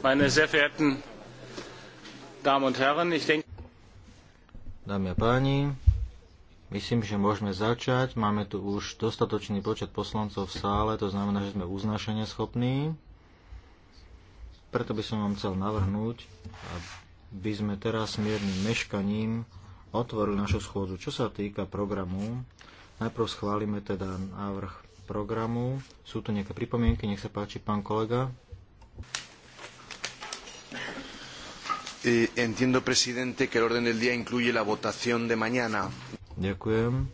Meine sehr verehrten Damen und Herren, ich denke... Dámy a páni, myslím, že môžeme začať. Máme tu už dostatočný počet poslancov v sále, to znamená, že sme uznášania schopní. Preto by som vám chcel navrhnúť, aby sme teraz miernym meškaním otvorili našu schôdzu. Čo sa týka programu, najprv schválime teda návrh programu. Sú tu nejaké pripomienky, nech sa páči, pán kolega. Eh, entiendo, presidente, que el orden del día incluye la votación de mañana. Ďakujem.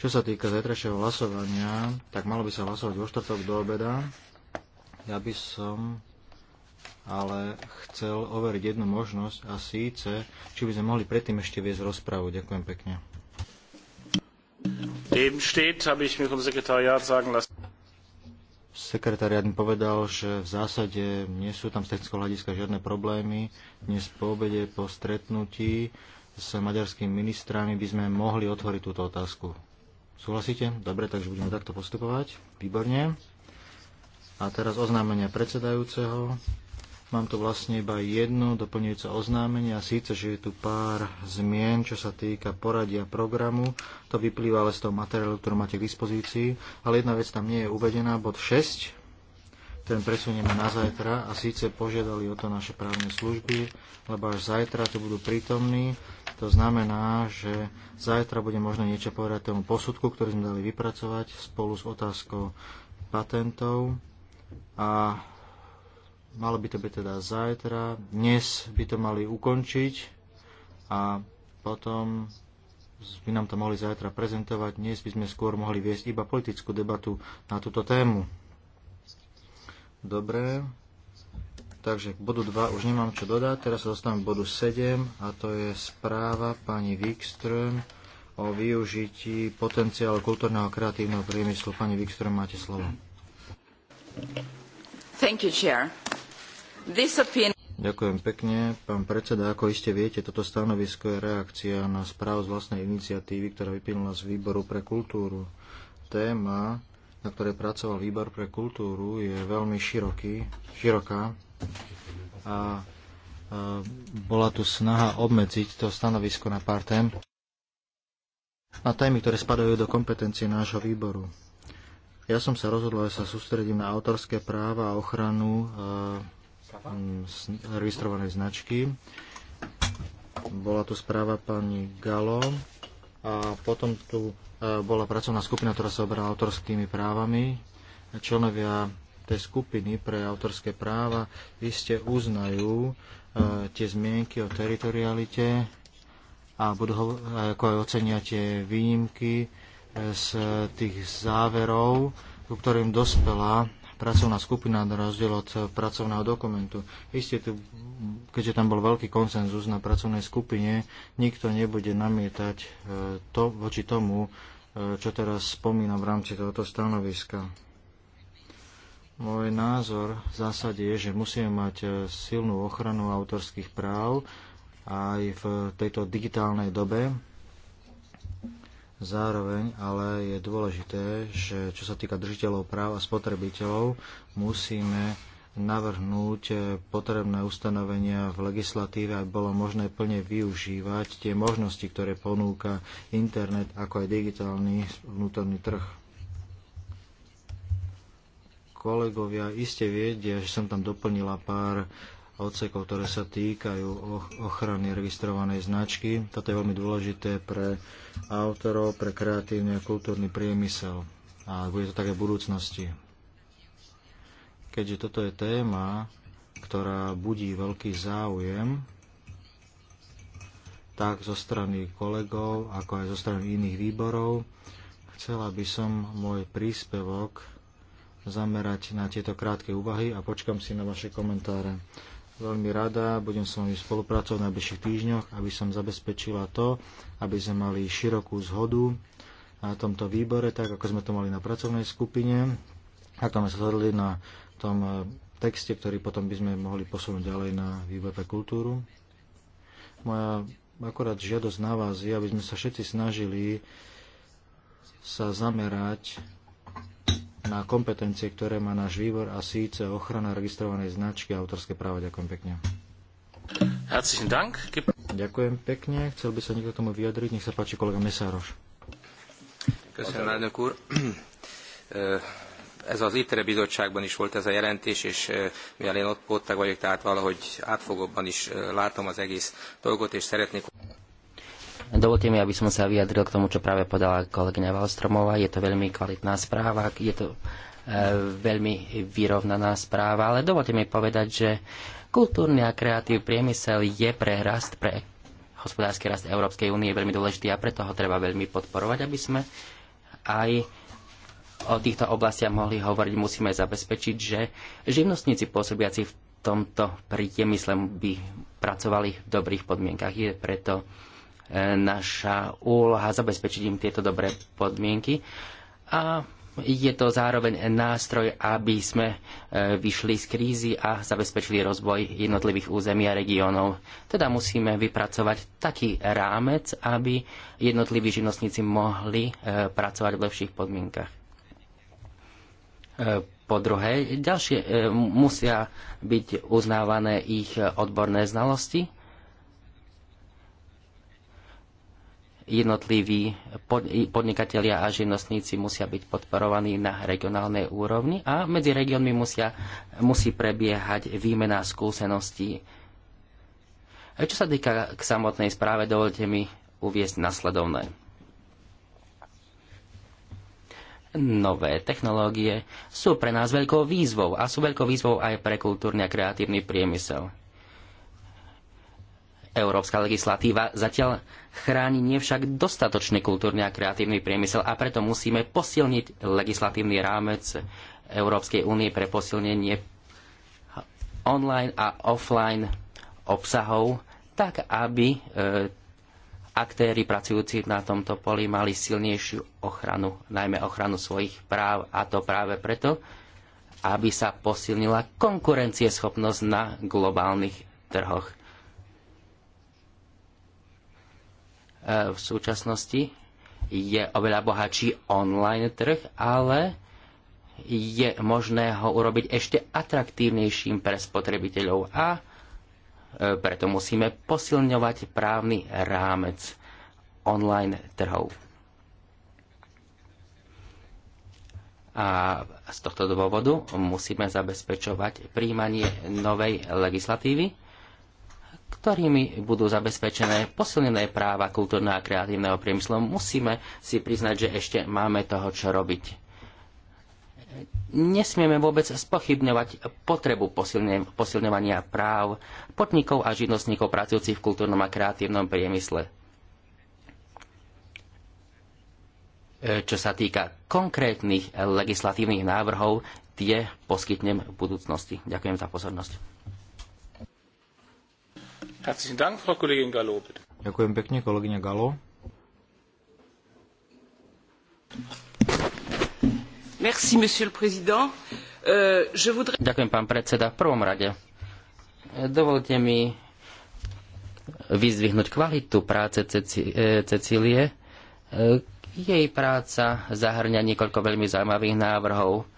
Čo sa týka zajtrajšieho hlasovania, tak malo by sa hlasovať vo štvrtok do obeda. Ja by som ale chcel overiť jednu možnosť a síce, či by sme mohli predtým ešte viesť rozprávu. Ďakujem pekne. Dem steht, habe ich mir vom Sekretariat sagen lassen. Sekretariat mi povedal, že v zásade nie sú tam z technického hľadiska žiadne problémy. Dnes po obede, po stretnutí s maďarskými ministrami by sme mohli otvoriť túto otázku. Súhlasíte? Dobre, takže budeme takto postupovať. Výborne. A teraz oznámenia predsedajúceho. Mám tu vlastne iba jedno doplňujúce oznámenie a síce, že je tu pár zmien, čo sa týka poradia programu. To vyplýva ale z toho materiálu, ktorý máte k dispozícii. Ale jedna vec tam nie je uvedená, bod 6. Ten presunieme na zajtra a síce požiadali o to naše právne služby, lebo až zajtra tu budú prítomní. To znamená, že zajtra bude možno niečo povedať tomu posudku, ktorý sme dali vypracovať spolu s otázkou patentov a Malo by to byť teda zajtra. Dnes by to mali ukončiť a potom by nám to mohli zajtra prezentovať. Dnes by sme skôr mohli viesť iba politickú debatu na túto tému. Dobre. Takže k bodu 2 už nemám čo dodať. Teraz sa dostávam k bodu 7 a to je správa pani Wikström o využití potenciálu kultúrneho a kreatívneho priemyslu. Pani Wikström, máte slovo. Thank you, Chair. Ďakujem pekne. Pán predseda, ako iste viete, toto stanovisko je reakcia na správu z vlastnej iniciatívy, ktorá vyplynula z výboru pre kultúru. Téma, na ktorej pracoval výbor pre kultúru, je veľmi široký, široká a, a bola tu snaha obmedziť to stanovisko na pár tém, na témy, ktoré spadajú do kompetencie nášho výboru. Ja som sa rozhodol, že sa sústredím na autorské práva a ochranu e, Mm, registrovanej značky. Bola tu správa pani Galo a potom tu e, bola pracovná skupina, ktorá sa oberala autorskými právami. Členovia tej skupiny pre autorské práva iste uznajú e, tie zmienky o teritorialite a budú ho, ako aj ocenia tie výnimky e, z tých záverov, ku ktorým dospela pracovná skupina na rozdiel od pracovného dokumentu. Isté tu, keďže tam bol veľký konsenzus na pracovnej skupine, nikto nebude namietať e, to voči tomu, e, čo teraz spomínam v rámci tohoto stanoviska. Môj názor v zásade je, že musíme mať e, silnú ochranu autorských práv aj v tejto digitálnej dobe, Zároveň ale je dôležité, že čo sa týka držiteľov práv a spotrebiteľov, musíme navrhnúť potrebné ustanovenia v legislatíve, aby bolo možné plne využívať tie možnosti, ktoré ponúka internet, ako aj digitálny vnútorný trh. Kolegovia iste vedia, že som tam doplnila pár odsekov, ktoré sa týkajú ochrany registrovanej značky. Toto je veľmi dôležité pre autorov, pre kreatívny a kultúrny priemysel. A bude to také v budúcnosti. Keďže toto je téma, ktorá budí veľký záujem, tak zo strany kolegov, ako aj zo strany iných výborov, chcela by som môj príspevok zamerať na tieto krátke úvahy a počkam si na vaše komentáre veľmi rada, budem s vami spolupracovať v najbližších týždňoch, aby som zabezpečila to, aby sme mali širokú zhodu na tomto výbore, tak ako sme to mali na pracovnej skupine. ako sme sa zhodli na tom eh, texte, ktorý potom by sme mohli posunúť ďalej na výbor pre kultúru. Moja akorát žiadosť na vás je, aby sme sa všetci snažili sa zamerať na kompetencie, ktoré má náš výbor a síce ochrana registrovanej značky a autorské práva. Ďakujem pekne. Herzlichen Dank. Ďakujem pekne. Chcel by sa niekto tomu vyjadriť. Nech sa páči kolega Mesároš. Ďakujem, elnök úr. Ez az ITRE bizottságban is volt ez a jelentés, és mivel én ott póttag vagyok, tehát valahogy átfogóban is látom az egész dolgot, és szeretnék... Dovolte mi, aby som sa vyjadril k tomu, čo práve podala kolegyňa Valstromová. Je to veľmi kvalitná správa, je to e, veľmi vyrovnaná správa, ale dovolte mi povedať, že kultúrny a kreatív priemysel je pre rast, pre hospodársky rast Európskej únie veľmi dôležitý a preto ho treba veľmi podporovať, aby sme aj o týchto oblastiach mohli hovoriť, musíme zabezpečiť, že živnostníci pôsobiaci v tomto priemysle by pracovali v dobrých podmienkach. Je preto naša úloha zabezpečiť im tieto dobré podmienky. A je to zároveň nástroj, aby sme e, vyšli z krízy a zabezpečili rozvoj jednotlivých území a regiónov. Teda musíme vypracovať taký rámec, aby jednotliví živnostníci mohli e, pracovať v lepších podmienkach. E, po druhé, ďalšie musia byť uznávané ich odborné znalosti jednotliví podnikatelia a živnostníci musia byť podporovaní na regionálnej úrovni a medzi regiónmi musia, musí prebiehať výmena skúseností. Čo sa týka k samotnej správe, dovolte mi uviezť nasledovné. Nové technológie sú pre nás veľkou výzvou a sú veľkou výzvou aj pre kultúrny a kreatívny priemysel Európska legislatíva zatiaľ chráni nevšak dostatočný kultúrny a kreatívny priemysel a preto musíme posilniť legislatívny rámec Európskej únie pre posilnenie online a offline obsahov, tak aby e, aktéry pracujúci na tomto poli mali silnejšiu ochranu, najmä ochranu svojich práv a to práve preto, aby sa posilnila konkurencieschopnosť na globálnych trhoch E, v súčasnosti je oveľa bohatší online trh, ale je možné ho urobiť ešte atraktívnejším pre spotrebiteľov a e, preto musíme posilňovať právny rámec online trhov. A z tohto dôvodu musíme zabezpečovať príjmanie novej legislatívy, ktorými budú zabezpečené posilnené práva kultúrneho a kreatívneho priemyslu. Musíme si priznať, že ešte máme toho, čo robiť. Nesmieme vôbec spochybňovať potrebu posilňovania práv podnikov a živnostníkov pracujúcich v kultúrnom a kreatívnom priemysle. E, čo sa týka konkrétnych legislatívnych návrhov, tie poskytnem v budúcnosti. Ďakujem za pozornosť. Herzlichen Dank, Frau Kollegin Gallo. Ďakujem pekne, kolegyňa Galo. Merci, monsieur le président. Euh, je voudrais... Ďakujem, pán predseda. V prvom rade, dovolte mi vyzdvihnúť kvalitu práce e, Cecílie. E, jej práca zahrňa niekoľko veľmi zaujímavých návrhov.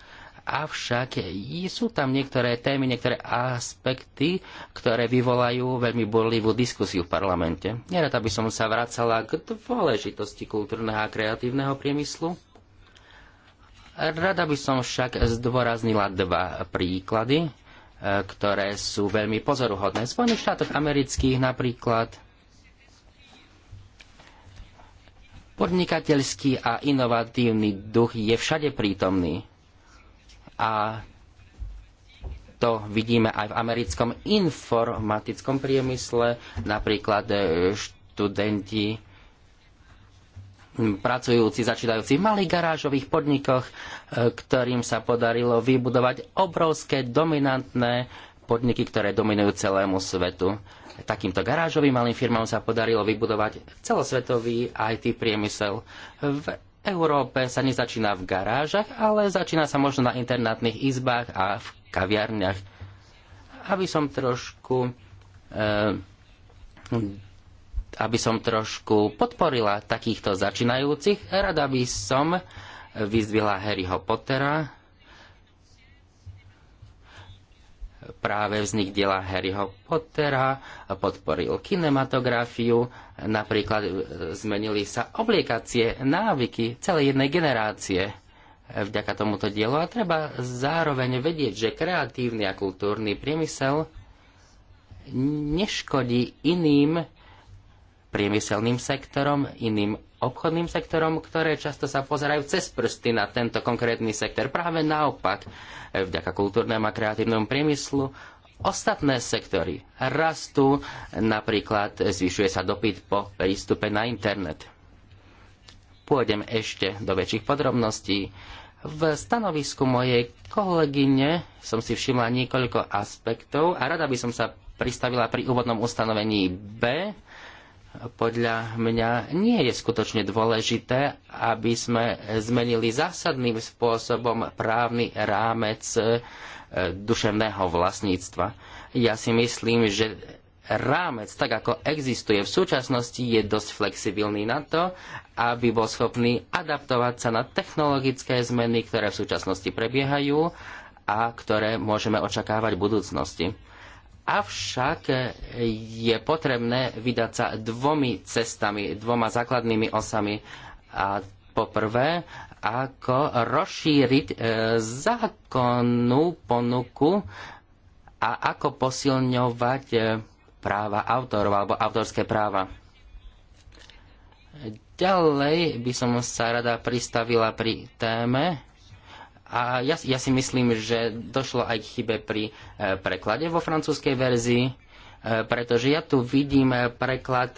Avšak sú tam niektoré témy, niektoré aspekty, ktoré vyvolajú veľmi bolivú diskusiu v parlamente. Nerada by som sa vracala k dôležitosti kultúrneho a kreatívneho priemyslu. Rada by som však zdôraznila dva príklady, e, ktoré sú veľmi pozoruhodné. V Spojených štátoch amerických napríklad podnikateľský a inovatívny duch je všade prítomný a to vidíme aj v americkom informatickom priemysle. Napríklad e, študenti pracujúci, začínajúci v malých garážových podnikoch, e, ktorým sa podarilo vybudovať obrovské dominantné podniky, ktoré dominujú celému svetu. Takýmto garážovým malým firmám sa podarilo vybudovať celosvetový IT priemysel. V Európe sa nezačína v garážach, ale začína sa možno na internátnych izbách a v kaviarniach. Aby som trošku e, aby som trošku podporila takýchto začínajúcich, rada by som vyzdvihla Harryho Pottera, práve vznik diela Harryho Pottera, podporil kinematografiu, napríklad e, zmenili sa obliekacie, návyky celej jednej generácie vďaka tomuto dielu a treba zároveň vedieť, že kreatívny a kultúrny priemysel neškodí iným priemyselným sektorom, iným obchodným sektorom, ktoré často sa pozerajú cez prsty na tento konkrétny sektor. Práve naopak, e, vďaka kultúrnemu a kreatívnemu priemyslu, ostatné sektory rastú, napríklad zvyšuje sa dopyt po prístupe na internet. Pôjdem ešte do väčších podrobností. V stanovisku mojej kolegyne som si všimla niekoľko aspektov a rada by som sa pristavila pri úvodnom ustanovení B, podľa mňa nie je skutočne dôležité, aby sme zmenili zásadným spôsobom právny rámec e, duševného vlastníctva. Ja si myslím, že rámec, tak ako existuje v súčasnosti, je dosť flexibilný na to, aby bol schopný adaptovať sa na technologické zmeny, ktoré v súčasnosti prebiehajú a ktoré môžeme očakávať v budúcnosti. Avšak je potrebné vydať sa dvomi cestami, dvoma základnými osami. A poprvé, ako rozšíriť e, zákonnú ponuku a ako posilňovať e, práva autorov alebo autorské práva. Ďalej by som sa rada pristavila pri téme, a ja, ja si myslím, že došlo aj k chybe pri e, preklade vo francúzskej verzii, e, pretože ja tu vidím e, preklad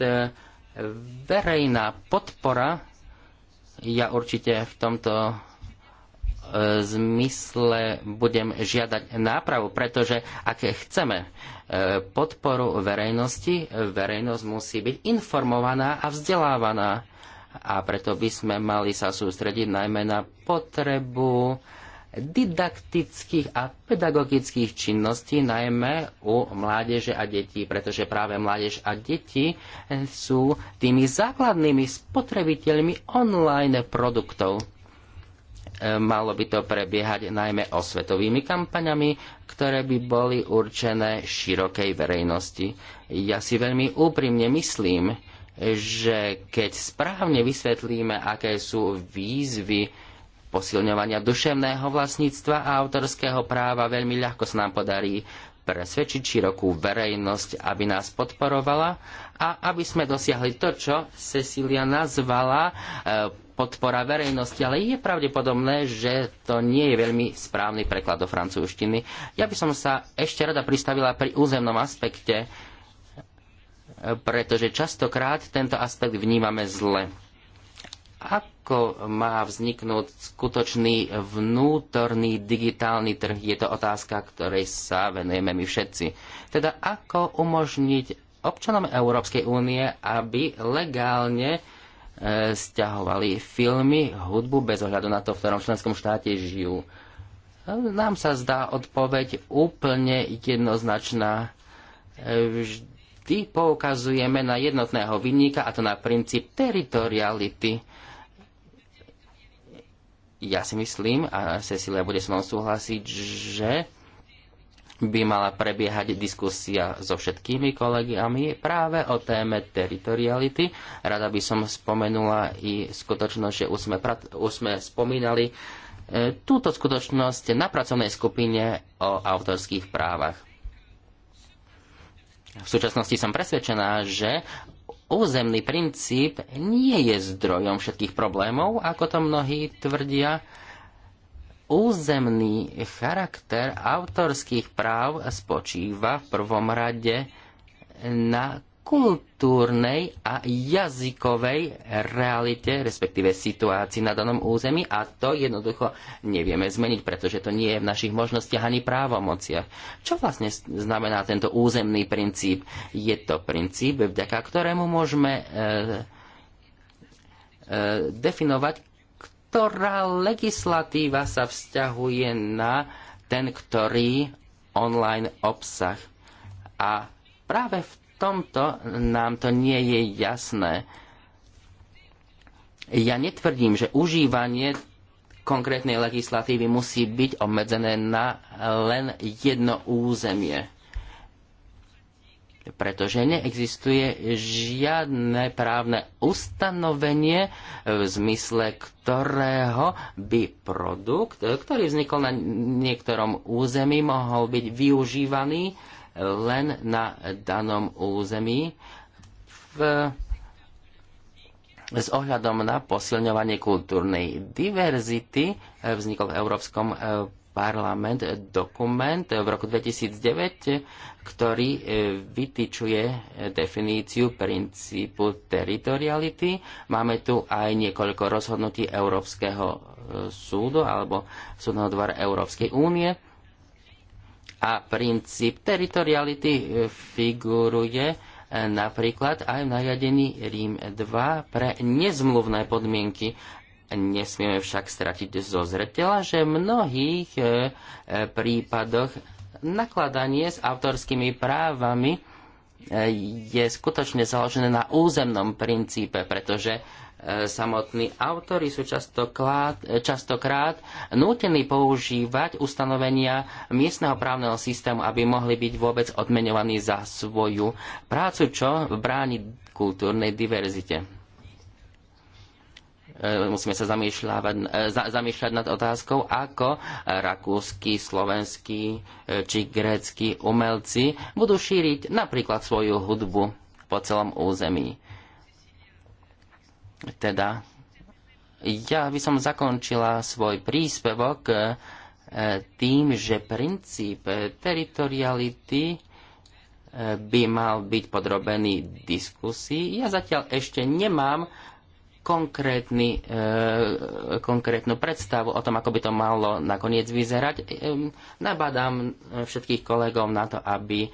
verejná podpora. Ja určite v tomto zmysle budem žiadať nápravu, pretože ak chceme podporu verejnosti, verejnosť musí byť informovaná a vzdelávaná. A preto by sme mali sa sústrediť najmä na potrebu didaktických a pedagogických činností, najmä u mládeže a detí, pretože práve mládež a deti sú tými základnými spotrebiteľmi online produktov. E, malo by to prebiehať najmä osvetovými kampaňami, ktoré by boli určené širokej verejnosti. Ja si veľmi úprimne myslím, že keď správne vysvetlíme, aké sú výzvy, posilňovania duševného vlastníctva a autorského práva veľmi ľahko sa nám podarí presvedčiť širokú verejnosť, aby nás podporovala a aby sme dosiahli to, čo Cecília nazvala e, podpora verejnosti, ale je pravdepodobné, že to nie je veľmi správny preklad do francúzštiny. Ja by som sa ešte rada pristavila pri územnom aspekte, e, pretože častokrát tento aspekt vnímame zle ako má vzniknúť skutočný vnútorný digitálny trh? Je to otázka, ktorej sa venujeme my všetci. Teda ako umožniť občanom Európskej únie, aby legálne e, stiahovali filmy, hudbu bez ohľadu na to, v ktorom členskom štáte žijú. E, nám sa zdá odpoveď úplne jednoznačná. E, vždy poukazujeme na jednotného vinníka, a to na princíp teritoriality ja si myslím, a Cecilia bude s mnou súhlasiť, že by mala prebiehať diskusia so všetkými kolegiami práve o téme teritoriality. Rada by som spomenula i skutočnosť, že už sme, už sme spomínali e, túto skutočnosť na pracovnej skupine o autorských právach. V súčasnosti som presvedčená, že územný princíp nie je zdrojom všetkých problémov, ako to mnohí tvrdia. Územný charakter autorských práv spočíva v prvom rade na kultúrnej a jazykovej realite, respektíve situácii na danom území a to jednoducho nevieme zmeniť, pretože to nie je v našich možnostiach ani právomociach. Čo vlastne znamená tento územný princíp? Je to princíp, vďaka ktorému môžeme e, e, definovať, ktorá legislatíva sa vzťahuje na ten, ktorý online obsah. A práve v tomto nám to nie je jasné. Ja netvrdím, že užívanie konkrétnej legislatívy musí byť obmedzené na len jedno územie pretože neexistuje žiadne právne ustanovenie v zmysle ktorého by produkt, ktorý vznikol na niektorom území, mohol byť využívaný len na danom území v, s ohľadom na posilňovanie kultúrnej diverzity e, vznikol v Európskom e, parlament dokument v roku 2009, ktorý e, vytýčuje definíciu princípu teritoriality. Máme tu aj niekoľko rozhodnutí Európskeho súdu alebo Súdneho dvora Európskej únie. A princíp teritoriality e, figuruje e, napríklad aj v nariadení Rím 2 pre nezmluvné podmienky. Nesmieme však stratiť zo zretela, že v mnohých e, prípadoch nakladanie s autorskými právami je skutočne založené na územnom princípe, pretože E, samotní autory sú častokrát, e, častokrát nútení používať ustanovenia miestneho právneho systému, aby mohli byť vôbec odmenovaní za svoju prácu, čo bráni kultúrnej diverzite. E, musíme sa zamýšľať, zamýšľať nad otázkou, ako rakúsky, slovenskí či grécky umelci budú šíriť napríklad svoju hudbu po celom území teda, ja by som zakončila svoj príspevok e, tým, že princíp e, teritoriality e, by mal byť podrobený diskusii. Ja zatiaľ ešte nemám konkrétny, konkrétnu predstavu o tom, ako by to malo nakoniec vyzerať. E, nabadám všetkých kolegov na to, aby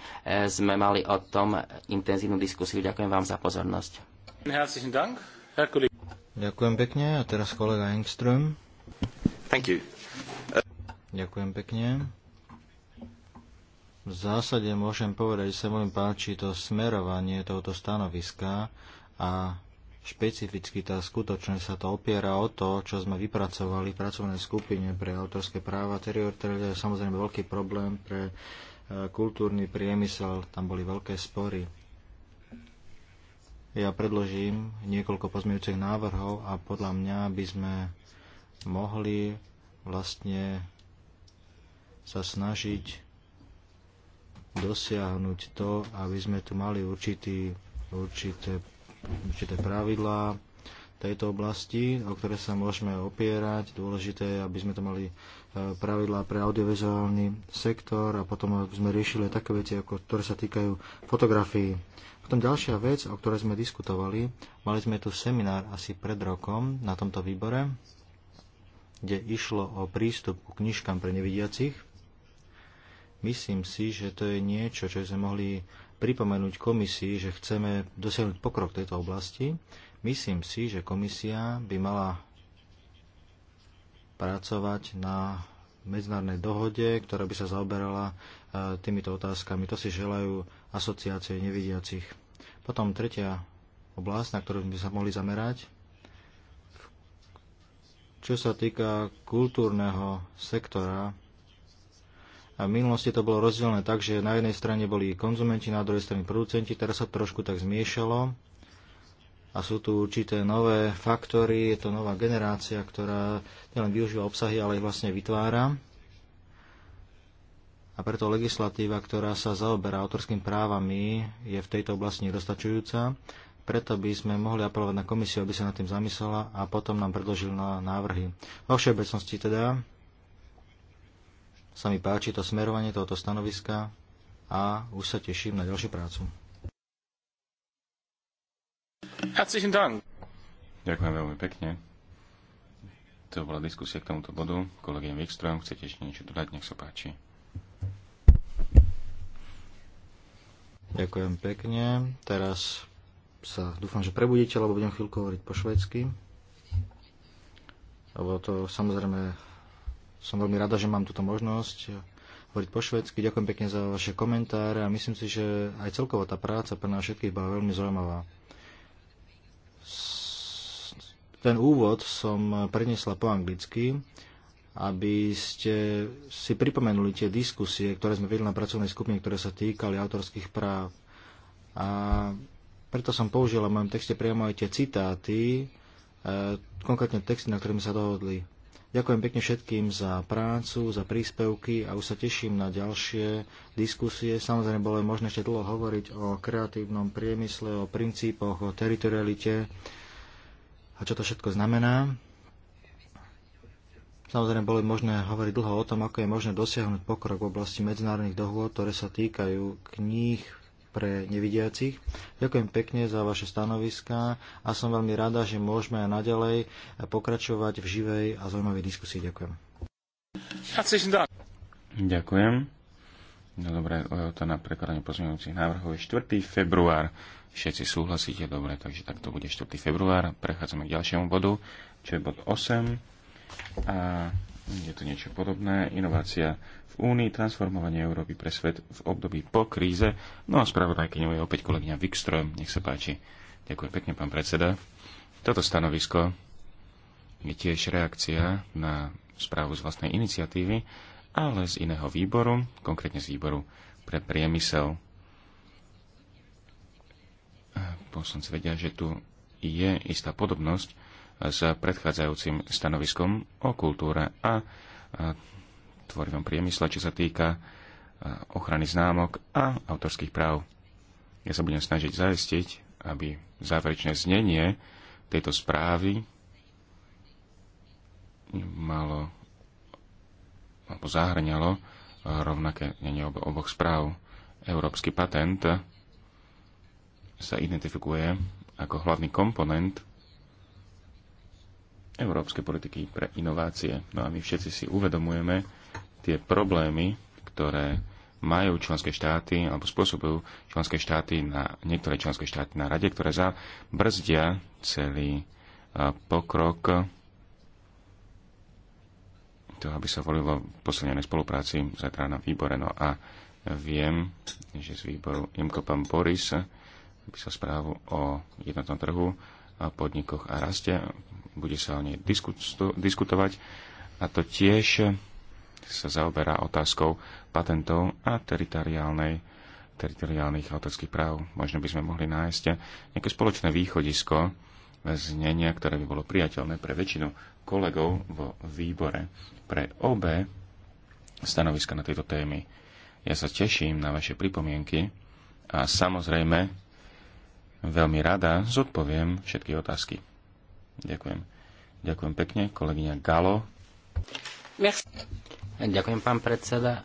sme mali o tom intenzívnu diskusiu. Ďakujem vám za pozornosť. Herzlichen Dank. Ďakujem pekne. A teraz kolega Engström. Thank you. Ďakujem pekne. V zásade môžem povedať, že sa môžem páči to smerovanie tohoto stanoviska a špecificky tá skutočne sa to opiera o to, čo sme vypracovali v pracovnej skupine pre autorské práva. Teritorialita je samozrejme veľký problém pre e, kultúrny priemysel, tam boli veľké spory. Ja predložím niekoľko pozmeňujúcich návrhov a podľa mňa by sme mohli vlastne sa snažiť dosiahnuť to, aby sme tu mali určitý, určité, určité pravidlá tejto oblasti, o ktoré sa môžeme opierať. Dôležité je, aby sme to mali e, pravidlá pre audiovizuálny sektor a potom aby sme riešili také veci, ako, ktoré sa týkajú fotografií. Potom ďalšia vec, o ktorej sme diskutovali, mali sme tu seminár asi pred rokom na tomto výbore, kde išlo o prístup k knižkám pre nevidiacich. Myslím si, že to je niečo, čo sme mohli pripomenúť komisii, že chceme dosiahnuť pokrok v tejto oblasti. Myslím si, že komisia by mala pracovať na medzinárodnej dohode, ktorá by sa zaoberala e, týmito otázkami. To si želajú asociácie nevidiacich. Potom tretia oblasť, na ktorú by sa mohli zamerať, čo sa týka kultúrneho sektora, a v minulosti to bolo rozdelené tak, že na jednej strane boli konzumenti, na druhej strane producenti, teraz sa trošku tak zmiešalo a sú tu určité nové faktory, je to nová generácia, ktorá nielen využíva obsahy, ale ich vlastne vytvára a preto legislatíva, ktorá sa zaoberá autorským právami, je v tejto oblasti nedostačujúca. Preto by sme mohli apelovať na komisiu, aby sa nad tým zamyslela a potom nám na návrhy. Vo všeobecnosti teda sa mi páči to smerovanie tohoto stanoviska a už sa teším na ďalšiu prácu. Herzlichen Dank. Ďakujem veľmi pekne. To bola diskusia k tomuto bodu. Kolegiem Wikström, chcete ešte niečo dodať? Nech sa páči. Ďakujem pekne. Teraz sa dúfam, že prebudíte, lebo budem chvíľku hovoriť po švedsky. Lebo to samozrejme som veľmi rada, že mám túto možnosť hovoriť po švedsky. Ďakujem pekne za vaše komentáre a myslím si, že aj celková tá práca pre nás všetkých bola veľmi zaujímavá. Ten úvod som prenesla po anglicky, aby ste si pripomenuli tie diskusie, ktoré sme vedeli na pracovnej skupine, ktoré sa týkali autorských práv. A preto som použil v mojom texte priamo aj tie citáty, e, konkrétne texty, na ktorými sa dohodli. Ďakujem pekne všetkým za prácu, za príspevky a už sa teším na ďalšie diskusie. Samozrejme, bolo možné ešte dlho hovoriť o kreatívnom priemysle, o princípoch, o teritorialite a čo to všetko znamená. Samozrejme, bolo možné hovoriť dlho o tom, ako je možné dosiahnuť pokrok v oblasti medzinárodných dohôd, ktoré sa týkajú kníh pre nevidiacich. Ďakujem pekne za vaše stanoviská a som veľmi rada, že môžeme aj naďalej pokračovať v živej a zaujímavej diskusii. Ďakujem. Ďakujem. No dobre, to na prekladanie pozmeňujúcich návrhov je 4. február. Všetci súhlasíte, dobre, takže takto bude 4. február. Prechádzame k ďalšiemu bodu, čo je bod 8 a je to niečo podobné. Inovácia v Únii, transformovanie Európy pre svet v období po kríze. No a spravodajky je opäť kolegyňa Vikström. Nech sa páči. Ďakujem pekne, pán predseda. Toto stanovisko je tiež reakcia na správu z vlastnej iniciatívy, ale z iného výboru, konkrétne z výboru pre priemysel. Poslanci vedia, že tu je istá podobnosť s predchádzajúcim stanoviskom o kultúre a tvorivom priemysle, čo sa týka ochrany známok a autorských práv. Ja sa budem snažiť zaistiť, aby záverečné znenie tejto správy malo alebo zahrňalo rovnaké znenie oboch správ. Európsky patent sa identifikuje ako hlavný komponent európske politiky pre inovácie. No a my všetci si uvedomujeme tie problémy, ktoré majú členské štáty alebo spôsobujú členské štáty na, niektoré členské štáty na rade, ktoré zabrzdia celý pokrok to, aby sa volilo posilnené spolupráci zajtra na výbore. No a viem, že z výboru Imko pán Boris písal správu o jednotnom trhu, a podnikoch a raste bude sa o nej diskutovať a to tiež sa zaoberá otázkou patentov a teritoriálnej teritoriálnych autorských práv. Možno by sme mohli nájsť nejaké spoločné východisko znenia, ktoré by bolo priateľné pre väčšinu kolegov vo výbore pre obe stanoviska na tejto témy. Ja sa teším na vaše pripomienky a samozrejme veľmi rada zodpoviem všetky otázky. Ďakujem. Ďakujem pekne, kolegyňa Galo. Merci. Ďakujem, pán predseda.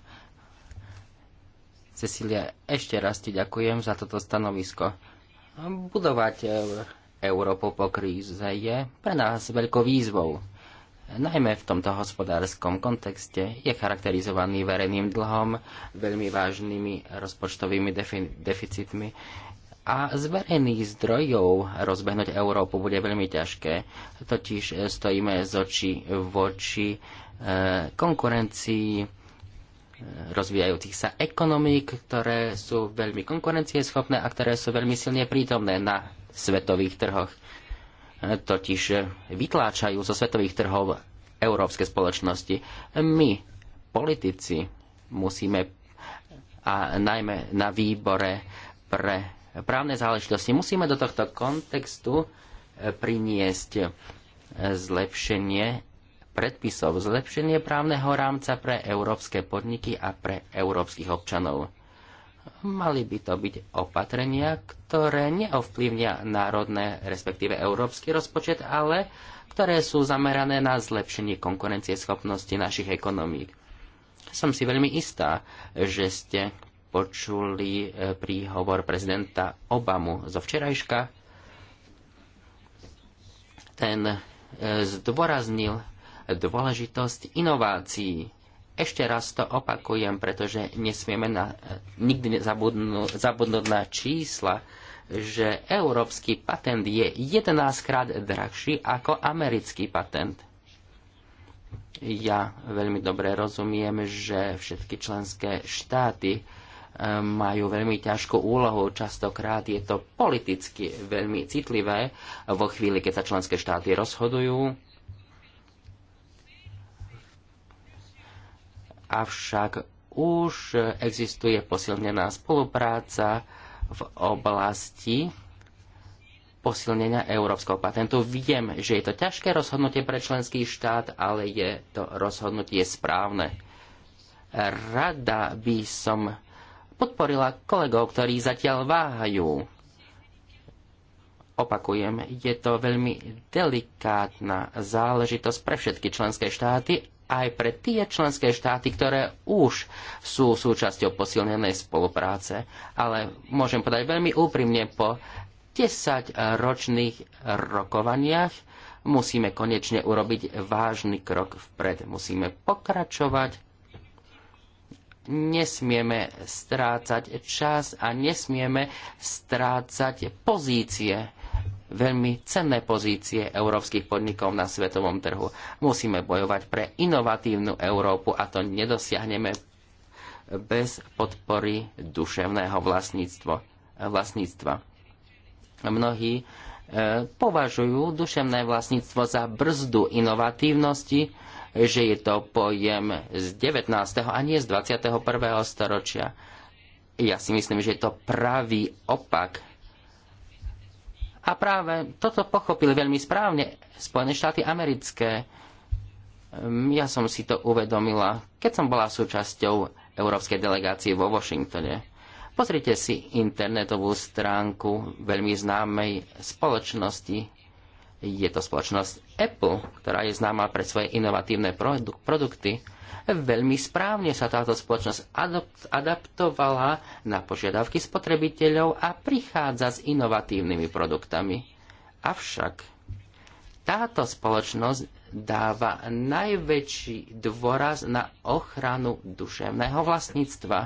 Cecília, ešte raz ti ďakujem za toto stanovisko. Budovať e, Európu po kríze je pre nás veľkou výzvou. Najmä v tomto hospodárskom kontexte je charakterizovaný verejným dlhom, veľmi vážnymi rozpočtovými deficitmi a z verejných zdrojov rozbehnúť Európu bude veľmi ťažké. Totiž e, stojíme z očí voči e, konkurencii e, rozvíjajúcich sa ekonomík, ktoré sú veľmi konkurencieschopné a ktoré sú veľmi silne prítomné na svetových trhoch. Totiž vytláčajú zo svetových trhov európske spoločnosti. My, politici, musíme a najmä na výbore pre právne záležitosti. Musíme do tohto kontextu e, priniesť e, zlepšenie predpisov, zlepšenie právneho rámca pre európske podniky a pre európskych občanov. Mali by to byť opatrenia, ktoré neovplyvnia národné, respektíve európsky rozpočet, ale ktoré sú zamerané na zlepšenie konkurencieschopnosti našich ekonomík. Som si veľmi istá, že ste počuli e, príhovor prezidenta Obamu zo včerajška. Ten e, zdôraznil dôležitosť inovácií. Ešte raz to opakujem, pretože nesmieme na, nikdy zabudnú, zabudnúť na čísla, že európsky patent je 11 krát drahší ako americký patent. Ja veľmi dobre rozumiem, že všetky členské štáty majú veľmi ťažkú úlohu. Častokrát je to politicky veľmi citlivé vo chvíli, keď sa členské štáty rozhodujú. Avšak už existuje posilnená spolupráca v oblasti posilnenia európskeho patentu. Viem, že je to ťažké rozhodnutie pre členský štát, ale je to rozhodnutie správne. Rada by som podporila kolegov, ktorí zatiaľ váhajú. Opakujem, je to veľmi delikátna záležitosť pre všetky členské štáty, aj pre tie členské štáty, ktoré už sú súčasťou posilnenej spolupráce. Ale môžem povedať veľmi úprimne, po 10-ročných rokovaniach musíme konečne urobiť vážny krok vpred. Musíme pokračovať nesmieme strácať čas a nesmieme strácať pozície veľmi cenné pozície európskych podnikov na svetovom trhu. Musíme bojovať pre inovatívnu Európu a to nedosiahneme bez podpory duševného vlastníctva. Mnohí e, považujú duševné vlastníctvo za brzdu inovatívnosti, že je to pojem z 19. a nie z 21. storočia. Ja si myslím, že je to pravý opak. A práve toto pochopili veľmi správne Spojené štáty americké. Ja som si to uvedomila, keď som bola súčasťou európskej delegácie vo Washingtone. Pozrite si internetovú stránku veľmi známej spoločnosti. Je to spoločnosť Apple, ktorá je známa pre svoje inovatívne produkty, veľmi správne sa táto spoločnosť adaptovala na požiadavky spotrebiteľov a prichádza s inovatívnymi produktami. Avšak táto spoločnosť dáva najväčší dôraz na ochranu duševného vlastníctva.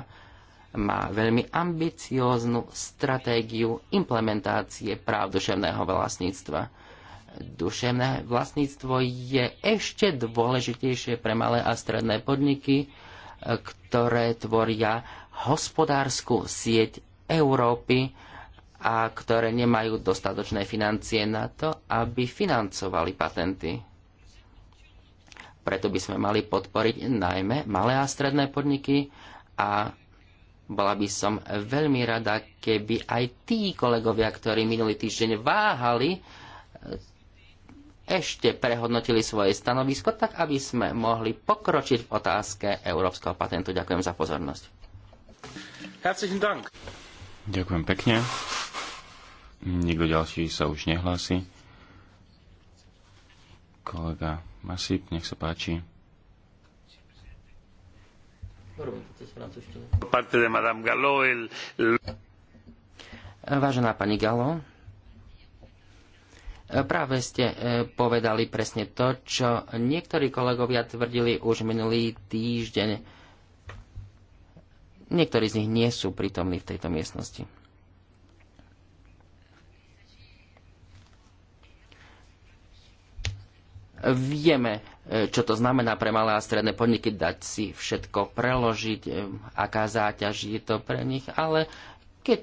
Má veľmi ambicióznu stratégiu implementácie práv duševného vlastníctva duševné vlastníctvo je ešte dôležitejšie pre malé a stredné podniky, e, ktoré tvoria hospodárskú sieť Európy a ktoré nemajú dostatočné financie na to, aby financovali patenty. Preto by sme mali podporiť najmä malé a stredné podniky a bola by som veľmi rada, keby aj tí kolegovia, ktorí minulý týždeň váhali, ešte prehodnotili svoje stanovisko, tak aby sme mohli pokročiť v otázke európskeho patentu. Ďakujem za pozornosť. Ďakujem pekne. Nikto ďalší sa už nehlási. Kolega Masip, nech sa páči. Vážená pani Galo, Práve ste e, povedali presne to, čo niektorí kolegovia tvrdili už minulý týždeň. Niektorí z nich nie sú prítomní v tejto miestnosti. Vieme, e, čo to znamená pre malé a stredné podniky dať si všetko preložiť, e, aká záťaž je to pre nich, ale keď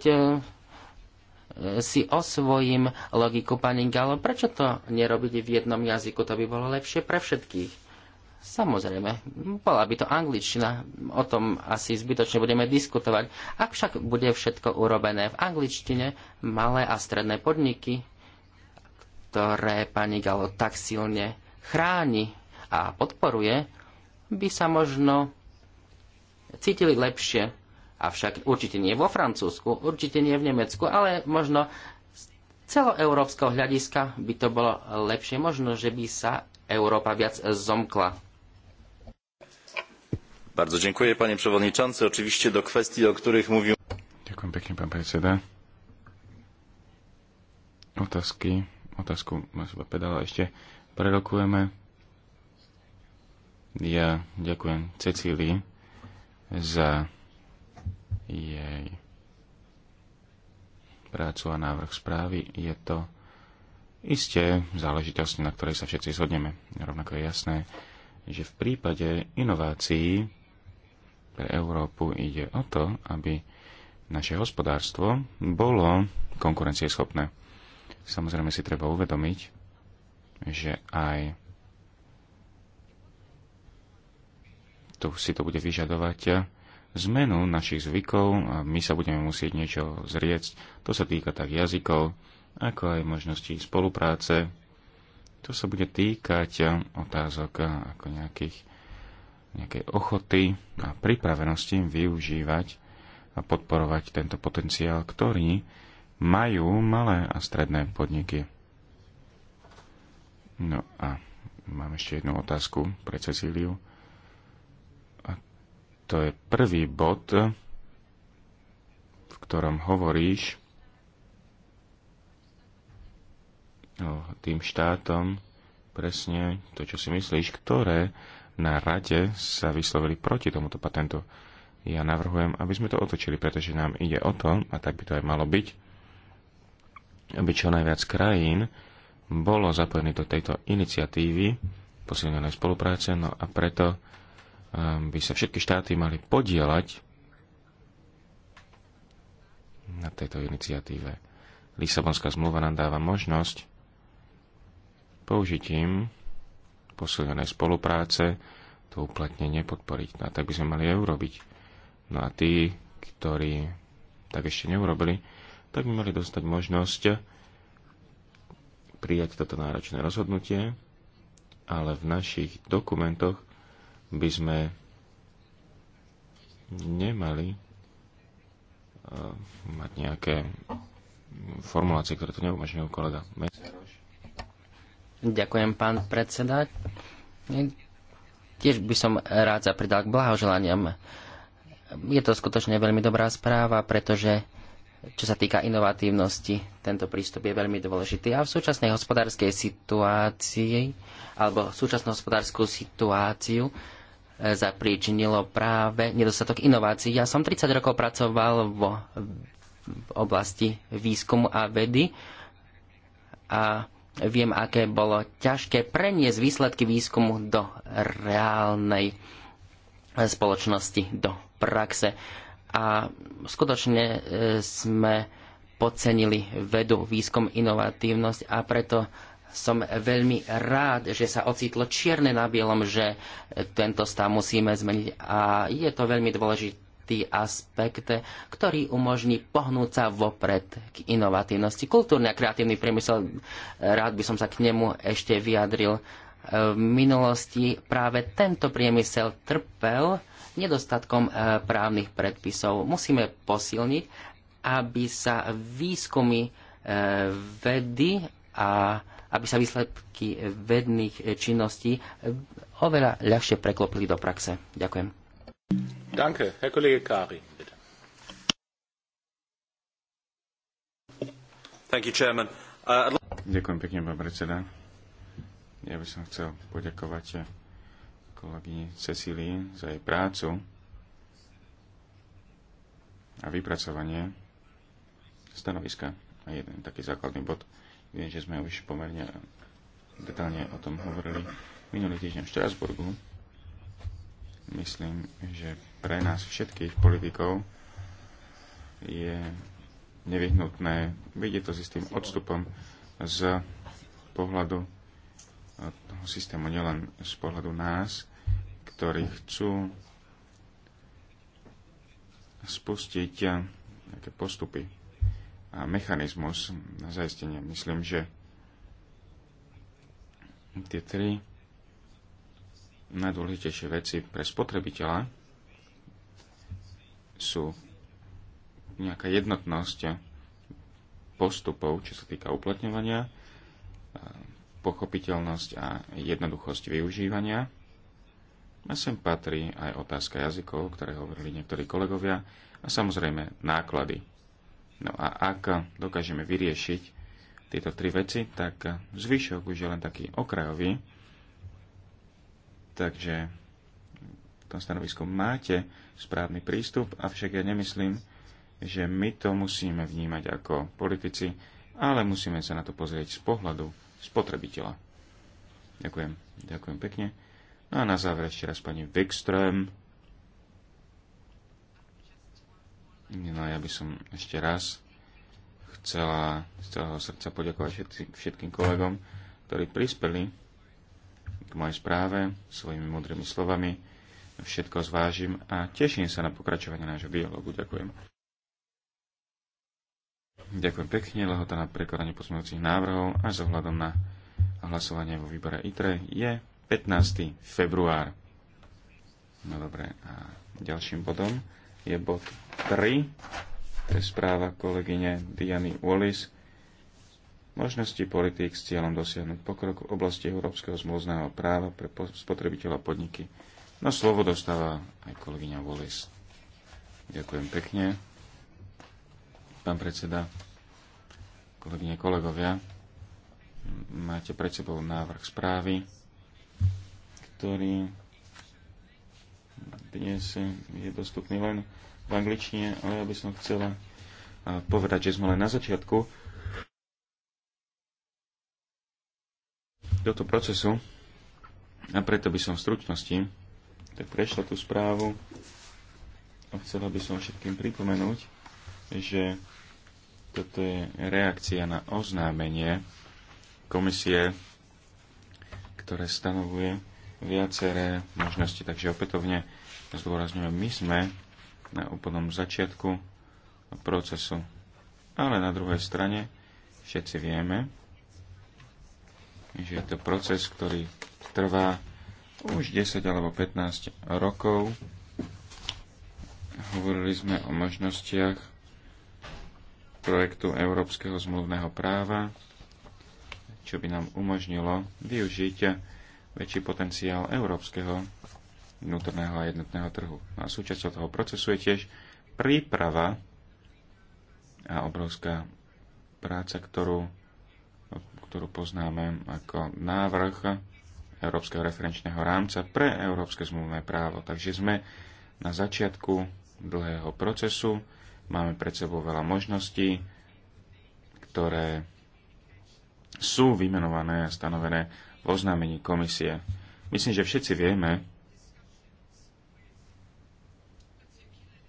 si osvojím logiku pani Galo. Prečo to nerobiť v jednom jazyku? To by bolo lepšie pre všetkých. Samozrejme, bola by to angličtina, o tom asi zbytočne budeme diskutovať. Ak však bude všetko urobené v angličtine, malé a stredné podniky, ktoré pani Galo tak silne chráni a podporuje, by sa možno cítili lepšie Avšak určite nie vo Francúzsku, určite nie v Nemecku, ale možno z celoeurópskeho hľadiska by to bolo lepšie. Možno, že by sa Európa viac zomkla. Bardzo dziękuję, panie przewodniczący. Oczywiście do kwestii, o których mówił... Ďakujem pekne, pán predseda. Otázky, otázku chyba Pedala ešte prerokujeme. Ja ďakujem Cecílii za jej prácu a návrh správy. Je to isté záležitosť, na ktorej sa všetci zhodneme. Rovnako je jasné, že v prípade inovácií pre Európu ide o to, aby naše hospodárstvo bolo konkurencieschopné. Samozrejme si treba uvedomiť, že aj tu si to bude vyžadovať zmenu našich zvykov a my sa budeme musieť niečo zrieť. To sa týka tak jazykov, ako aj možností spolupráce. To sa bude týkať otázok ako nejakých, nejakej ochoty a pripravenosti využívať a podporovať tento potenciál, ktorý majú malé a stredné podniky. No a mám ešte jednu otázku pre Cecíliu. To je prvý bod, v ktorom hovoríš o tým štátom presne to, čo si myslíš, ktoré na rade sa vyslovili proti tomuto patentu. Ja navrhujem, aby sme to otočili, pretože nám ide o to, a tak by to aj malo byť, aby čo najviac krajín bolo zapojených do tejto iniciatívy posilnenej spolupráce, no a preto Ehm, by sa všetky štáty mali podielať na tejto iniciatíve. Lisabonská zmluva nám dáva možnosť použitím posilnenej spolupráce to uplatnenie podporiť. No a tak by sme mali aj urobiť. No a tí, ktorí tak ešte neurobili, tak by mali dostať možnosť prijať toto náročné rozhodnutie, ale v našich dokumentoch by sme nemali e, mať nejaké formulácie, ktoré tu neumožňujú kolega. Ďakujem, pán predseda. Tiež by som rád sa pridal k blahoželaniam. Je to skutočne veľmi dobrá správa, pretože čo sa týka inovatívnosti, tento prístup je veľmi dôležitý. A v súčasnej hospodárskej situácii, alebo súčasnú hospodárskú situáciu, zapríčinilo práve nedostatok inovácií. Ja som 30 rokov pracoval vo, v oblasti výskumu a vedy a viem, aké bolo ťažké preniesť výsledky výskumu do reálnej spoločnosti, do praxe. A skutočne e, sme podcenili vedu, výskum, inovatívnosť a preto som veľmi rád, že sa ocitlo čierne na bielom, že tento stav musíme zmeniť a je to veľmi dôležitý aspekt, ktorý umožní pohnúť sa vopred k inovatívnosti. Kultúrny a kreatívny priemysel, rád by som sa k nemu ešte vyjadril. V minulosti práve tento priemysel trpel nedostatkom e, právnych predpisov. Musíme posilniť, aby sa výskumy e, vedy a aby sa výsledky vedných činností oveľa ľahšie preklopili do praxe. Ďakujem. Danke, Herr Kollege Kari. Thank you, Chairman. Uh, Ďakujem pekne, pán predseda. Ja by som chcel poďakovať kolegyni Cecílii za jej prácu a vypracovanie stanoviska. A jeden taký základný bod Viem, že sme už pomerne detálne o tom hovorili minulý týždeň v Štrasburgu. Myslím, že pre nás všetkých politikov je nevyhnutné vidieť to s istým odstupom z pohľadu toho systému, nielen z pohľadu nás, ktorí chcú spustiť nejaké postupy a mechanizmus na zaistenie. Myslím, že tie tri najdôležitejšie veci pre spotrebiteľa sú nejaká jednotnosť postupov, čo sa týka uplatňovania, pochopiteľnosť a jednoduchosť využívania. A sem patrí aj otázka jazykov, ktoré hovorili niektorí kolegovia, a samozrejme náklady. No a ak dokážeme vyriešiť tieto tri veci, tak zvyšok už je len taký okrajový. Takže v tom stanovisku máte správny prístup, avšak ja nemyslím, že my to musíme vnímať ako politici, ale musíme sa na to pozrieť z pohľadu spotrebiteľa. Ďakujem. Ďakujem pekne. No a na záver ešte raz pani Wikström. No ja by som ešte raz chcela z celého srdca poďakovať všetkým kolegom, ktorí prispeli k mojej správe svojimi modrými slovami. Všetko zvážim a teším sa na pokračovanie nášho dialogu. Ďakujem. Ďakujem pekne. Lehota na prekladanie pozmeňujúcich návrhov a zohľadom na hlasovanie vo výbore ITRE je 15. február. No dobre, a ďalším bodom je bod 3. To je správa kolegyne Diany Wallis. Možnosti politík s cieľom dosiahnuť pokrok v oblasti európskeho zmluvného práva pre spotrebiteľa podniky. No slovo dostáva aj kolegyňa Wallis. Ďakujem pekne. Pán predseda, kolegyne, kolegovia, máte pred sebou návrh správy, ktorý dnes je dostupný len v angličtine, ale ja by som chcela povedať, že sme len na začiatku tohto procesu a preto by som v stručnosti tak prešla tú správu a chcela by som všetkým pripomenúť, že toto je reakcia na oznámenie komisie, ktoré stanovuje viaceré možnosti, takže opätovne zdôrazňujem, my sme na úplnom začiatku procesu. Ale na druhej strane všetci vieme, že je to proces, ktorý trvá už 10 alebo 15 rokov. Hovorili sme o možnostiach projektu Európskeho zmluvného práva, čo by nám umožnilo využiť väčší potenciál európskeho vnútorného a jednotného trhu. No a súčasťou toho procesu je tiež príprava a obrovská práca, ktorú, ktorú poznáme ako návrh Európskeho referenčného rámca pre európske zmluvné právo. Takže sme na začiatku dlhého procesu, máme pred sebou veľa možností, ktoré sú vymenované a stanovené v oznámení komisie. Myslím, že všetci vieme,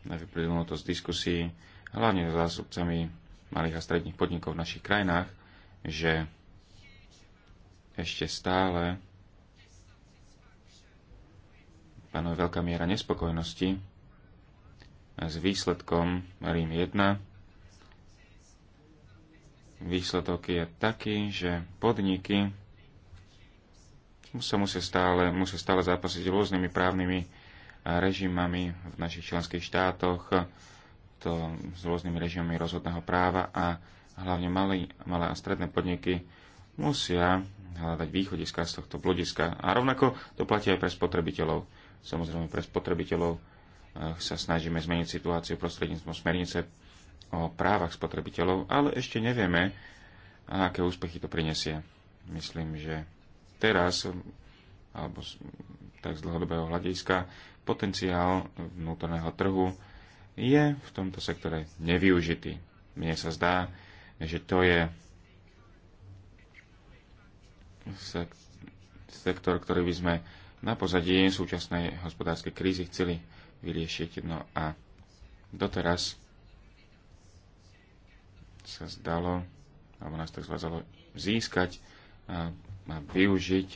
vyplynulo to z diskusí, hlavne s zástupcami malých a stredných podnikov v našich krajinách, že ešte stále panuje veľká miera nespokojnosti s výsledkom Rím 1. Výsledok je taký, že podniky sa musia stále, musia stále zápasiť rôznymi právnymi eh, režimami v našich členských štátoch, to s rôznymi režimami rozhodného práva a hlavne malé, malé a stredné podniky musia hľadať východiska z tohto blodiska. A rovnako to platí aj pre spotrebiteľov. Samozrejme, pre spotrebiteľov eh, sa snažíme zmeniť situáciu prostredníctvom smernice o právach spotrebiteľov, ale ešte nevieme, aké úspechy to prinesie. Myslím, že teraz, alebo tak z dlhodobého hľadiska, potenciál vnútorného trhu je v tomto sektore nevyužitý. Mne sa zdá, že to je sektor, ktorý by sme na pozadí súčasnej hospodárskej krízy chceli vyriešiť. No a doteraz sa zdalo, alebo nás to zvázalo získať využiť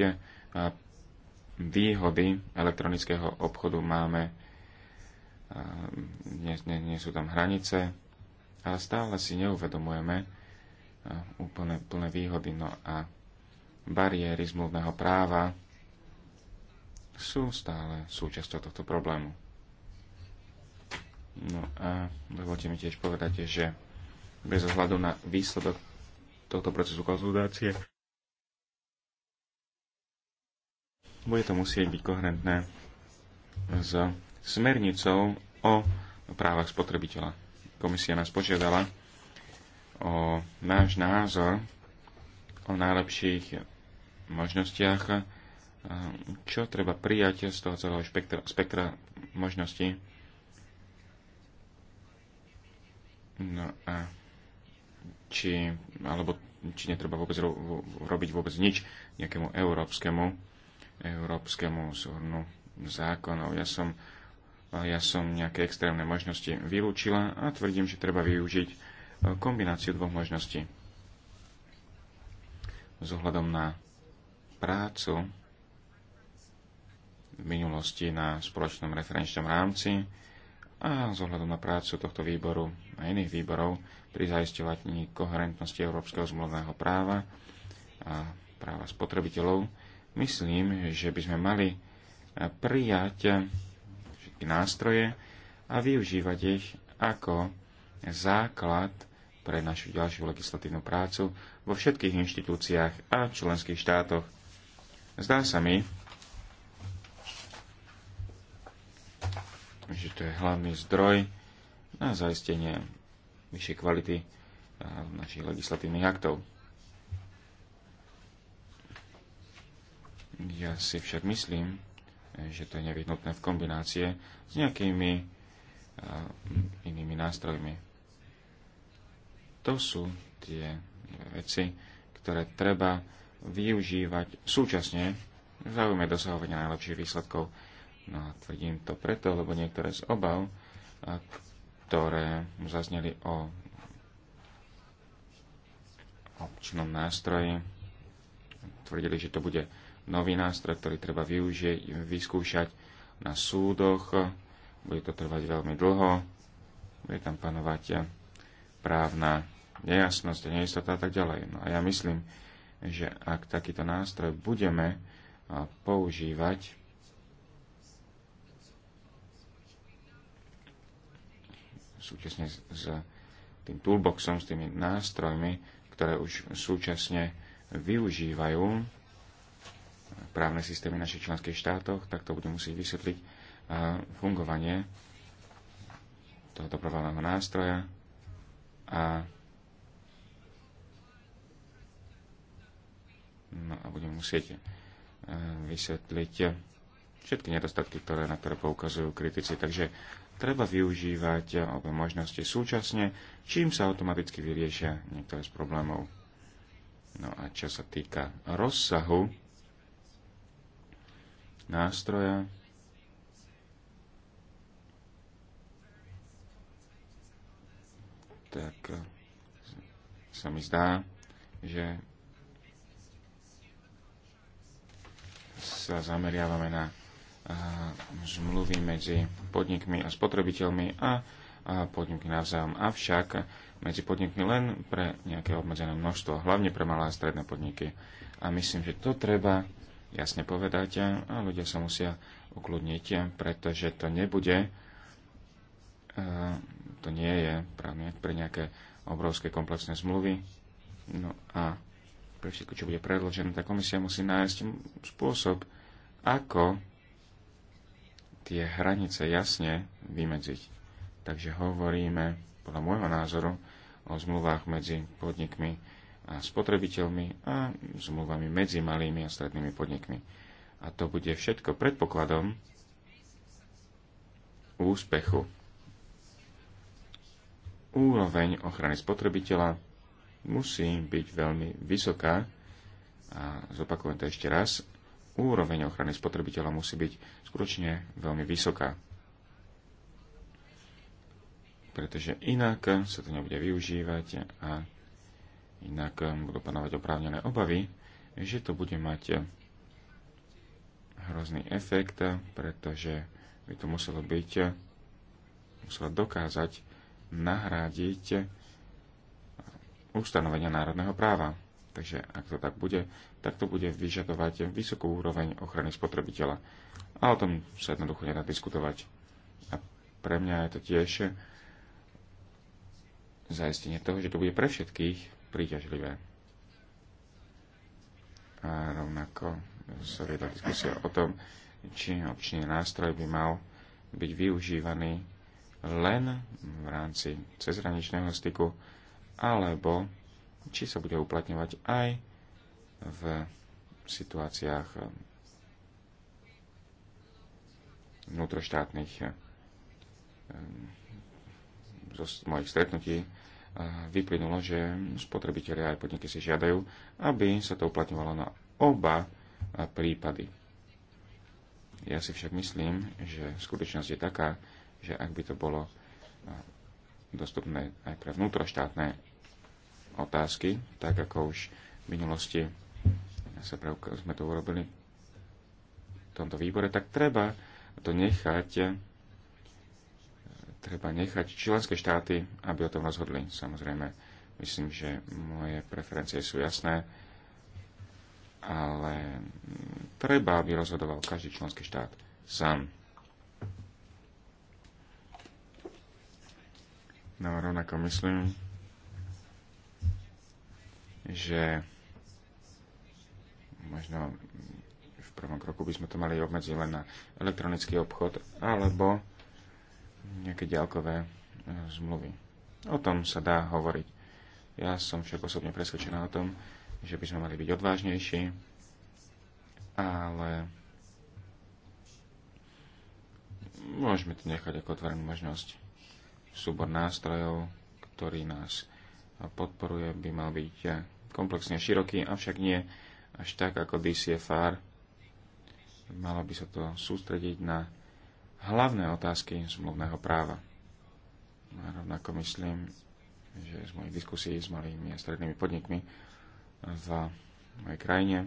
výhody elektronického obchodu. Máme, nie, nie, nie sú tam hranice, ale stále si neuvedomujeme úplne plné výhody. No a bariéry zmluvného práva sú stále súčasťou tohto problému. No a dovolte mi tiež povedať, že bez ohľadu na výsledok tohto procesu konzultácie bude to musieť byť koherentné s smernicou o právach spotrebiteľa. Komisia nás požiadala o náš názor o najlepších možnostiach, čo treba prijať z toho celého spektra, spektra možností. No a či, alebo či netreba vôbec ro- robiť vôbec nič nejakému európskemu Európskemu súhrnu zákonov. Ja som, ja som nejaké extrémne možnosti vylúčila a tvrdím, že treba využiť e, kombináciu dvoch možností. Zohľadom ohľadom na prácu v minulosti na spoločnom referenčnom rámci a z ohľadom na prácu tohto výboru a iných výborov pri zaisťovaní koherentnosti európskeho zmluvného práva a práva spotrebiteľov Myslím, že by sme mali prijať všetky nástroje a využívať ich ako základ pre našu ďalšiu legislatívnu prácu vo všetkých inštitúciách a členských štátoch. Zdá sa mi, že to je hlavný zdroj na zaistenie vyššej kvality eh, našich legislatívnych aktov. Ja si však myslím, že to je nevyhnutné v kombinácie s nejakými eh, inými nástrojmi. To sú tie veci, ktoré treba využívať súčasne v záujme dosahovania najlepších výsledkov. No a tvrdím to preto, lebo niektoré z obav, eh, ktoré zazneli o občnom nástroji, tvrdili, že to bude nový nástroj, ktorý treba využiť, vyskúšať na súdoch. Bude to trvať veľmi dlho. Bude tam panovať právna nejasnosť a neistota a tak ďalej. No a ja myslím, že ak takýto nástroj budeme používať, súčasne s tým toolboxom, s tými nástrojmi, ktoré už súčasne využívajú právne systémy našich členských štátoch, tak to bude musieť vysvetliť e, fungovanie toho dobrovoľného nástroja a, no a budem musieť e, vysvetliť všetky nedostatky, ktoré, na ktoré poukazujú kritici. Takže treba využívať obe možnosti súčasne, čím sa automaticky vyriešia niektoré z problémov. No a čo sa týka rozsahu, nástroja. Tak eh, sa mi zdá, že sa zameriavame na eh, zmluvy medzi podnikmi a spotrebiteľmi a, a podniky navzájom. Avšak medzi podnikmi len pre nejaké obmedzené množstvo, hlavne pre malé a stredné podniky. A myslím, že to treba jasne povedať a ľudia sa musia ukludniť, pretože to nebude, eh, to nie je práve pre nejaké obrovské komplexné zmluvy. No a pre všetko, čo bude predložené, tá komisia musí nájsť spôsob, ako tie hranice jasne vymedziť. Takže hovoríme, podľa môjho názoru, o zmluvách medzi podnikmi a spotrebiteľmi a zmluvami medzi malými a strednými podnikmi. A to bude všetko predpokladom úspechu. Úroveň ochrany spotrebiteľa musí byť veľmi vysoká a zopakujem to ešte raz, úroveň ochrany spotrebiteľa musí byť skutočne veľmi vysoká. Pretože inak sa to nebude využívať a Inak um, budú panovať oprávnené obavy, že to bude mať hrozný efekt, pretože by to muselo byť, muselo dokázať nahrádiť ustanovenia národného práva. Takže ak to tak bude, tak to bude vyžadovať vysokú úroveň ochrany spotrebiteľa. A o tom sa jednoducho nedá diskutovať. A pre mňa je to tiež zaistenie toho, že to bude pre všetkých, príťažlivé. A rovnako sa viedla diskusia o tom, či občný nástroj by mal byť využívaný len v rámci cezhraničného styku, alebo či sa bude uplatňovať aj v situáciách vnútroštátnych ehm, zo mojich stretnutí vyplynulo, že spotrebitelia aj podniky si žiadajú, aby sa to uplatňovalo na oba prípady. Ja si však myslím, že skutočnosť je taká, že ak by to bolo dostupné aj pre vnútroštátne otázky, tak ako už v minulosti sa sme to urobili v tomto výbore, tak treba to nechať treba nechať členské štáty, aby o tom rozhodli. Samozrejme, myslím, že moje preferencie sú jasné, ale treba, aby rozhodoval každý členský štát sám. No rovnako myslím, že možno v prvom kroku by sme to mali obmedziť len na elektronický obchod alebo nejaké ďalkové e, zmluvy. O tom sa dá hovoriť. Ja som však osobne presvedčená o tom, že by sme mali byť odvážnejší, ale môžeme to nechať ako otvorenú možnosť. Súbor nástrojov, ktorý nás podporuje, by mal byť komplexne široký, avšak nie až tak ako DCFR. Malo by sa to sústrediť na hlavné otázky zmluvného práva. A rovnako myslím, že z mojich diskusí s malými a strednými podnikmi v mojej krajine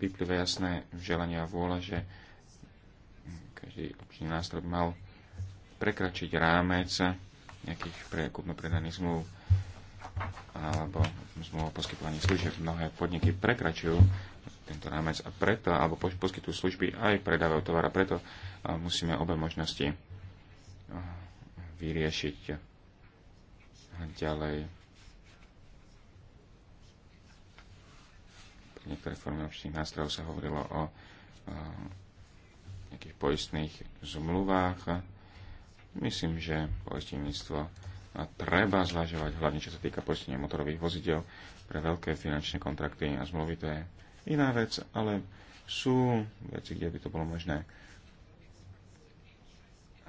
vyplýva jasné želanie a vôľa, že každý občný nástroj mal prekračiť rámec nejakých prekupno predaných zmluv alebo zmluv o poskytovaní služieb. Mnohé podniky prekračujú tento rámec a preto, alebo poskytujú služby aj predávajú tovar a preto musíme obe možnosti vyriešiť ďalej. Pri niektorých formy občných nástrojov sa hovorilo o nejakých poistných zmluvách. Myslím, že poistenníctvo treba zvažovať, hlavne čo sa týka poistenia motorových vozidel pre veľké finančné kontrakty a zmluvy, to je iná vec, ale sú veci, kde by to bolo možné.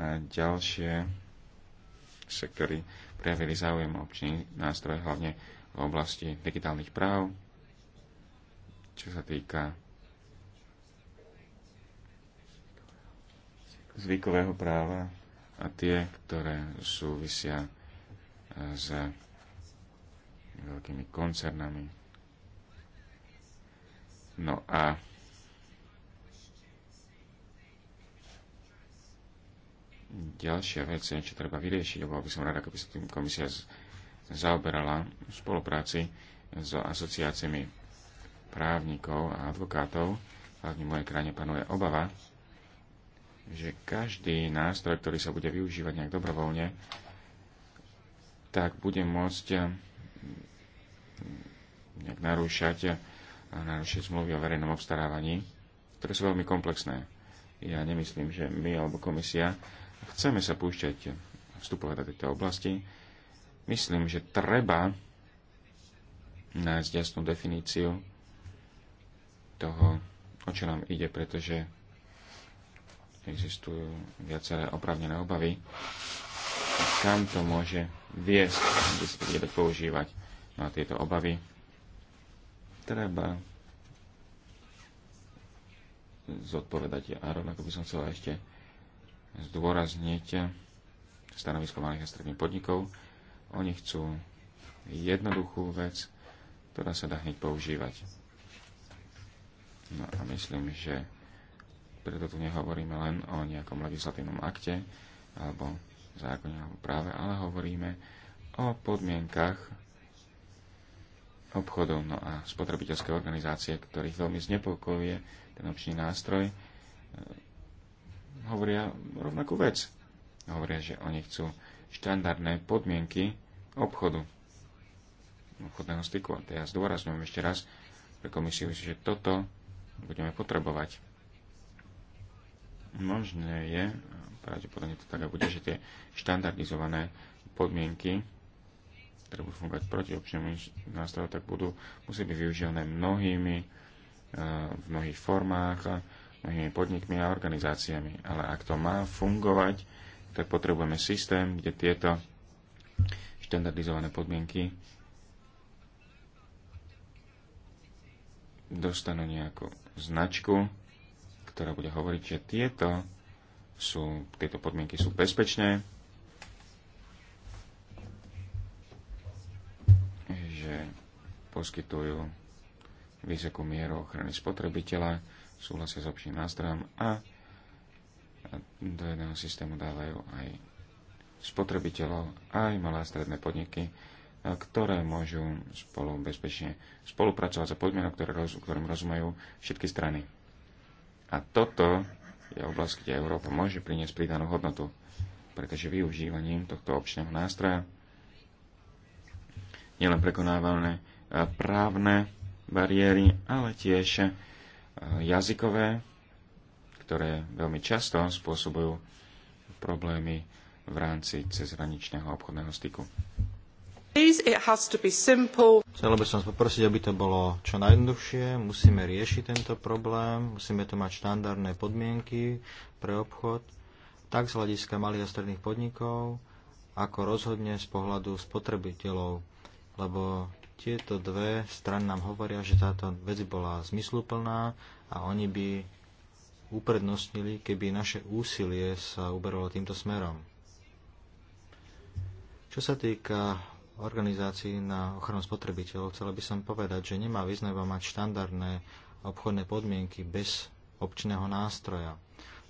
A ďalšie sektory prejavili záujem občiny nástroje hlavne v oblasti digitálnych práv, čo sa týka zvykového práva a tie, ktoré súvisia s veľkými koncernami, No a ďalšia vec, čo treba vyriešiť, lebo by som ako by sa tým komisia zaoberala v spolupráci s asociáciami právnikov a advokátov, hlavne v mojej krajine panuje obava, že každý nástroj, ktorý sa bude využívať nejak dobrovoľne, tak bude môcť mm, nejak narúšať najnovšej zmluvy o verejnom obstarávaní, ktoré sú veľmi komplexné. Ja nemyslím, že my alebo komisia chceme sa púšťať vstupovať do tejto oblasti. Myslím, že treba nájsť jasnú definíciu toho, o čo nám ide, pretože existujú viaceré opravnené obavy, kam to môže viesť, kde sa to bude používať. No a tieto obavy treba zodpovedať. A rovnako by som chcel ešte zdôrazniť stanovisko malých a stredných podnikov. Oni chcú jednoduchú vec, ktorá sa dá hneď používať. No a myslím, že preto tu nehovoríme len o nejakom legislatívnom akte alebo zákone alebo práve, ale hovoríme o podmienkach, obchodov no a spotrebiteľské organizácie, ktorých veľmi znepokojuje ten občný nástroj, e, hovoria rovnakú vec. Hovoria, že oni chcú štandardné podmienky obchodu, obchodného styku. A ja zdôrazňujem ešte raz pre komisiu, že toto budeme potrebovať. Možné je, pravdepodobne to tak aj bude, že tie štandardizované podmienky ktoré budú fungovať proti občanom nástrojov, tak budú musieť byť využívané mnohými, eh, v mnohých formách, mnohými podnikmi a organizáciami. Ale ak to má fungovať, tak potrebujeme systém, kde tieto štandardizované podmienky dostanú nejakú značku, ktorá bude hovoriť, že tieto, sú, tieto podmienky sú bezpečné že poskytujú vysokú mieru ochrany spotrebiteľa, súhlasia s občným nástrojom a do jedného systému dávajú aj spotrebiteľov, aj malé a stredné podniky, ktoré môžu spolu bezpečne spolupracovať za podmienok, roz, ktorým rozumajú všetky strany. A toto je oblasť, kde Európa môže priniesť pridanú hodnotu, pretože využívaním tohto občného nástroja nielen prekonávané e, právne bariéry, ale tiež e, jazykové, ktoré veľmi často spôsobujú problémy v rámci cezhraničného obchodného styku. Chcel by som poprosiť, aby to bolo čo najjednoduchšie. Musíme riešiť tento problém, musíme to mať štandardné podmienky pre obchod, tak z hľadiska malých a stredných podnikov, ako rozhodne z pohľadu spotrebiteľov lebo tieto dve strany nám hovoria, že táto vec bola zmysluplná a oni by uprednostnili, keby naše úsilie sa uberalo týmto smerom. Čo sa týka organizácií na ochranu spotrebiteľov, chcela by som povedať, že nemá význam mať štandardné obchodné podmienky bez občného nástroja.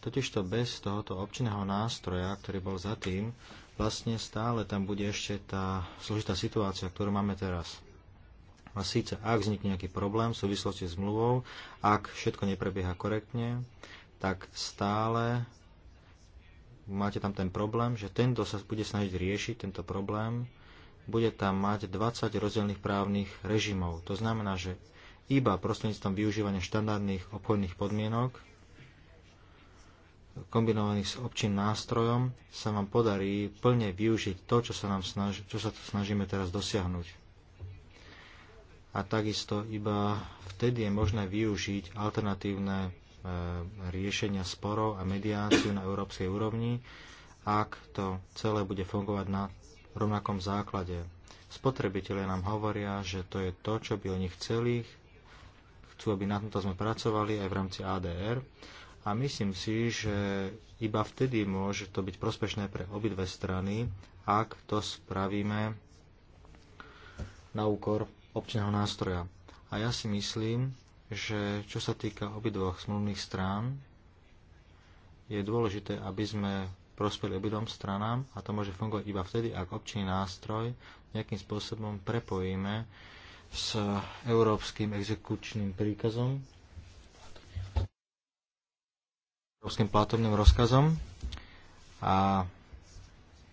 Totižto bez tohoto občného nástroja, ktorý bol za tým, vlastne stále tam bude ešte tá zložitá situácia, ktorú máme teraz. A síce, ak vznikne nejaký problém v súvislosti s mluvou, ak všetko neprebieha korektne, tak stále máte tam ten problém, že tento sa bude snažiť riešiť tento problém, bude tam mať 20 rozdielných právnych režimov. To znamená, že iba prostredníctvom využívania štandardných obchodných podmienok kombinovaný s občím nástrojom sa vám podarí plne využiť to, čo sa, nám snaž, čo sa tu snažíme teraz dosiahnuť. A takisto iba vtedy je možné využiť alternatívne e, riešenia sporov a mediáciu na európskej úrovni, ak to celé bude fungovať na rovnakom základe. Spotrebitelia nám hovoria, že to je to, čo by oni chceli, chcú, aby na tomto sme pracovali aj v rámci ADR a myslím si, že iba vtedy môže to byť prospešné pre obidve strany, ak to spravíme na úkor občného nástroja. A ja si myslím, že čo sa týka obidvoch smluvných strán, je dôležité, aby sme prospeli obidvom stranám a to môže fungovať iba vtedy, ak občný nástroj nejakým spôsobom prepojíme s európskym exekučným príkazom, európskym platobným rozkazom a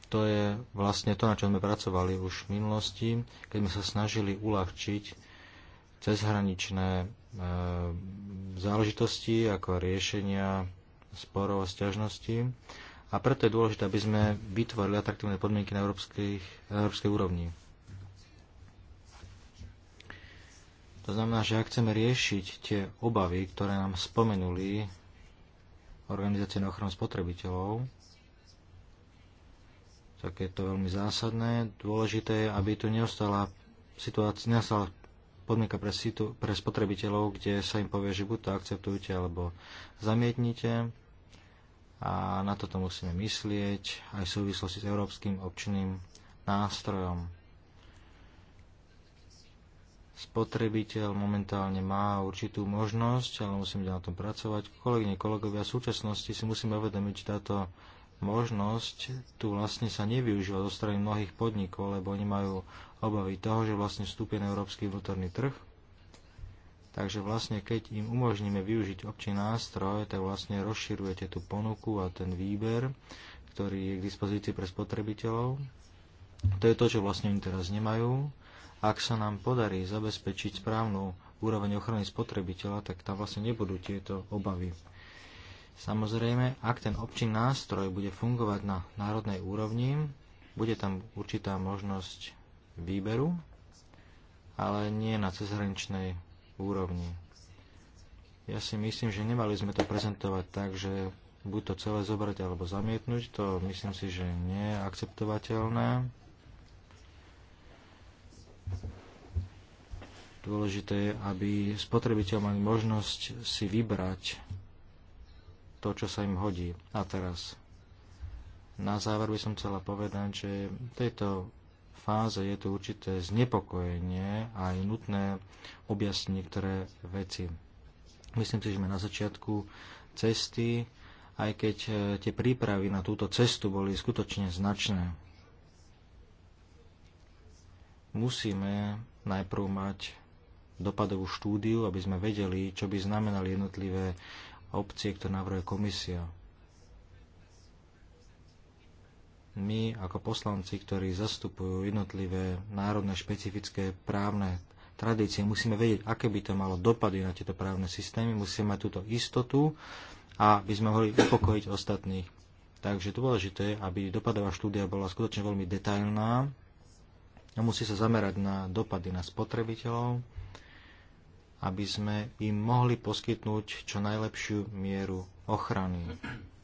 to je vlastne to, na čo sme pracovali už v minulosti, keď sme sa snažili uľahčiť cezhraničné e, záležitosti ako riešenia sporov a stiažností. A preto je dôležité, aby sme vytvorili atraktívne podmienky na európskej, na európskej úrovni. To znamená, že ak chceme riešiť tie obavy, ktoré nám spomenuli organizácie na ochranu spotrebiteľov, tak je to veľmi zásadné. Dôležité je, aby tu neostala situácia, neostala podmienka pre, situ, pre spotrebiteľov, kde sa im povie, že buď to akceptujte alebo zamietnite. A na toto musíme myslieť aj v súvislosti s európskym občinným nástrojom spotrebiteľ momentálne má určitú možnosť, ale musíme na tom pracovať. Kolegyne, kolegovia, v súčasnosti si musíme uvedomiť, že táto možnosť tu vlastne sa nevyužíva zo strany mnohých podnikov, lebo oni majú obavy toho, že vlastne vstúpia na európsky vnútorný trh. Takže vlastne, keď im umožníme využiť občný nástroj, tak vlastne rozširujete tú ponuku a ten výber, ktorý je k dispozícii pre spotrebiteľov. To je to, čo vlastne oni teraz nemajú ak sa nám podarí zabezpečiť správnu úroveň ochrany spotrebiteľa, tak tam vlastne nebudú tieto obavy. Samozrejme, ak ten občin nástroj bude fungovať na národnej úrovni, bude tam určitá možnosť výberu, ale nie na cezhraničnej úrovni. Ja si myslím, že nemali sme to prezentovať tak, že buď to celé zobrať alebo zamietnúť, to myslím si, že nie je akceptovateľné. Dôležité je, aby spotrebiteľ mali možnosť si vybrať to, čo sa im hodí. A teraz, na záver by som chcela povedať, že v tejto fáze je tu určité znepokojenie a je nutné objasniť niektoré veci. Myslím si, že sme na začiatku cesty, aj keď eh, tie prípravy na túto cestu boli skutočne značné musíme najprv mať dopadovú štúdiu, aby sme vedeli, čo by znamenali jednotlivé opcie, ktoré navrhuje komisia. My ako poslanci, ktorí zastupujú jednotlivé národné špecifické právne tradície, musíme vedieť, aké by to malo dopady na tieto právne systémy, musíme mať túto istotu a by sme mohli upokojiť ostatných. Takže dôležité, aby dopadová štúdia bola skutočne veľmi detailná, musí sa zamerať na dopady na spotrebiteľov, aby sme im mohli poskytnúť čo najlepšiu mieru ochrany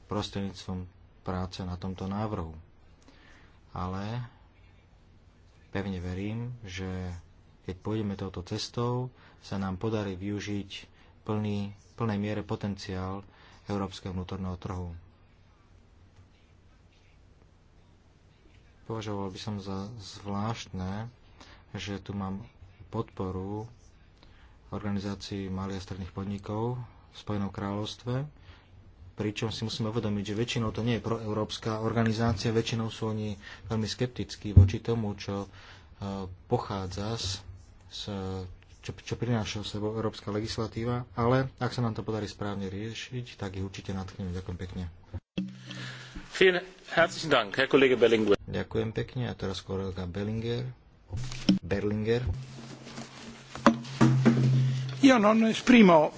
prostredníctvom práce na tomto návrhu. Ale pevne verím, že keď pôjdeme touto cestou, sa nám podarí využiť plný, plnej miere potenciál európskeho vnútorného trhu. Považoval by som za zvláštne, že tu mám podporu organizácií malých a stredných podnikov v Spojenom kráľovstve, pričom si musíme uvedomiť, že väčšinou to nie je proeurópska organizácia, väčšinou sú oni veľmi skeptickí voči tomu, čo e, pochádza z, z čo, čo prináša sebou európska legislatíva, ale ak sa nám to podarí správne riešiť, tak ich určite natkneme. Ďakujem pekne. Vielen herzlichen Dank, Herr Kollege Bellinguer. Ďakujem pekne. A teraz kolega Bellinger. Berlinger. Io non esprimo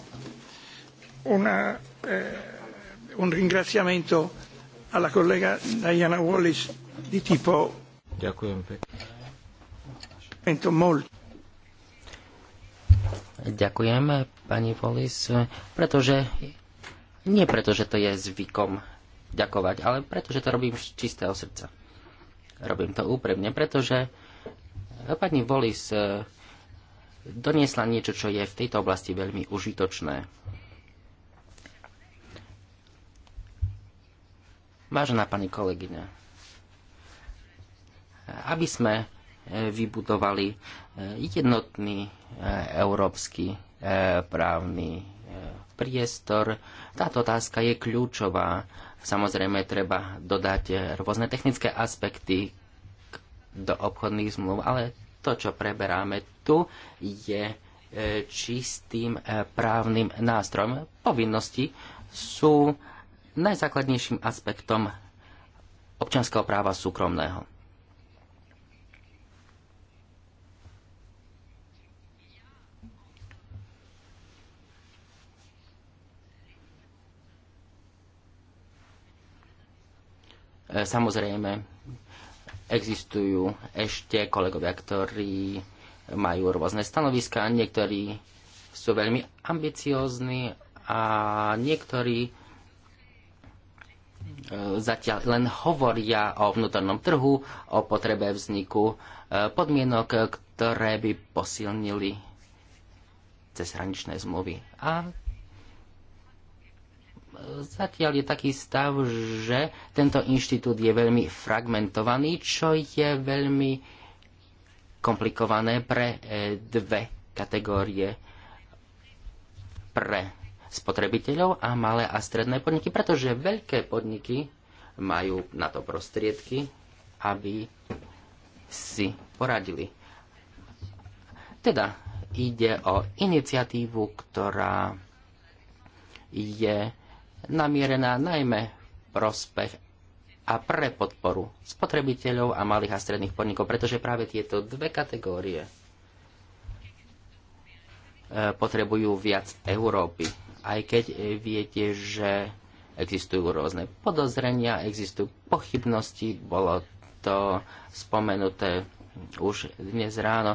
una, eh, un ringraziamento alla collega Diana Wallis di tipo Ďakujem pekne. Molto. Ďakujem, pani Wallis, pretože nie preto, že to je zvykom ďakovať, ale preto, že to robím z čistého srdca. Robím to úprimne, pretože pani Volis e, doniesla niečo, čo je v tejto oblasti veľmi užitočné. Vážená pani kolegyňa, aby sme e, vybudovali e, jednotný európsky právny priestor, táto otázka je kľúčová. Samozrejme, treba dodať eh, rôzne technické aspekty do obchodných zmluv, ale to, čo preberáme tu, je eh, čistým eh, právnym nástrojom. Povinnosti sú najzákladnejším aspektom občanského práva súkromného. E, samozrejme, existujú ešte kolegovia, ktorí majú rôzne stanoviská, niektorí sú veľmi ambiciózni a niektorí e, zatiaľ len hovoria o vnútornom trhu, o potrebe vzniku e, podmienok, ktoré by posilnili cezhraničné zmluvy. A zatiaľ je taký stav, že tento inštitút je veľmi fragmentovaný, čo je veľmi komplikované pre e, dve kategórie pre spotrebiteľov a malé a stredné podniky, pretože veľké podniky majú na to prostriedky, aby si poradili. Teda ide o iniciatívu, ktorá je namierená najmä prospech a pre podporu spotrebiteľov a malých a stredných podnikov, pretože práve tieto dve kategórie e, potrebujú viac Európy. Aj keď e, viete, že existujú rôzne podozrenia, existujú pochybnosti, bolo to spomenuté už dnes ráno,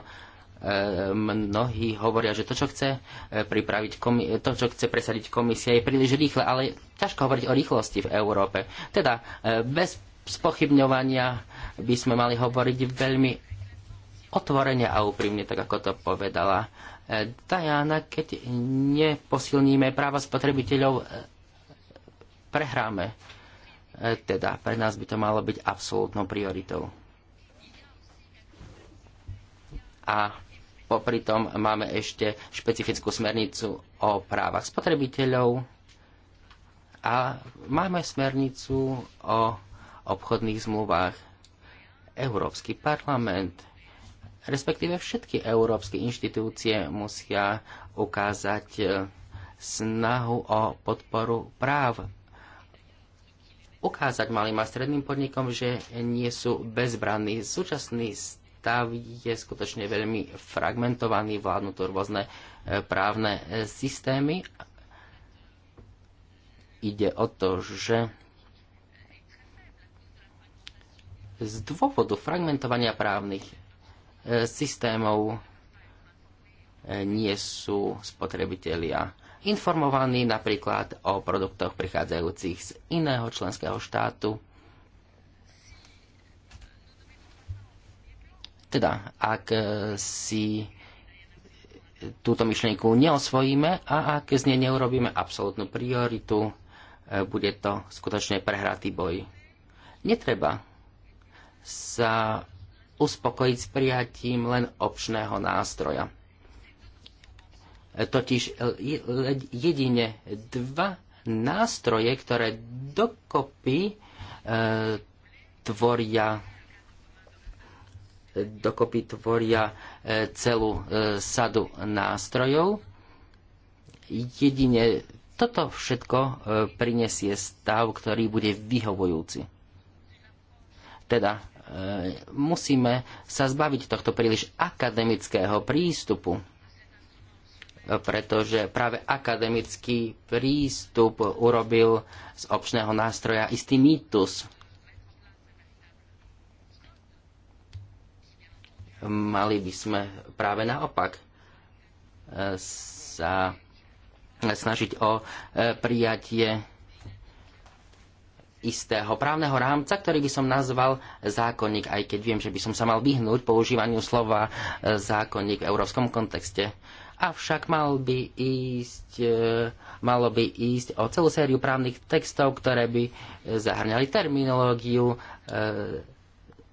mnohí hovoria, že to, čo chce e, pripraviť, e, to, čo chce presadiť komisia, je príliš rýchle, ale ťažko hovoriť o rýchlosti v Európe. Teda e, bez spochybňovania by sme mali hovoriť veľmi otvorene a úprimne, tak ako to povedala Diana, keď neposilníme práva spotrebiteľov, prehráme. Teda pre nás by to malo byť absolútnou prioritou. A Popri tom máme ešte špecifickú smernicu o právach spotrebiteľov a máme smernicu o obchodných zmluvách. Európsky parlament, respektíve všetky európske inštitúcie musia ukázať e, snahu o podporu práv ukázať malým a stredným podnikom, že nie sú bezbranní. Súčasný stav stav je skutočne veľmi fragmentovaný, vládnu to rôzne e, právne e, systémy. Ide o to, že z dôvodu fragmentovania právnych e, systémov nie sú spotrebitelia informovaní napríklad o produktoch prichádzajúcich z iného členského štátu Teda, ak e, si túto myšlienku neosvojíme a ak z nej neurobíme absolútnu prioritu, e, bude to skutočne prehratý boj. Netreba sa uspokojiť s prijatím len občného nástroja. E, totiž jedine dva nástroje, ktoré dokopy e, tvoria dokopy tvoria e, celú e, sadu nástrojov. Jedine toto všetko e, prinesie stav, ktorý bude vyhovujúci. Teda musíme sa zbaviť tohto príliš akademického prístupu, pretože práve akademický prístup urobil z občného nástroja istý mýtus Mali by sme práve naopak eh, sa snažiť o eh, prijatie istého právneho rámca, ktorý by som nazval zákonník, aj keď viem, že by som sa mal vyhnúť používaniu slova eh, zákonník v európskom kontexte. Avšak mal by ísť, malo by ísť o celú sériu právnych textov, ktoré by zahrňali terminológiu,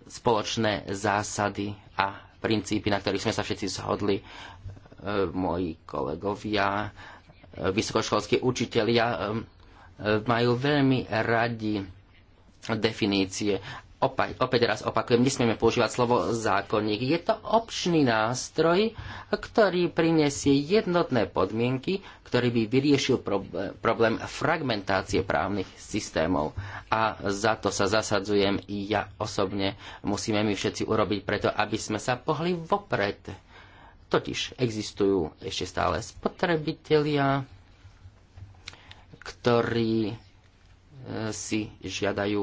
spoločné zásady a princípy, na ktorých sme sa všetci zhodli, e, moji kolegovia, e, vysokoškolskí učitelia e, majú veľmi radi definície opäť, opäť raz opakujem, nesmieme používať slovo zákonník. Je to občný nástroj, ktorý prinesie jednotné podmienky, ktorý by vyriešil problém fragmentácie právnych systémov. A za to sa zasadzujem i ja osobne. Musíme my všetci urobiť preto, aby sme sa pohli vopred. Totiž existujú ešte stále spotrebitelia, ktorí e, si žiadajú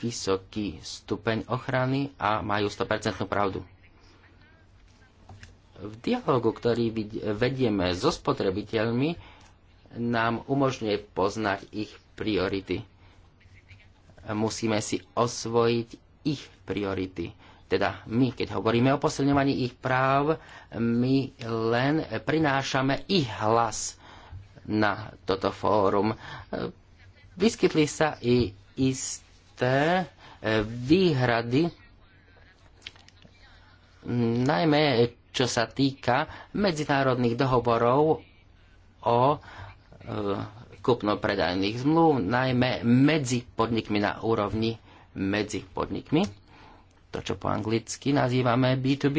vysoký stupeň ochrany a majú 100% pravdu. V dialogu, ktorý vedieme so spotrebiteľmi, nám umožňuje poznať ich priority. Musíme si osvojiť ich priority. Teda my, keď hovoríme o posilňovaní ich práv, my len prinášame ich hlas na toto fórum. Vyskytli sa i isté isté e, výhrady, najmä čo sa týka medzinárodných dohovorov o e, kupno-predajných zmluv, najmä medzi podnikmi na úrovni medzi podnikmi, to čo po anglicky nazývame B2B,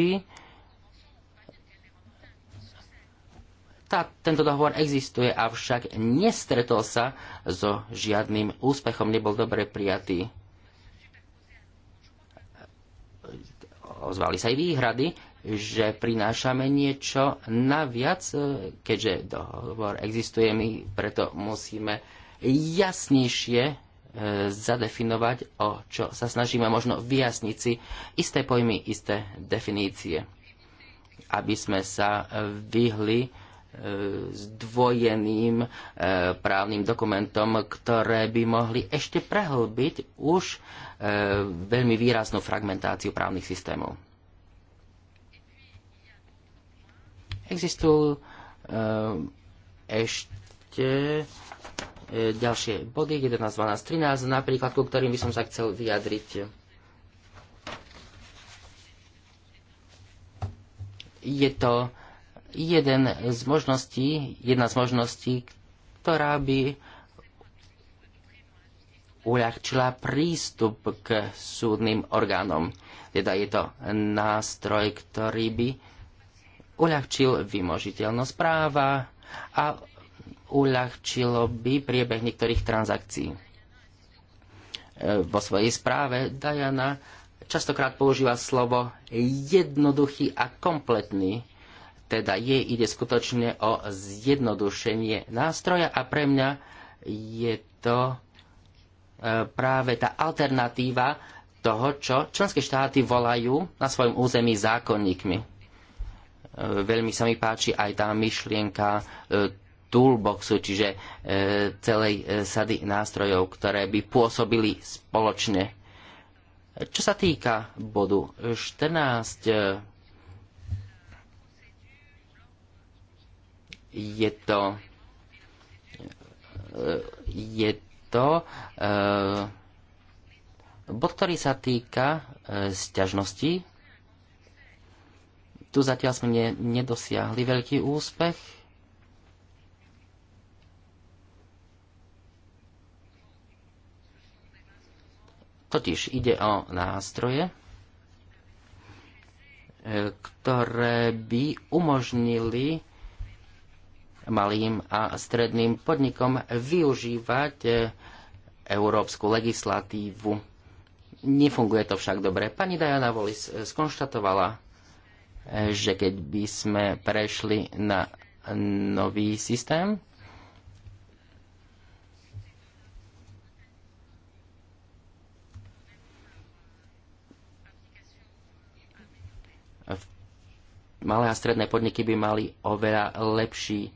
Tá, tento dohovor existuje, avšak nestretol sa so žiadnym úspechom, nebol dobre prijatý. Ozvali sa aj výhrady, že prinášame niečo naviac, e, keďže dohovor existuje, my preto musíme jasnejšie e, zadefinovať, o čo sa snažíme možno vyjasniť si isté pojmy, isté definície, aby sme sa vyhli E, zdvojeným e, právnym dokumentom, ktoré by mohli ešte prehlbiť už e, veľmi výraznú fragmentáciu právnych systémov. Existujú ešte ďalšie body 11, 12, 13, napríklad ku ktorým by som sa chcel vyjadriť. Je to jeden z možností, jedna z možností, ktorá by uľahčila prístup k súdnym orgánom. Teda je to nástroj, ktorý by uľahčil vymožiteľnosť práva a uľahčilo by priebeh niektorých transakcií. E, vo svojej správe Diana častokrát používa slovo jednoduchý a kompletný teda jej ide skutočne o zjednodušenie nástroja a pre mňa je to e, práve tá alternatíva toho, čo členské štáty volajú na svojom území zákonníkmi. E, veľmi sa mi páči aj tá myšlienka e, toolboxu, čiže celej sady nástrojov, ktoré by pôsobili spoločne. Čo sa týka bodu 14, je to je to eh, bod, ktorý sa týka eh, sťažnosti. Tu zatiaľ sme ne, nedosiahli veľký úspech. Totiž ide o nástroje, eh, ktoré by umožnili malým a stredným podnikom využívať e, európsku legislatívu. Nefunguje to však dobre. Pani Diana Volis e, skonštatovala, e, že keď by sme prešli na nový systém, malé a stredné podniky by mali oveľa lepší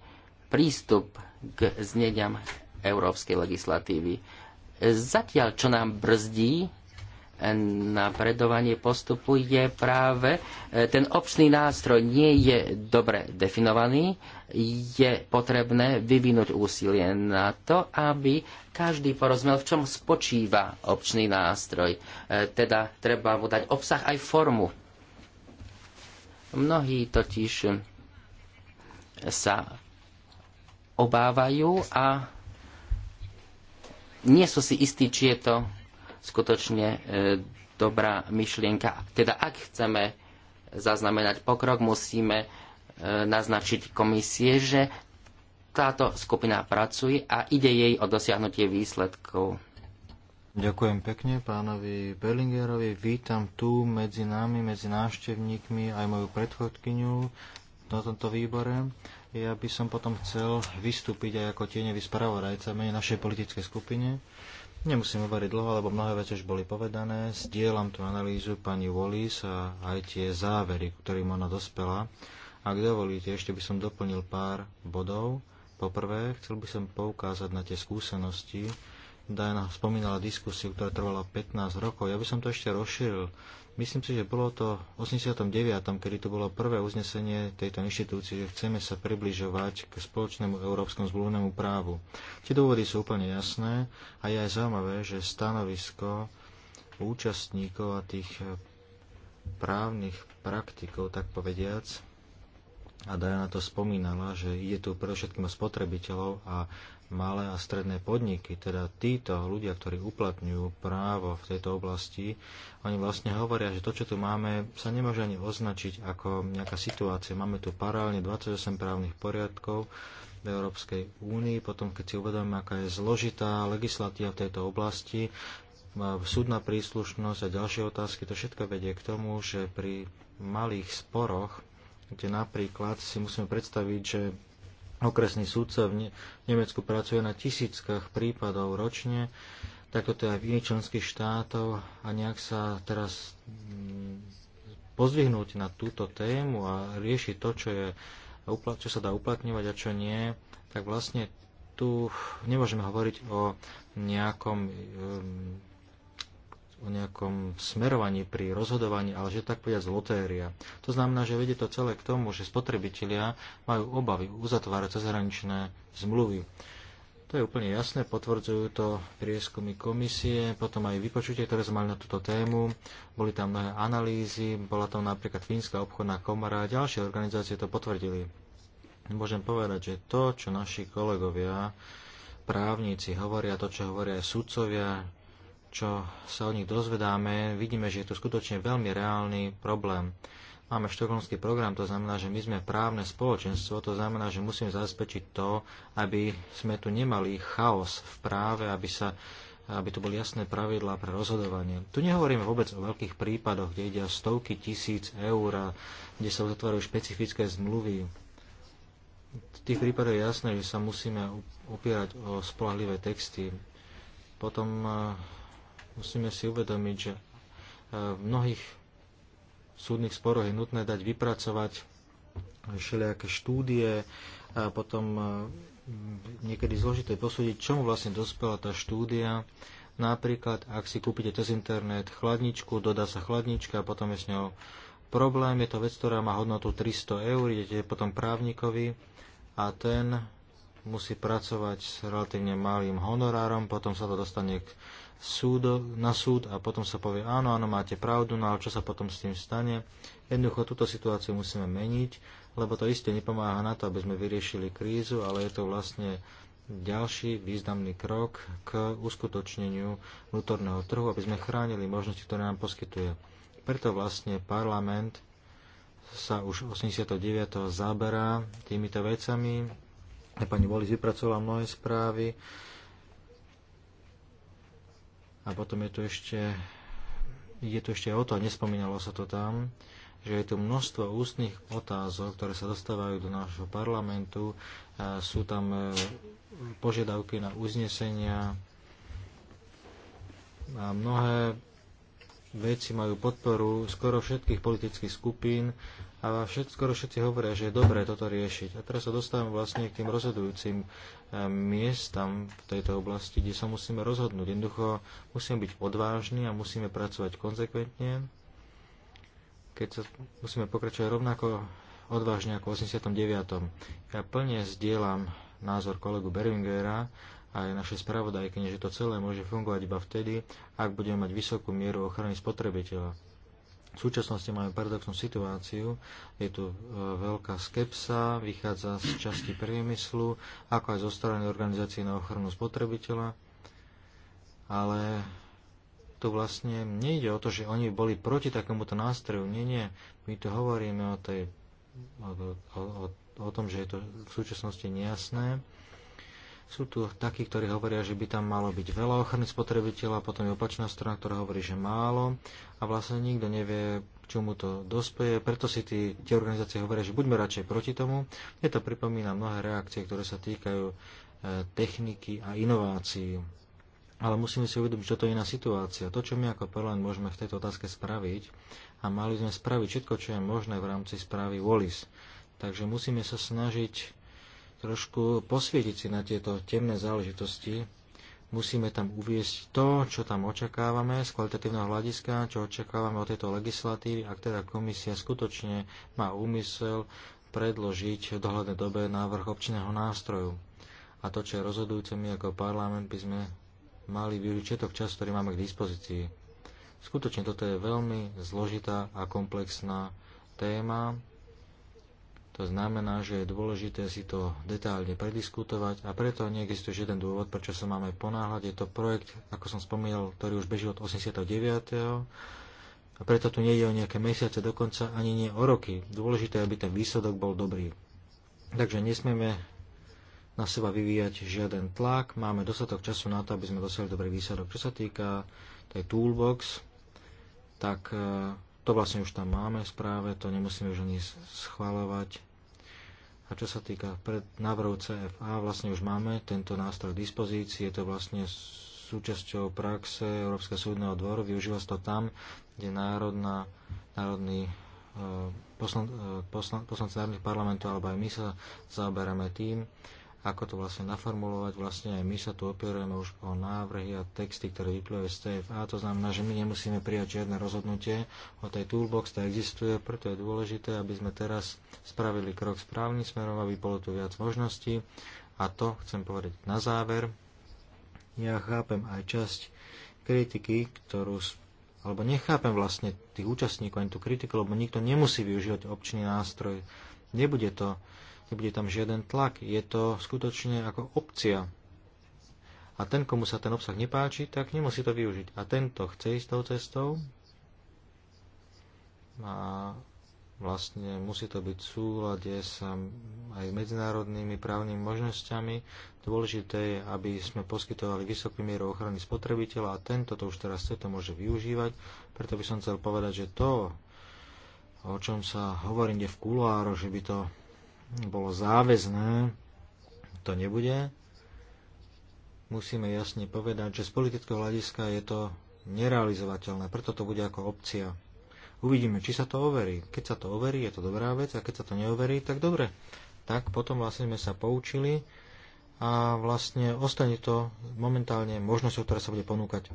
prístup k zneďam európskej legislatívy. Zatiaľ, čo nám brzdí eh, napredovanie postupu, je práve eh, ten občný nástroj nie je dobre definovaný. Je potrebné vyvinúť úsilie na to, aby každý porozumel, v čom spočíva občný nástroj. Eh, teda treba mu dať obsah aj formu. Mnohí totiž sa obávajú a nie sú si istí, či je to skutočne e, dobrá myšlienka. Teda ak chceme zaznamenať pokrok, musíme e, naznačiť komisie, že táto skupina pracuje a ide jej o dosiahnutie výsledkov. Ďakujem pekne pánovi Bellingerovi. Vítam tu medzi nami, medzi návštevníkmi aj moju predchodkyňu na tomto výbore. Ja by som potom chcel vystúpiť aj ako tieňový spravodajca menej našej politickej skupine. Nemusím hovoriť dlho, lebo mnohé veci už boli povedané. Sdielam tú analýzu pani Wallis a aj tie závery, ktorým ona dospela. Ak dovolíte, ešte by som doplnil pár bodov. Poprvé, chcel by som poukázať na tie skúsenosti. Diana spomínala diskusiu, ktorá trvala 15 rokov. Ja by som to ešte rozšíril. Myslím si, že bolo to v 89., kedy to bolo prvé uznesenie tejto inštitúcie, že chceme sa približovať k spoločnému európskom zmluvnému právu. Tie dôvody sú úplne jasné a je aj zaujímavé, že stanovisko účastníkov a tých právnych praktikov, tak povediac, a Diana to spomínala, že ide tu predovšetkým o spotrebiteľov a malé a stredné podniky, teda títo ľudia, ktorí uplatňujú právo v tejto oblasti, oni vlastne hovoria, že to, čo tu máme, sa nemôže ani označiť ako nejaká situácia. Máme tu paralelne 28 právnych poriadkov v Európskej únii, potom keď si uvedomíme, aká je zložitá legislatíva v tejto oblasti, súdna príslušnosť a ďalšie otázky, to všetko vedie k tomu, že pri malých sporoch, kde napríklad si musíme predstaviť, že Okresný súdca v Nemecku pracuje na tisíckach prípadov ročne, takto to je aj v iných členských štátov a nejak sa teraz mm, pozvihnúť na túto tému a riešiť to, čo, je, čo sa dá uplatňovať a čo nie, tak vlastne tu nemôžeme hovoriť o nejakom mm, o nejakom smerovaní pri rozhodovaní, ale že tak povedať lotéria. To znamená, že vedie to celé k tomu, že spotrebitelia majú obavy uzatvárať cezhraničné zmluvy. To je úplne jasné, potvrdzujú to prieskumy komisie, potom aj vypočutie, ktoré sme mali na túto tému. Boli tam mnohé analýzy, bola tam napríklad Fínska obchodná komora a ďalšie organizácie to potvrdili. Môžem povedať, že to, čo naši kolegovia právnici hovoria, to, čo hovoria aj sudcovia, čo sa o nich dozvedáme, vidíme, že je to skutočne veľmi reálny problém. Máme štokholmský program, to znamená, že my sme právne spoločenstvo, to znamená, že musíme zabezpečiť to, aby sme tu nemali chaos v práve, aby sa aby tu boli jasné pravidlá pre rozhodovanie. Tu nehovoríme vôbec o veľkých prípadoch, kde ide o stovky tisíc eur, kde sa uzatvárajú špecifické zmluvy. V tých prípadoch je jasné, že sa musíme upierať o spolahlivé texty. Potom eh, Musíme si uvedomiť, že e, v mnohých súdnych sporoch je nutné dať vypracovať všelijaké štúdie a potom e, niekedy zložité posúdiť, čomu vlastne dospela tá štúdia. Napríklad, ak si kúpite cez internet chladničku, dodá sa chladnička a potom je s ňou problém, je to vec, ktorá má hodnotu 300 eur, idete potom právnikovi a ten musí pracovať s relatívne malým honorárom, potom sa to dostane k súdo, na súd a potom sa povie, áno, áno, máte pravdu, no ale čo sa potom s tým stane? Jednoducho túto situáciu musíme meniť, lebo to isté nepomáha na to, aby sme vyriešili krízu, ale je to vlastne ďalší významný krok k uskutočneniu vnútorného trhu, aby sme chránili možnosti, ktoré nám poskytuje. Preto vlastne parlament sa už 89. zaberá týmito vecami. Pani Bolis vypracovala mnohé správy, a potom je tu ešte, ide tu ešte o to, a nespomínalo sa to tam, že je tu množstvo ústnych otázok, ktoré sa dostávajú do nášho parlamentu. A e, sú tam e, požiadavky na uznesenia a mnohé veci majú podporu skoro všetkých politických skupín a všet, skoro všetci hovoria, že je dobré toto riešiť. A teraz sa dostávame vlastne k tým rozhodujúcim eh, miestam v tejto oblasti, kde sa musíme rozhodnúť. Jednoducho musíme byť odvážni a musíme pracovať konzekventne. Keď sa musíme pokračovať rovnako odvážne ako v 89. Ja plne zdieľam názor kolegu Beringera a aj našej spravodajkyne, že to celé môže fungovať iba vtedy, ak budeme mať vysokú mieru ochrany spotrebiteľa. V súčasnosti máme paradoxnú situáciu, je tu e, veľká skepsa, vychádza z časti priemyslu, ako aj zo strany organizácií na ochranu spotrebiteľa, ale tu vlastne nejde o to, že oni boli proti takémuto nástroju. Nie, nie, my tu hovoríme o, tej, o, o, o, o tom, že je to v súčasnosti nejasné sú tu takí, ktorí hovoria, že by tam malo byť veľa ochrany spotrebiteľa, potom je opačná strana, ktorá hovorí, že málo a vlastne nikto nevie, k čomu to dospeje. Preto si tí, tie organizácie hovoria, že buďme radšej proti tomu. Mne to pripomína mnohé reakcie, ktoré sa týkajú e, techniky a inovácií. Ale musíme si uvedomiť, čo to je iná situácia. To, čo my ako parlament môžeme v tejto otázke spraviť, a mali sme spraviť všetko, čo je možné v rámci správy Wallis. Takže musíme sa snažiť trošku posvietiť si na tieto temné záležitosti. Musíme tam uviesť to, čo tam očakávame z kvalitatívneho hľadiska, čo očakávame od tejto legislatívy, ak teda komisia skutočne má úmysel predložiť v dohľadnej dobe návrh občného nástroju. A to, čo je rozhodujúce, my ako parlament by sme mali využiť všetok čas, ktorý máme k dispozícii. Skutočne toto je veľmi zložitá a komplexná téma to znamená, že je dôležité si to detálne prediskutovať a preto neexistuje žiaden dôvod, prečo sa máme ponáhľať. Je to projekt, ako som spomínal, ktorý už beží od 89. A preto tu nejde o nejaké mesiace dokonca, ani nie o roky. Dôležité, aby ten výsledok bol dobrý. Takže nesmieme na seba vyvíjať žiaden tlak, máme dostatok času na to, aby sme dosiahli dobrý výsledok. Čo sa týka tej toolbox, tak eh, to vlastne už tam máme správe, to nemusíme už ani schváľovať. A čo sa týka pred návrhu CFA, vlastne už máme tento nástroj k dispozícii, je to vlastne súčasťou praxe Európskeho súdneho dvoru, využíva sa to tam, kde národná, národný eh, poslan, eh, poslan, poslanci národných parlamentov alebo aj my sa zaoberáme tým, ako to vlastne naformulovať. Vlastne aj my sa tu opierujeme už o návrhy a texty, ktoré vyplývajú z TFA. To znamená, že my nemusíme prijať žiadne rozhodnutie o tej toolbox, tá existuje, preto je dôležité, aby sme teraz spravili krok správnym smerom, aby bolo tu viac možností. A to chcem povedať na záver. Ja chápem aj časť kritiky, ktorú alebo nechápem vlastne tých účastníkov ani tú kritiku, lebo nikto nemusí využívať občný nástroj. Nebude to nebude tam žiaden tlak. Je to skutočne ako opcia. A ten, komu sa ten obsah nepáči, tak nemusí to využiť. A tento chce ísť tou cestou a vlastne musí to byť v súlade s um, aj medzinárodnými právnymi možnosťami. Dôležité je, aby sme poskytovali vysokú mieru ochrany spotrebiteľa a tento to už teraz chce, to môže využívať. Preto by som chcel povedať, že to, o čom sa hovorí v kuláro, že by to bolo záväzné, to nebude. Musíme jasne povedať, že z politického hľadiska je to nerealizovateľné, preto to bude ako opcia. Uvidíme, či sa to overí. Keď sa to overí, je to dobrá vec, a keď sa to neoverí, tak dobre. Tak potom vlastne sme sa poučili a vlastne ostane to momentálne možnosťou, ktorá sa bude ponúkať.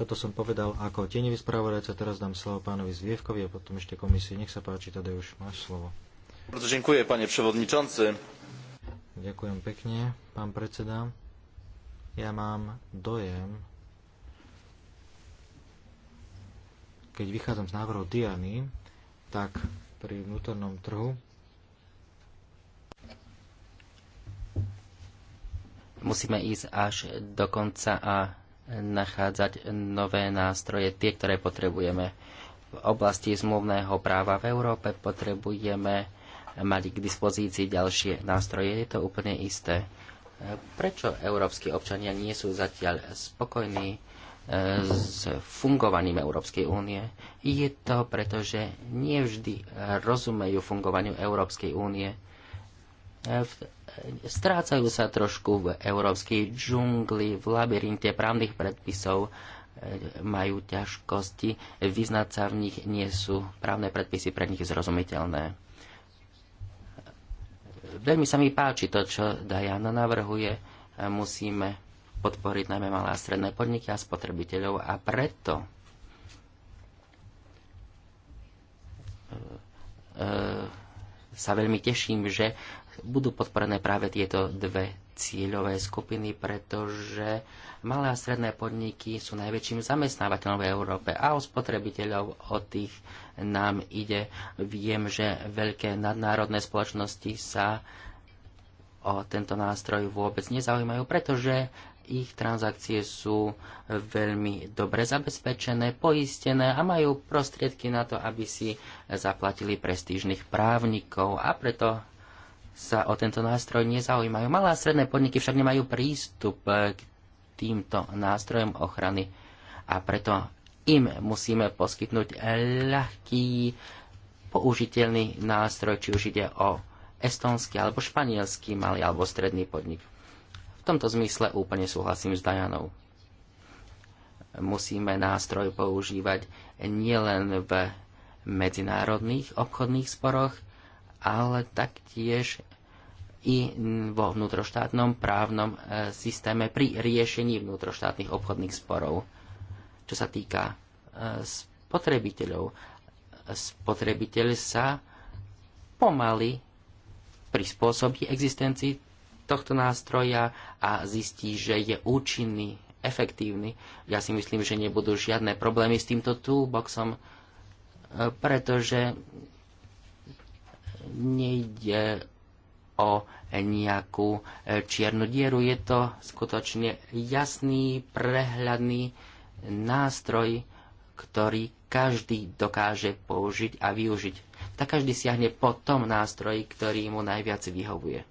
Toto som povedal ako tieňový spravodajca, teraz dám slovo pánovi Zvievkovi a potom ešte komisii. Nech sa páči, už máš slovo. Bardzo dziękuję, panie przewodniczący. Ďakujem pekne, pán predseda. Ja mám dojem, keď vychádzam z návrhu Diany, tak pri vnútornom trhu musíme ísť až do konca a nachádzať nové nástroje, tie, ktoré potrebujeme. V oblasti zmluvného práva v Európe potrebujeme mali k dispozícii ďalšie nástroje. Je to úplne isté. E, prečo európsky občania nie sú zatiaľ spokojní e, s fungovaním Európskej únie? Je to preto, že nie vždy rozumejú fungovaniu Európskej únie. E, strácajú sa trošku v európskej džungli, v labyrinte právnych predpisov, majú ťažkosti, vyznať sa v nich nie sú právne predpisy pre nich zrozumiteľné veľmi sa mi páči to, čo Diana navrhuje. Musíme podporiť najmä malé a stredné podniky a spotrebiteľov a preto e, e, sa veľmi teším, že budú podporené práve tieto dve cieľové skupiny, pretože malé a stredné podniky sú najväčším zamestnávateľom v Európe a o spotrebiteľov, o tých nám ide. Viem, že veľké nadnárodné spoločnosti sa o tento nástroj vôbec nezaujímajú, pretože ich transakcie sú veľmi dobre zabezpečené, poistené a majú prostriedky na to, aby si zaplatili prestížnych právnikov a preto sa o tento nástroj nezaujímajú. Malé a stredné podniky však nemajú prístup k týmto nástrojom ochrany a preto im musíme poskytnúť ľahký použiteľný nástroj, či už ide o estonský alebo španielský malý alebo stredný podnik. V tomto zmysle úplne súhlasím s Dajanou. Musíme nástroj používať nielen v medzinárodných obchodných sporoch, ale taktiež i vo vnútroštátnom právnom e, systéme pri riešení vnútroštátnych obchodných sporov. Čo sa týka e, spotrebiteľov, spotrebiteľ sa pomaly prispôsobí existencii tohto nástroja a zistí, že je účinný, efektívny. Ja si myslím, že nebudú žiadne problémy s týmto toolboxom, e, pretože nejde o nejakú e, čiernu dieru. Je to skutočne jasný, prehľadný nástroj, ktorý každý dokáže použiť a využiť. Tak každý siahne po tom nástroji, ktorý mu najviac vyhovuje.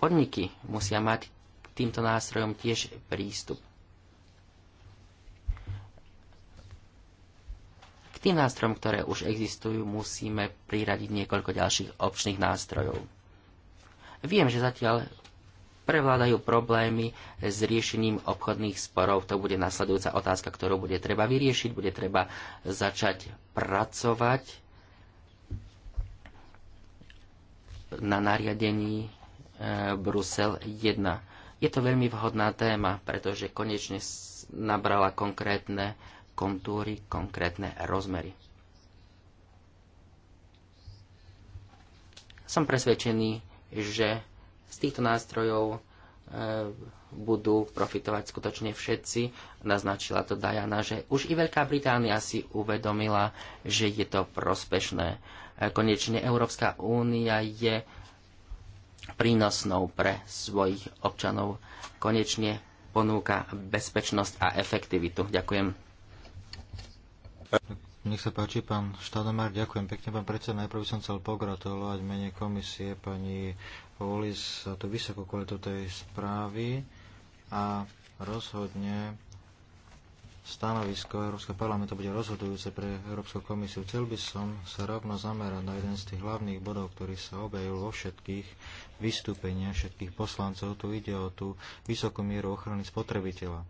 Podniky musia mať k týmto nástrojom tiež prístup. tým nástrojom, ktoré už existujú, musíme priradiť niekoľko ďalších občných nástrojov. Viem, že zatiaľ prevládajú problémy s riešením obchodných sporov. To bude nasledujúca otázka, ktorú bude treba vyriešiť, bude treba začať pracovať na nariadení e, Brusel 1. Je to veľmi vhodná téma, pretože konečne nabrala konkrétne kontúry, konkrétne rozmery. Som presvedčený, že z týchto nástrojov e, budú profitovať skutočne všetci. Naznačila to Diana, že už i Veľká Británia si uvedomila, že je to prospešné. E, konečne Európska únia je prínosnou pre svojich občanov. Konečne ponúka bezpečnosť a efektivitu. Ďakujem. Nech sa páči, pán Štadomár, ďakujem pekne, pán predseda. Najprv by som chcel pogratulovať mene komisie pani Olis za tú vysokú kvalitu tej správy a rozhodne stanovisko Európskeho parlamentu bude rozhodujúce pre Európsku komisiu. Chcel by som sa rovno zamerať na jeden z tých hlavných bodov, ktorý sa objavil vo všetkých vystúpeniach všetkých poslancov. Tu ide o tú vysokú mieru ochrany spotrebiteľa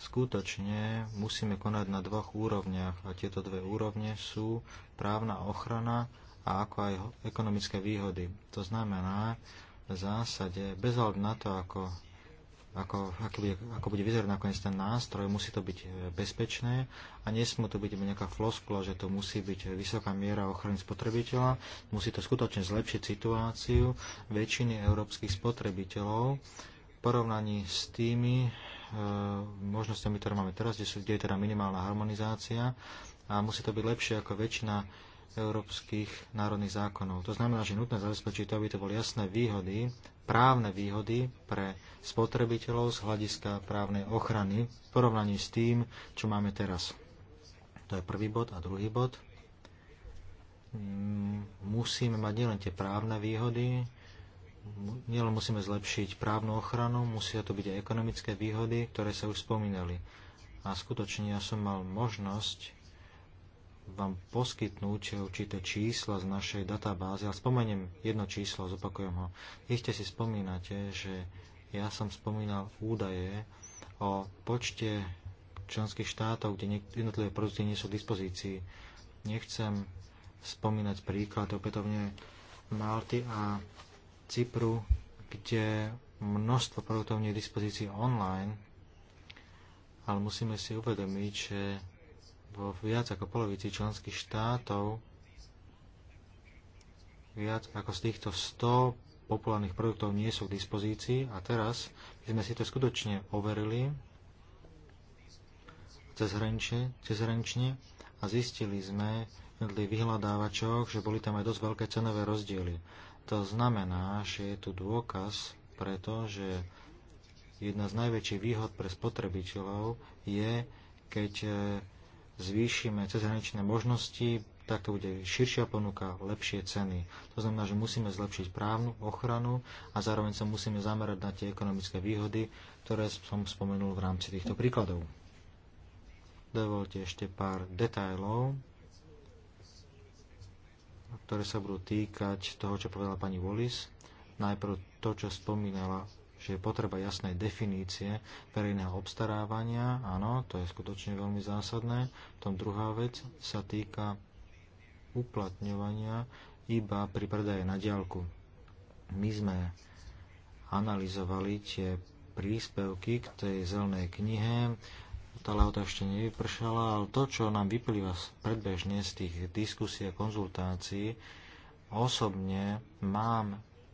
skutočne musíme konať na dvoch úrovniach a tieto dve úrovne sú právna ochrana a ako aj ekonomické výhody. To znamená, v zásade, bez hľadu na to, ako, ako, ako, bude, ako bude vyzerať nakoniec ten nástroj, musí to byť e, bezpečné a nesmú to byť nejaká floskula, že to musí byť vysoká miera ochrany spotrebiteľa, musí to skutočne zlepšiť situáciu väčšiny európskych spotrebiteľov v porovnaní s tými E, možnosťami, ktoré máme teraz, kde, sú, kde je teda minimálna harmonizácia a musí to byť lepšie ako väčšina európskych národných zákonov. To znamená, že nutné zabezpečiť to, aby to boli jasné výhody, právne výhody pre spotrebiteľov z hľadiska právnej ochrany v porovnaní s tým, čo máme teraz. To je prvý bod. A druhý bod. Musíme mať nielen tie právne výhody, nielen musíme zlepšiť právnu ochranu, musia to byť aj ekonomické výhody, ktoré sa už spomínali. A skutočne ja som mal možnosť vám poskytnúť určité čísla z našej databázy, ale spomeniem jedno číslo, zopakujem ho. Ište si spomínate, že ja som spomínal údaje o počte členských štátov, kde jednotlivé produkty nie sú k dispozícii. Nechcem spomínať príklad opätovne Malty a Cypru, kde množstvo produktov nie je dispozícii online, ale musíme si uvedomiť, že vo viac ako polovici členských štátov viac ako z týchto 100 populárnych produktov nie sú k dispozícii a teraz by sme si to skutočne overili cezhranične, a zistili sme vyhľadávačoch, že boli tam aj dosť veľké cenové rozdiely. To znamená, že je tu dôkaz, pretože jedna z najväčších výhod pre spotrebiteľov je, keď e, zvýšime cezhraničné možnosti, tak to bude širšia ponuka, lepšie ceny. To znamená, že musíme zlepšiť právnu ochranu a zároveň sa musíme zamerať na tie ekonomické výhody, ktoré som spomenul v rámci týchto príkladov. Dovolte ešte pár detajlov ktoré sa budú týkať toho, čo povedala pani Wallis. Najprv to, čo spomínala, že je potreba jasnej definície verejného obstarávania. Áno, to je skutočne veľmi zásadné. Tom druhá vec sa týka uplatňovania iba pri predaje na diálku. My sme analyzovali tie príspevky k tej zelenej knihe, tá lehota ešte nevypršala, ale to, čo nám vyplýva predbežne z tých diskusí a konzultácií, osobne mám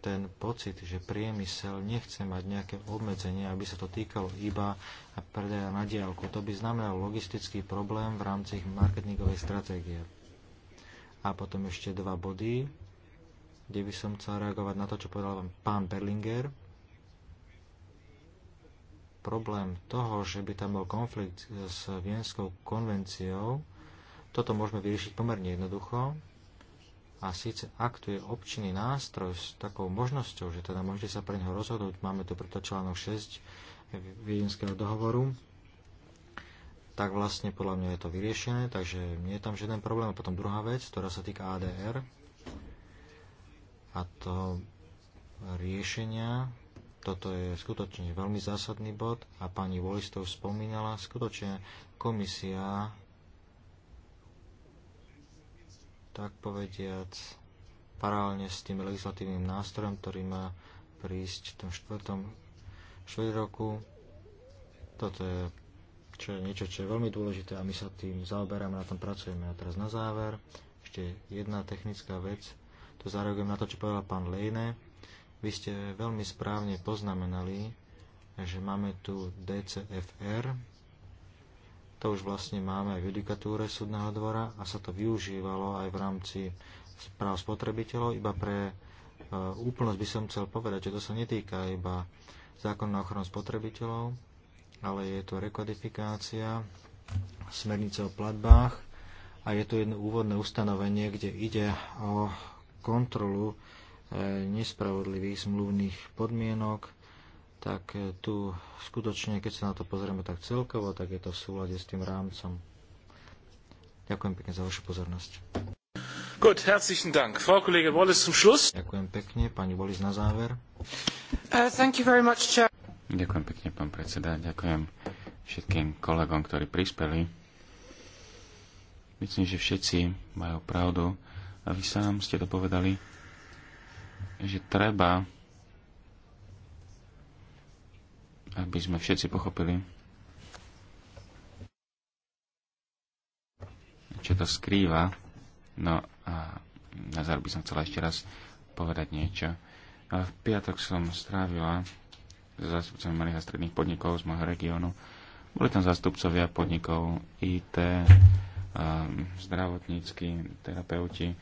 ten pocit, že priemysel nechce mať nejaké obmedzenie, aby sa to týkalo iba a predaja na diálku. To by znamenalo logistický problém v rámci ich marketingovej stratégie. A potom ešte dva body, kde by som chcel reagovať na to, čo povedal vám pán Berlinger problém toho, že by tam bol konflikt s Vienskou konvenciou, toto môžeme vyriešiť pomerne jednoducho. A síce ak tu je občinný nástroj s takou možnosťou, že teda môžete sa pre neho rozhodnúť, máme tu preto článok 6 Viedenského dohovoru, tak vlastne podľa mňa je to vyriešené, takže nie je tam žiaden problém. A potom druhá vec, ktorá sa týka ADR a to riešenia toto je skutočne veľmi zásadný bod a pani Wallis spomínala. Skutočne komisia tak povediac paralelne s tým legislatívnym nástrojom, ktorý má prísť v tom štvrtom roku. Toto je, čo je niečo, čo je veľmi dôležité a my sa tým zaoberáme, na tom pracujeme. A teraz na záver ešte jedna technická vec. To zareagujem na to, čo povedal pán Lejne. Vy ste veľmi správne poznamenali, že máme tu DCFR, to už vlastne máme aj v judikatúre súdneho dvora a sa to využívalo aj v rámci práv spotrebiteľov. Iba pre e, úplnosť by som chcel povedať, že to sa netýka iba zákon na ochranu spotrebiteľov, ale je to rekodifikácia smernice o platbách a je tu jedno úvodné ustanovenie, kde ide o kontrolu nespravodlivých zmluvných podmienok, tak e, tu skutočne, keď sa na to pozrieme tak celkovo, tak je to v súlade s tým rámcom. Ďakujem pekne za vašu pozornosť. Gut, herzlichen Dank. Frau Kollege Wallis zum Schluss. Ďakujem pekne, pani Wallis na záver. Uh, thank you very much, Chair. Ďakujem pekne, pán predseda. Ďakujem všetkým kolegom, ktorí prispeli. Myslím, že všetci majú pravdu a vy sám ste to povedali že treba, aby sme všetci pochopili, čo to skrýva. No a na záver by som chcela ešte raz povedať niečo. A v piatok som strávila s zástupcami malých a stredných podnikov z môjho regiónu. Boli tam zástupcovia podnikov IT, ehm, zdravotnícky, terapeuti.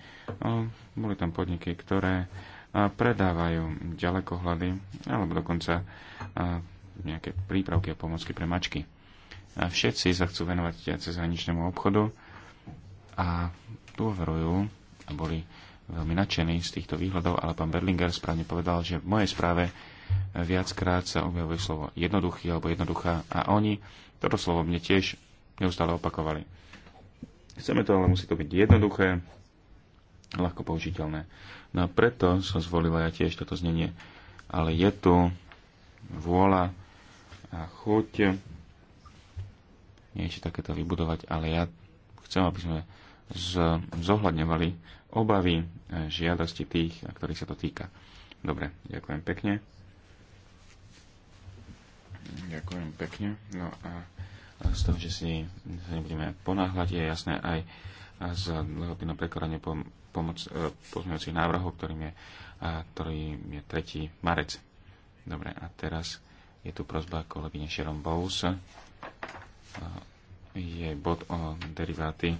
No, boli tam podniky, ktoré predávajú ďalekohľady alebo dokonca nejaké prípravky a pomocky pre mačky. A všetci sa chcú venovať cez hraničnému obchodu a dôverujú a boli veľmi nadšení z týchto výhľadov, ale pán Berlinger správne povedal, že v mojej správe viackrát sa objavuje slovo jednoduchý alebo jednoduchá a oni toto slovo mne tiež neustále opakovali. Chceme to, ale musí to byť jednoduché, ľahko použiteľné. No a preto som zvolila ja tiež toto znenie. Ale je tu vôľa a chuť niečo takéto vybudovať, ale ja chcem, aby sme z, zohľadňovali obavy žiadosti tých, ktorých sa to týka. Dobre, ďakujem pekne. Ďakujem pekne. No a z toho, že si nebudeme ponáhľať, je jasné aj z dlhopino prekorania po pomoc, e, pozmeňujúcich návrhov, ktorým je, ktorým je 3. marec. Dobre, a teraz je tu prozba kolegyne Sharon Bowes. E, je bod o deriváty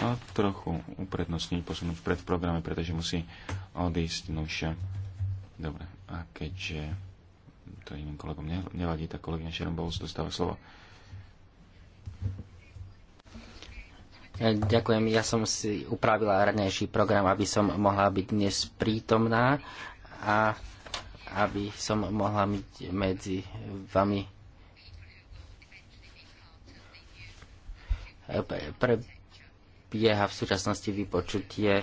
a trochu uprednostní posunúť pred programe, pretože musí odísť nuša. Dobre, a keďže to iným kolegom nevadí, tak kolegyňa Sharon Bowles dostáva slovo. E, ďakujem, ja som si upravila ranejší program, aby som mohla byť dnes prítomná a aby som mohla byť medzi vami. E, prebieha v súčasnosti vypočutie,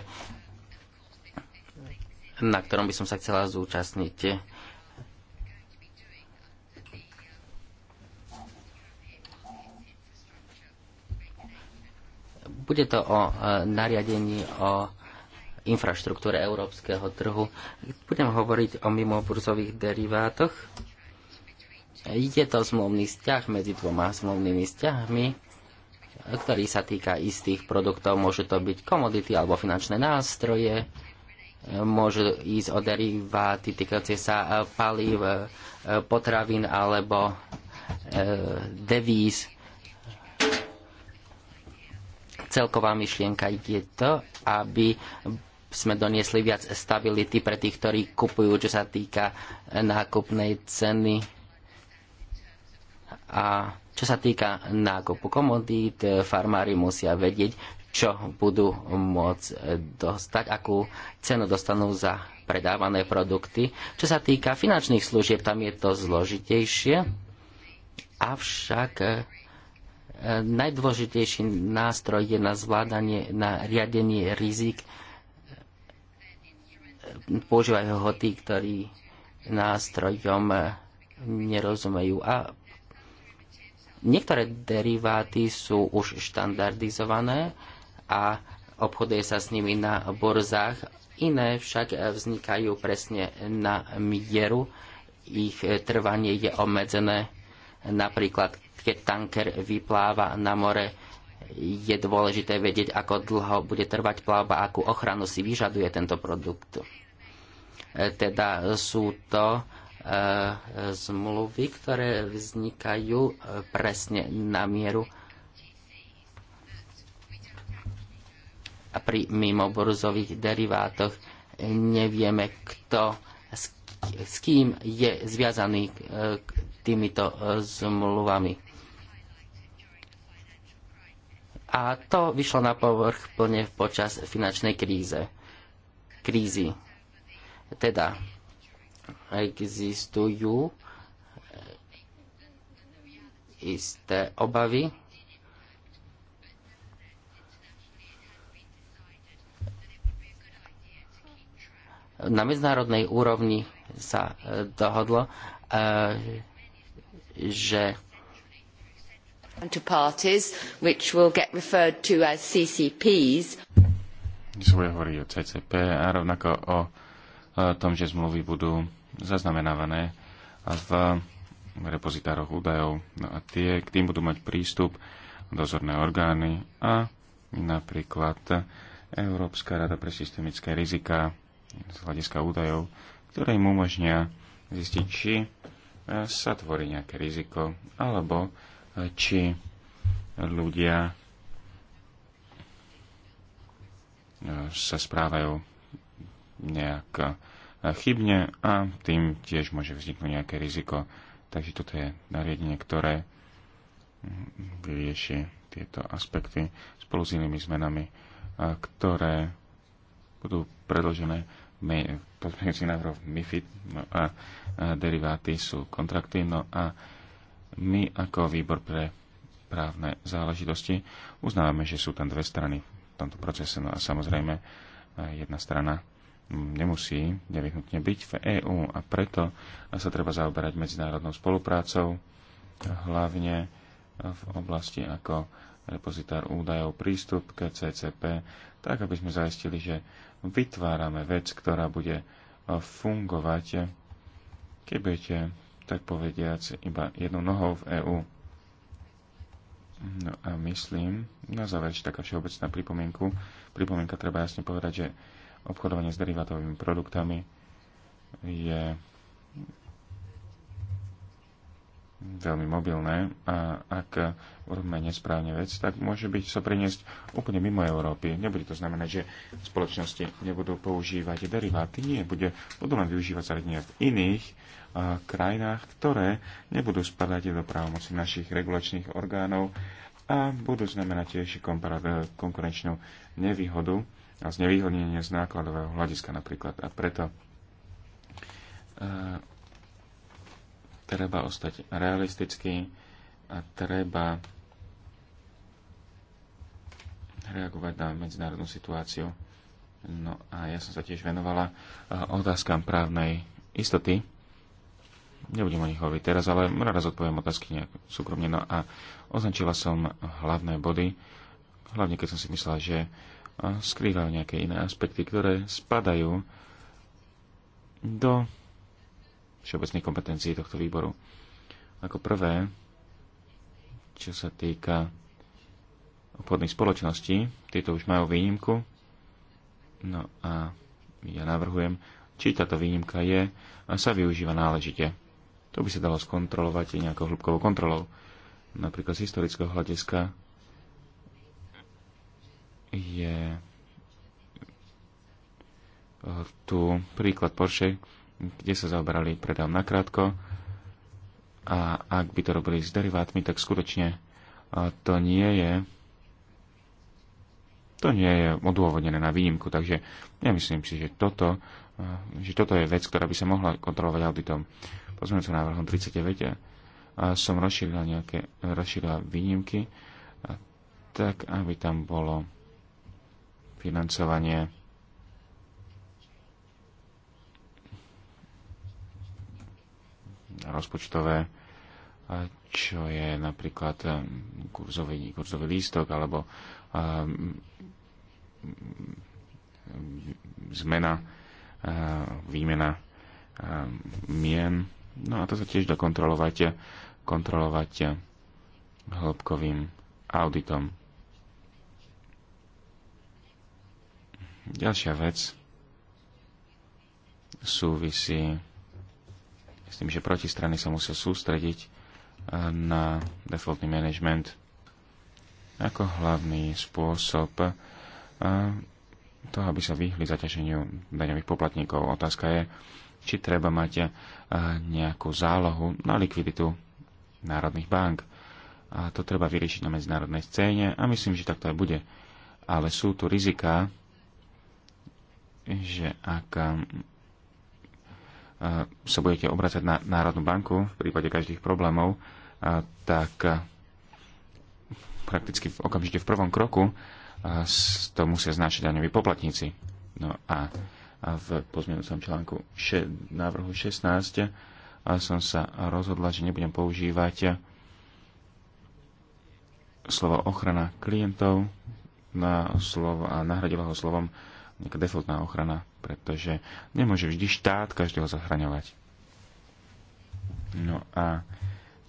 na ktorom by som sa chcela zúčastniť Bude to o e, nariadení o infraštruktúre európskeho trhu. Budem hovoriť o mimoburzových derivátoch. Je to zmluvný vzťah medzi dvoma zmluvnými vzťahmi, ktorý sa týka istých produktov. Môžu to byť komodity alebo finančné nástroje. Môžu ísť o deriváty týkajúce sa e, palív, e, potravín alebo devíz celková myšlienka je to, aby sme doniesli viac stability pre tých, ktorí kupujú, čo sa týka nákupnej ceny. A čo sa týka nákupu komodít, farmári musia vedieť, čo budú môcť dostať, akú cenu dostanú za predávané produkty. Čo sa týka finančných služieb, tam je to zložitejšie, avšak najdôležitejší nástroj je na zvládanie, na riadenie rizik. Používajú ho tí, ktorí nástrojom nerozumejú. A niektoré deriváty sú už štandardizované a obchoduje sa s nimi na borzách. Iné však vznikajú presne na mieru. Ich trvanie je obmedzené napríklad keď tanker vypláva na more, je dôležité vedieť, ako dlho bude trvať plavba, akú ochranu si vyžaduje tento produkt. E, teda sú to e, zmluvy, ktoré vznikajú e, presne na mieru a pri mimoburzových derivátoch nevieme, kto s kým je zviazaný týmito zmluvami. A to vyšlo na povrch plne počas finančnej kríze. Krízy. Teda existujú eh, isté obavy, na medzinárodnej úrovni sa eh, dohodlo, eh, že to parties, which will get referred to as CCPs. o CCP a rovnako o e, tom, že zmluvy budú zaznamenávané v repozitároch údajov. No a tie, k tým budú mať prístup dozorné orgány a napríklad Európska rada pre systemické rizika z hľadiska údajov, ktoré im umožnia zistiť, či e, sa tvorí nejaké riziko alebo či ľudia e, sa správajú nejak e, chybne a tým tiež môže vzniknúť nejaké riziko. Takže toto je nariadenie, ktoré vyrieši tieto aspekty spolu s inými zmenami, e, ktoré budú predložené pozmeňujúci návrh MIFID no a deriváty sú kontrakty, no a my ako výbor pre právne záležitosti uznávame, že sú tam dve strany v tomto procese. No a samozrejme, jedna strana nemusí nevyhnutne byť v EÚ a preto sa treba zaoberať medzinárodnou spoluprácou, hlavne v oblasti ako repozitár údajov, prístup k CCP, tak aby sme zaistili, že vytvárame vec, ktorá bude fungovať, keď budete tak povediac, iba jednou nohou v EÚ. No a myslím, na záver ešte taká všeobecná pripomienku. Pripomienka treba jasne povedať, že obchodovanie s derivátovými produktami je veľmi mobilné a ak urobíme nesprávne vec, tak môže byť sa priniesť úplne mimo Európy. Nebude to znamenať, že spoločnosti nebudú používať deriváty, nie, bude, budú len využívať sa v iných krajinách, ktoré nebudú spadať do právomoci našich regulačných orgánov a budú znamenať tiež konkurenčnú nevýhodu a znevýhodnenie z nákladového hľadiska napríklad. A preto e, treba ostať realistický a treba reagovať na medzinárodnú situáciu. No a ja som sa tiež venovala e, otázkam právnej istoty nebudem o nich hovoriť teraz, ale raz odpoviem otázky nejak súkromne. No a označila som hlavné body, hlavne keď som si myslela, že skrývajú nejaké iné aspekty, ktoré spadajú do všeobecných kompetencií tohto výboru. Ako prvé, čo sa týka obchodných spoločností, tieto už majú výnimku. No a ja navrhujem, či táto výnimka je a sa využíva náležite. To by sa dalo skontrolovať aj nejakou hĺbkovou kontrolou. Napríklad z historického hľadiska je eh, tu príklad Porsche, kde sa zaoberali predám nakrátko a ak by to robili s derivátmi, tak skutočne eh, to nie je to nie je odôvodnené na výnimku, takže ja myslím si, že toto, eh, že toto je vec, ktorá by sa mohla kontrolovať auditom pozmeňujúcim návrhom 39 a som rozšírila, nejaké, rozšírila výnimky tak, aby tam bolo financovanie rozpočtové, čo je napríklad um, kurzový, kurzový lístok alebo um, um, zmena, uh, výmena mien No a to sa tiež dokontrolovať kontrolovať hĺbkovým auditom. Ďalšia vec súvisí s tým, že protistrany sa musia sústrediť e, na defaultný management ako hlavný spôsob e, toho, aby sa vyhli zaťaženiu daňových poplatníkov. Otázka je, či treba mať eh, nejakú zálohu na likviditu národných bank. A to treba vyriešiť na medzinárodnej scéne a myslím, že takto aj bude. Ale sú tu riziká, že ak eh, sa budete obracať na Národnú banku v prípade každých problémov, eh, tak prakticky v, okamžite v prvom kroku to musia znášať daňoví poplatníci. No a a v pozmeňujúcom článku še, návrhu 16 a som sa rozhodla, že nebudem používať slovo ochrana klientov na slovo a nahradila ho slovom nejaká defaultná ochrana, pretože nemôže vždy štát každého zachraňovať. No a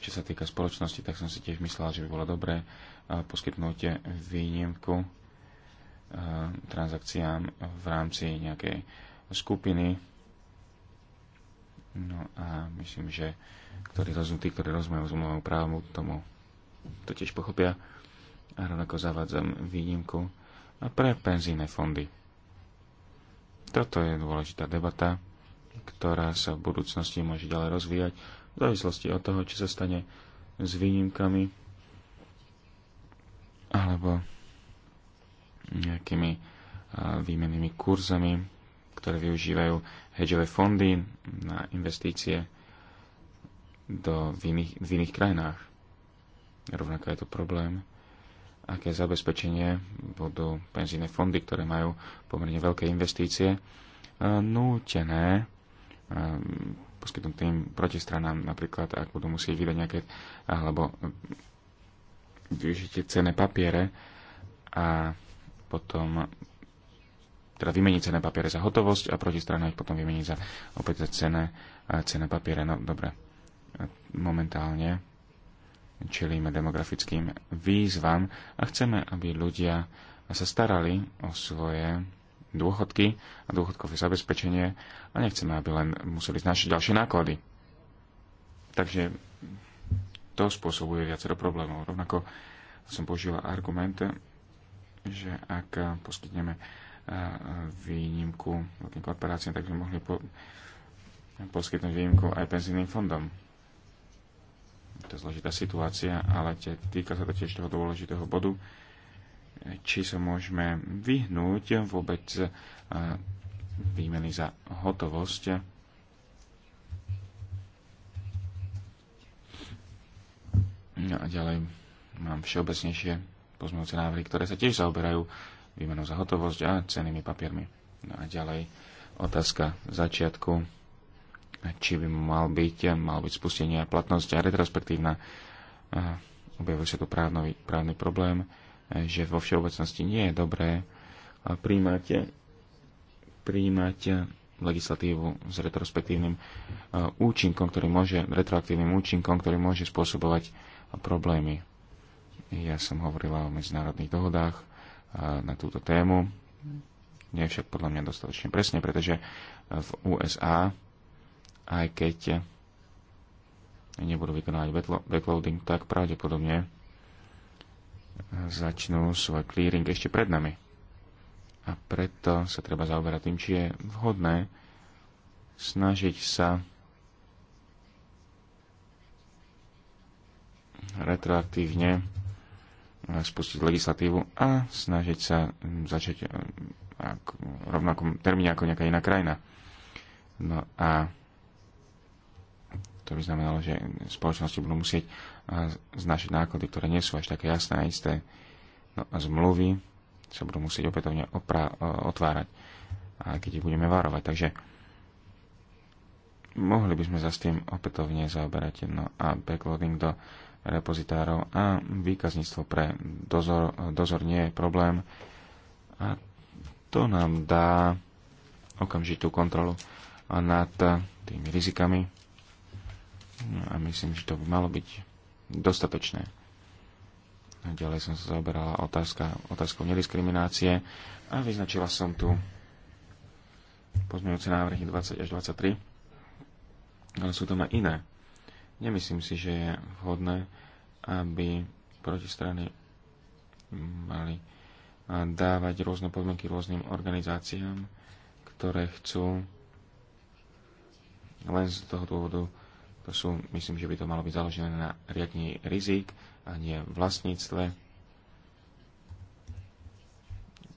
čo sa týka spoločnosti, tak som si tiež myslel, že by bolo dobré poskytnúť výnimku transakciám v rámci nejakej skupiny. No a myslím, že ktorí rozum, tí, ktorí rozumejú zmluvnému právu, tomu to tiež pochopia. A rovnako zavádzam výnimku a pre penzíne fondy. Toto je dôležitá debata, ktorá sa v budúcnosti môže ďalej rozvíjať v závislosti od toho, či sa stane s výnimkami alebo nejakými výmennými kurzami ktoré využívajú hedžové fondy na investície do, v, iných, v iných krajinách. Rovnako je to problém, aké zabezpečenie budú penzíne fondy, ktoré majú pomerne veľké investície, e, nútené e, tým protistranám, napríklad ak budú musieť vydať nejaké alebo využite cenné papiere a potom teda vymeniť cené papiere za hotovosť a protistrana ich potom vymeniť za opäť za cené, cené papiere. No dobre, momentálne čelíme demografickým výzvam a chceme, aby ľudia sa starali o svoje dôchodky a dôchodkové zabezpečenie a nechceme, aby len museli znášať ďalšie náklady. Takže to spôsobuje viacero problémov. Rovnako som použila argument, že ak poskytneme výnimku veľkým korporáciám, tak by sme mohli po, poskytnúť výnimku aj penzijným fondom. To je zložitá situácia, ale týka sa to tiež toho dôležitého bodu, či sa môžeme vyhnúť vôbec e, výmeny za hotovosť. No a ďalej mám všeobecnejšie pozmeňujúce návrhy, ktoré sa tiež zaoberajú výmenu za hotovosť a cenými papiermi. No a ďalej otázka začiatku, či by mal byť, mal byť spustenie a platnosť a retrospektívna. Objavuje sa tu právnový, právny problém, že vo všeobecnosti nie je dobré príjmať, príjmať legislatívu s retrospektívnym účinkom, ktorý môže, retroaktívnym účinkom, ktorý môže spôsobovať problémy. Ja som hovorila o medzinárodných dohodách, na túto tému. Nie je však podľa mňa dostatočne presne, pretože v USA, aj keď nebudú vykonávať backloading, tak pravdepodobne začnú svoj clearing ešte pred nami. A preto sa treba zaoberať tým, či je vhodné snažiť sa retroaktívne spustiť legislatívu a snažiť sa mm, začať mm, v rovnakom termíne ako nejaká iná krajina. No a to by znamenalo, že spoločnosti budú musieť znašiť náklady, ktoré nie sú až také jasné a isté. No a zmluvy sa budú musieť opätovne otvárať, a keď ich budeme varovať. Takže mohli by sme sa s tým opätovne zaoberať. No a backloading do repozitárov a výkazníctvo pre dozor, dozor nie je problém a to nám dá okamžitú kontrolu nad tými rizikami no a myslím, že to by malo byť dostatočné. Ďalej som sa zaoberala otázka, otázkou nediskriminácie a vyznačila som tu pozmeňujúce návrhy 20 až 23, ale sú tam aj iné Nemyslím si, že je vhodné, aby protistrany mali dávať rôzne podmienky rôznym organizáciám, ktoré chcú len z toho dôvodu, to sú, myslím, že by to malo byť založené na riadení rizik a nie vlastníctve,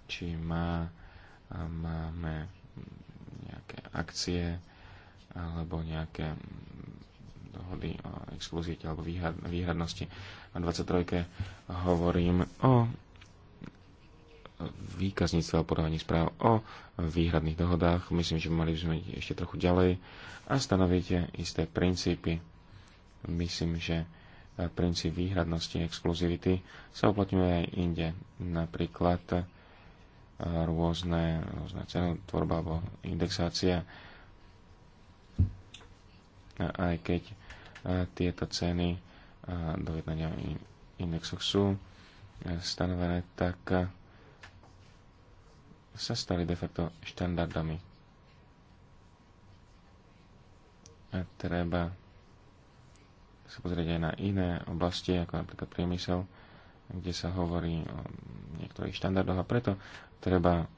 či má, máme nejaké akcie alebo nejaké dohody o exkluzite alebo výhradnosti. A 23. hovorím o výkazníctve a podávaní správ o výhradných dohodách. Myslím, že mali by sme ešte trochu ďalej a stanovíte isté princípy. Myslím, že princíp výhradnosti, a exkluzivity sa uplatňuje aj inde. Napríklad rôzne, rôzne cenotvorba alebo indexácia aj keď e, tieto ceny e, do jednania indexoch sú e, stanovené, tak sa stali de facto štandardami. A treba sa pozrieť aj na iné oblasti, ako napríklad priemysel, kde sa hovorí o niektorých štandardoch a preto treba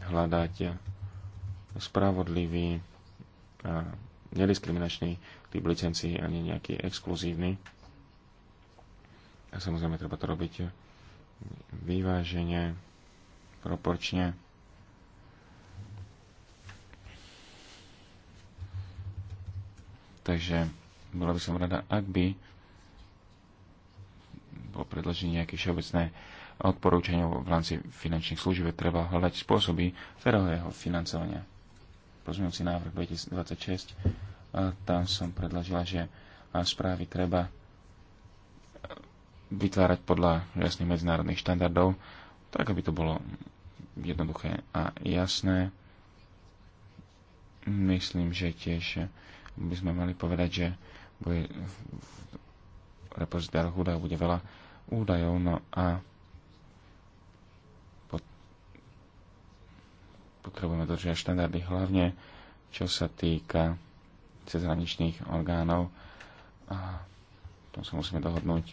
hľadať spravodlivý nediskriminačný typ licencií ani nejaký exkluzívny. A samozrejme treba to robiť vyváženie, proporčne. Takže bola by som rada, ak by bol predložený nejaké všeobecné odporúčania v rámci finančných služieb, treba hľadať spôsoby ferového financovania pozmeňujúci návrh 2026, tam som predložila, že správy treba vytvárať podľa jasných medzinárodných štandardov, tak aby to bolo jednoduché a jasné. Myslím, že tiež by sme mali povedať, že bude v repozitároch údajov bude veľa údajov, no a potrebujeme dodržiať štandardy, hlavne čo sa týka cezhraničných orgánov. A tom sa musíme dohodnúť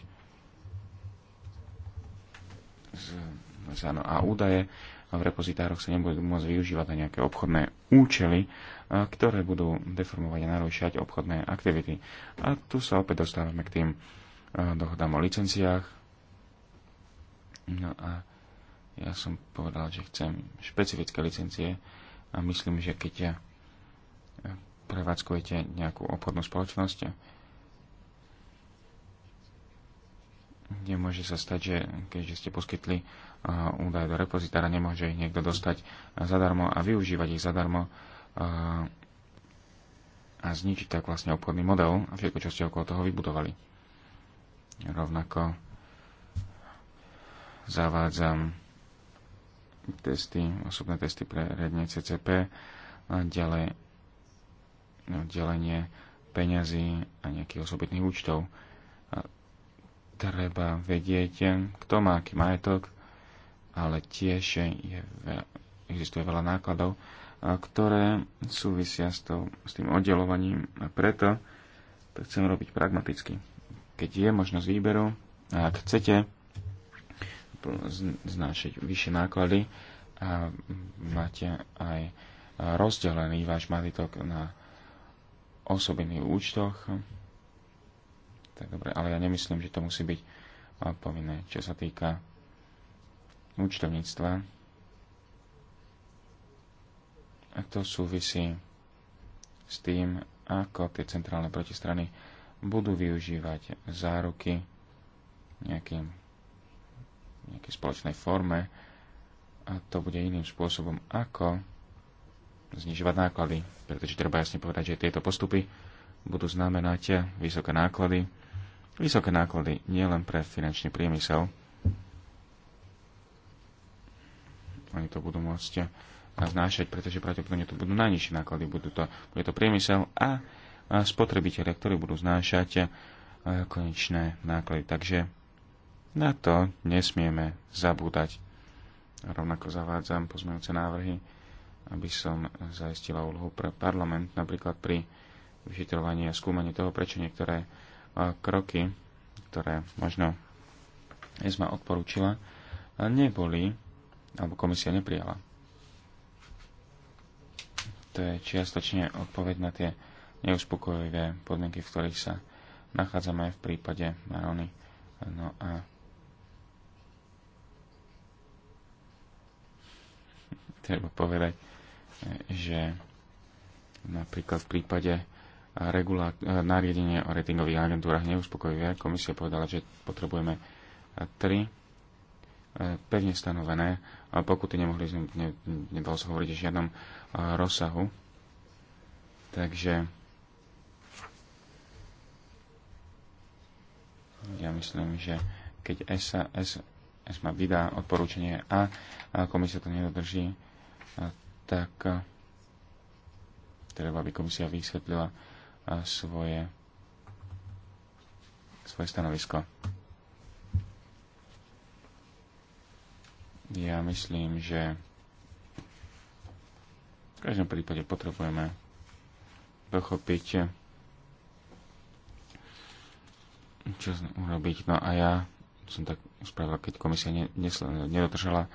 z, z, áno, a údaje v repozitároch sa nebudú môcť využívať na nejaké obchodné účely, ktoré budú deformovať a narúšať obchodné aktivity. A tu sa opäť dostávame k tým dohodám o licenciách. No a ja som povedal, že chcem špecifické licencie a myslím, že keď ja prevádzkujete nejakú obchodnú spoločnosť, nemôže sa stať, že keďže ste poskytli údaje do repozitára, nemôže ich niekto dostať zadarmo a využívať ich zadarmo a zničiť tak vlastne obchodný model a všetko, čo ste okolo toho vybudovali. Rovnako zavádzam testy, osobné testy pre riadenie CCP, a ďalej no, delenie peňazí a nejakých osobitných účtov. A treba vedieť, kto má aký majetok, ale tiež je veľa, existuje veľa nákladov, ktoré súvisia s, to, s tým oddelovaním a preto to chcem robiť pragmaticky. Keď je možnosť výberu, a ak chcete, znášať vyššie náklady a máte aj rozdelený váš majetok na osobných účtoch. Tak dobre, ale ja nemyslím, že to musí byť povinné, čo sa týka účtovníctva. A to súvisí s tým, ako tie centrálne protistrany budú využívať záruky nejakým nejakej spoločnej forme a to bude iným spôsobom, ako znižovať náklady, pretože treba jasne povedať, že tieto postupy budú znamenať vysoké náklady, vysoké náklady nielen pre finančný priemysel, oni to budú môcť znášať, pretože pravdepodobne to budú najnižšie náklady, budú to, bude to priemysel a, a spotrebitelia, ktorí budú znášať e, konečné náklady. Takže na to nesmieme zabúdať. Rovnako zavádzam pozmeňujúce návrhy, aby som zaistila úlohu pre parlament, napríklad pri vyšetrovaní a skúmaní toho, prečo niektoré e, kroky, ktoré možno ESMA odporúčila, neboli, alebo komisia neprijala. To je čiastočne odpoveď na tie neuspokojivé podmienky, v ktorých sa nachádzame v prípade Marony. No a treba povedať, že napríklad v prípade regulá- nariadenia o ratingových agentúrach neuspokojivé. Komisia povedala, že potrebujeme tri e, pevne stanovené a pokuty nemohli sme, ne, nedalo sa hovoriť o žiadnom e, rozsahu. Takže ja myslím, že keď SAS, má vydá odporúčanie a komisia to nedodrží, tak treba, aby komisia vysvetlila svoje, svoje stanovisko. Ja myslím, že v každom prípade potrebujeme pochopiť, čo urobiť. No a ja som tak spravila, keď komisia nedotržala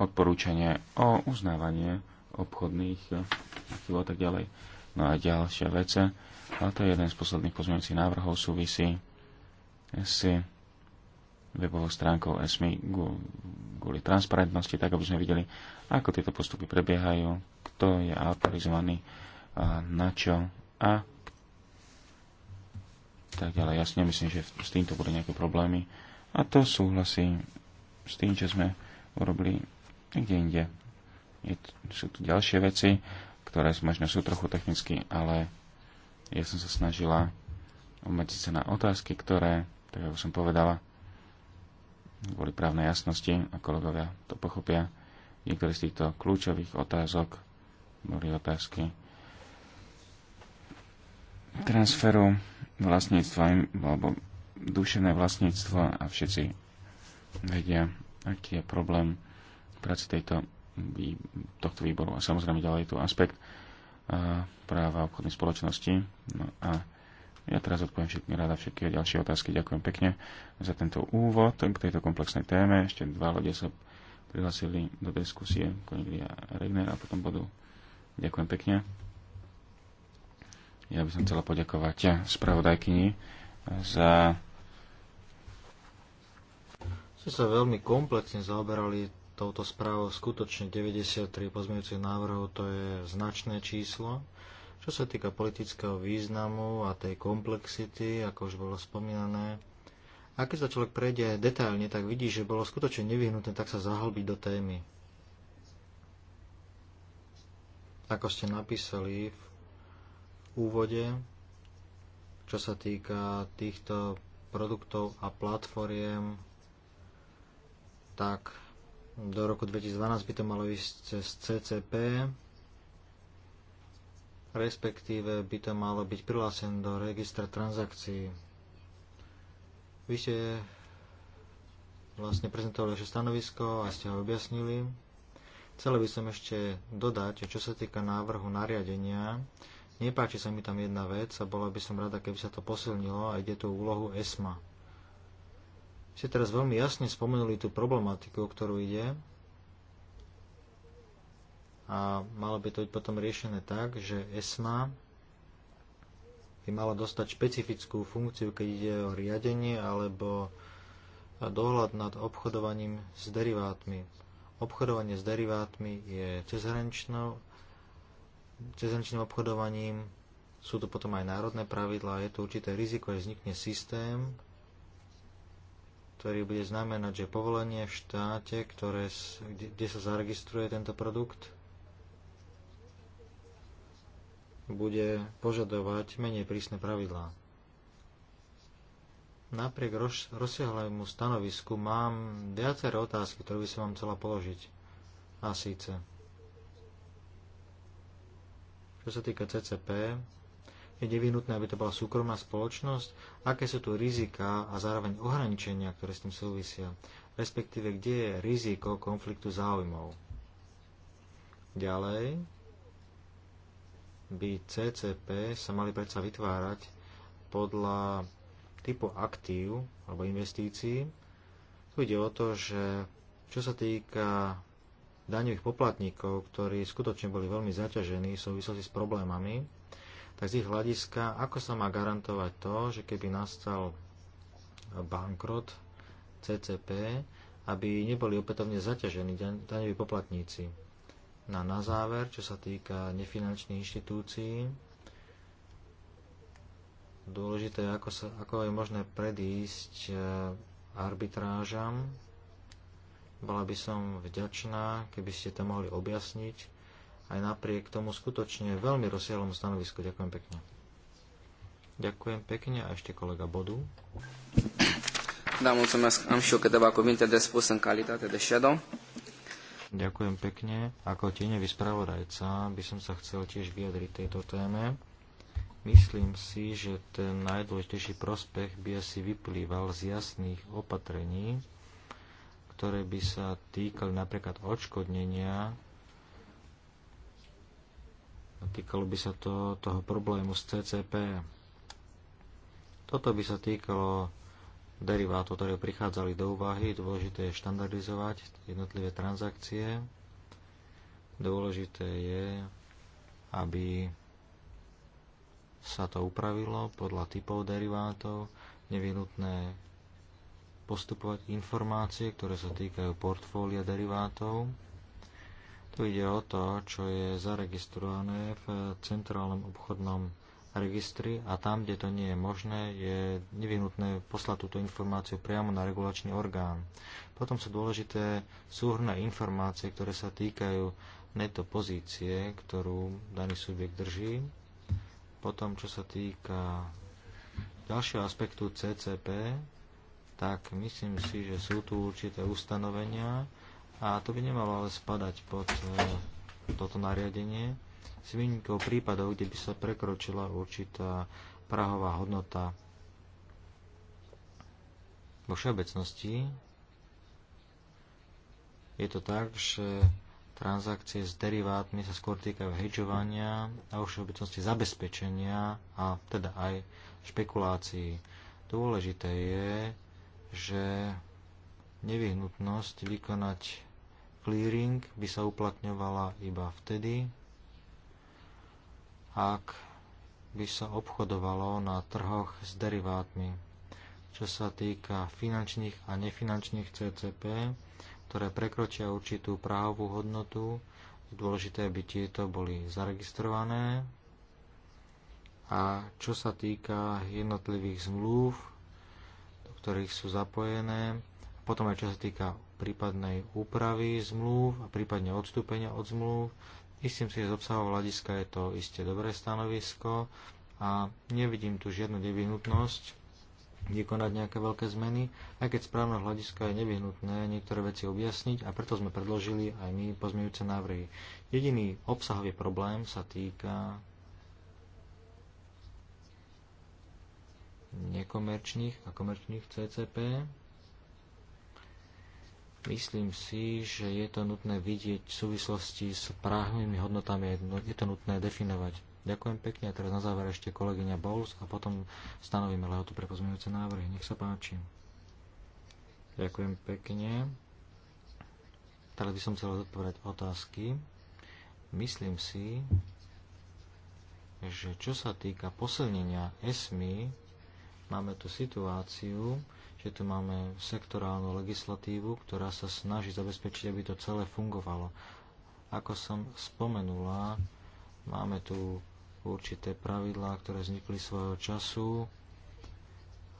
odporúčanie o uznávanie obchodných a tak ďalej. No a ďalšia vec, a to je jeden z posledných pozmeňujúcich návrhov, súvisí s webovou stránkou SMI kvôli transparentnosti, tak aby sme videli, ako tieto postupy prebiehajú, kto je autorizovaný, a na čo a tak ďalej. Ja si nemyslím, že s týmto budú nejaké problémy. A to súhlasí s tým, čo sme urobili niekde inde. Je, sú tu ďalšie veci, ktoré možno sú trochu technicky, ale ja som sa snažila obmedziť sa na otázky, ktoré, tak ako som povedala, boli právnej jasnosti a kolegovia to pochopia. Niektoré z týchto kľúčových otázok boli otázky transferu vlastníctva alebo duševné vlastníctvo a všetci vedia aký je problém práci tejto, tohto výboru. A samozrejme ďalej je tu aspekt práva obchodnej spoločnosti. No a ja teraz odpoviem všetky, rada všetky ďalšie otázky. Ďakujem pekne za tento úvod k tejto komplexnej téme. Ešte dva ľudia sa prihlasili do diskusie, Koniglia a Regner a potom budú. Ďakujem pekne. Ja by som chcela poďakovať spravodajkyni za ste sa veľmi komplexne zaoberali touto správou skutočne 93 pozmeňujúcich návrhov, to je značné číslo. Čo sa týka politického významu a tej komplexity, ako už bolo spomínané, a keď sa človek prejde detailne, tak vidí, že bolo skutočne nevyhnutné tak sa zahlbiť do témy. Ako ste napísali v úvode, čo sa týka týchto produktov a platformiem, tak do roku 2012 by to malo ísť cez CCP, respektíve by to malo byť prihlásené do registra transakcií. Vy ste vlastne prezentovali vaše stanovisko a ste ho objasnili. Chcel by som ešte dodať, čo sa týka návrhu nariadenia, nepáči sa mi tam jedna vec a bola by som rada, keby sa to posilnilo a ide tu úlohu ESMA ste teraz veľmi jasne spomenuli tú problematiku, o ktorú ide a malo by to byť potom riešené tak, že ESMA by mala dostať špecifickú funkciu, keď ide o riadenie alebo dohľad nad obchodovaním s derivátmi. Obchodovanie s derivátmi je cezhraničným obchodovaním, sú to potom aj národné pravidlá, je to určité riziko, že vznikne systém, ktorý bude znamenať, že povolenie v štáte, ktoré, kde sa zaregistruje tento produkt, bude požadovať menej prísne pravidlá. Napriek roz, rozsiahlému stanovisku mám viaceré otázky, ktoré by som vám chcela položiť. A síce, čo sa týka CCP, je nevyhnutné, aby to bola súkromná spoločnosť, aké sú tu rizika a zároveň ohraničenia, ktoré s tým súvisia, respektíve kde je riziko konfliktu záujmov. Ďalej by CCP sa mali predsa vytvárať podľa typu aktív alebo investícií. Tu ide o to, že čo sa týka daňových poplatníkov, ktorí skutočne boli veľmi zaťažení v súvislosti s problémami, tak z ich hľadiska, ako sa má garantovať to, že keby nastal bankrot CCP, aby neboli opätovne zaťažení daňoví poplatníci. No a na záver, čo sa týka nefinančných inštitúcií, dôležité je, ako, sa, ako je možné predísť e, arbitrážam. Bola by som vďačná, keby ste to mohli objasniť aj napriek tomu skutočne veľmi rozsiahlom stanovisku. Ďakujem pekne. Ďakujem pekne a ešte kolega Bodu. Da, mulțumesc. Am și eu câteva cuvinte de spus în calitate de shadow. Ďakujem pekne. Ako tieňový spravodajca by som sa chcel tiež vyjadriť tejto téme. Myslím si, že ten najdôležitejší prospech by asi vyplýval z jasných opatrení, ktoré by sa týkali napríklad odškodnenia Týkalo by sa to toho problému s CCP. Toto by sa týkalo derivátov, ktoré prichádzali do úvahy. Dôležité je štandardizovať jednotlivé transakcie. Dôležité je, aby sa to upravilo podľa typov derivátov, nevyhnutné postupovať informácie, ktoré sa týkajú portfólia derivátov. Tu ide o to, čo je zaregistrované v centrálnom obchodnom registri a tam, kde to nie je možné, je nevyhnutné poslať túto informáciu priamo na regulačný orgán. Potom sú dôležité súhrné informácie, ktoré sa týkajú neto pozície, ktorú daný subjekt drží. Potom, čo sa týka ďalšieho aspektu CCP, tak myslím si, že sú tu určité ustanovenia, a to by nemalo ale spadať pod e, toto nariadenie s výnikou prípadov, kde by sa prekročila určitá prahová hodnota vo všeobecnosti. Je to tak, že transakcie s derivátmi sa skôr týkajú hedžovania a vo všeobecnosti zabezpečenia a teda aj špekulácií. Dôležité je, že nevyhnutnosť vykonať clearing by sa uplatňovala iba vtedy, ak by sa obchodovalo na trhoch s derivátmi. Čo sa týka finančných a nefinančných CCP, ktoré prekročia určitú právovú hodnotu, je dôležité, aby tieto boli zaregistrované. A čo sa týka jednotlivých zmluv, do ktorých sú zapojené, a potom aj čo sa týka prípadnej úpravy zmluv a prípadne odstúpenia od zmluv. Myslím si, že z obsahu hľadiska je to isté dobré stanovisko a nevidím tu žiadnu nevyhnutnosť vykonať nejaké veľké zmeny, aj keď správne hľadiska je nevyhnutné niektoré veci objasniť a preto sme predložili aj my pozmejúce návrhy. Jediný obsahový problém sa týka nekomerčných a komerčných CCP. Myslím si, že je to nutné vidieť v súvislosti s právnymi hodnotami, no- je to nutné definovať. Ďakujem pekne a teraz na záver ešte kolegyňa Bowles a potom stanovíme lehotu pre pozmeňujúce návrhy. Nech sa páči. Ďakujem pekne. Teraz by som chcel zodpovedať otázky. Myslím si, že čo sa týka posilnenia ESMI, máme tu situáciu, že tu máme sektorálnu legislatívu, ktorá sa snaží zabezpečiť, aby to celé fungovalo. Ako som spomenula, máme tu určité pravidlá, ktoré vznikli svojho času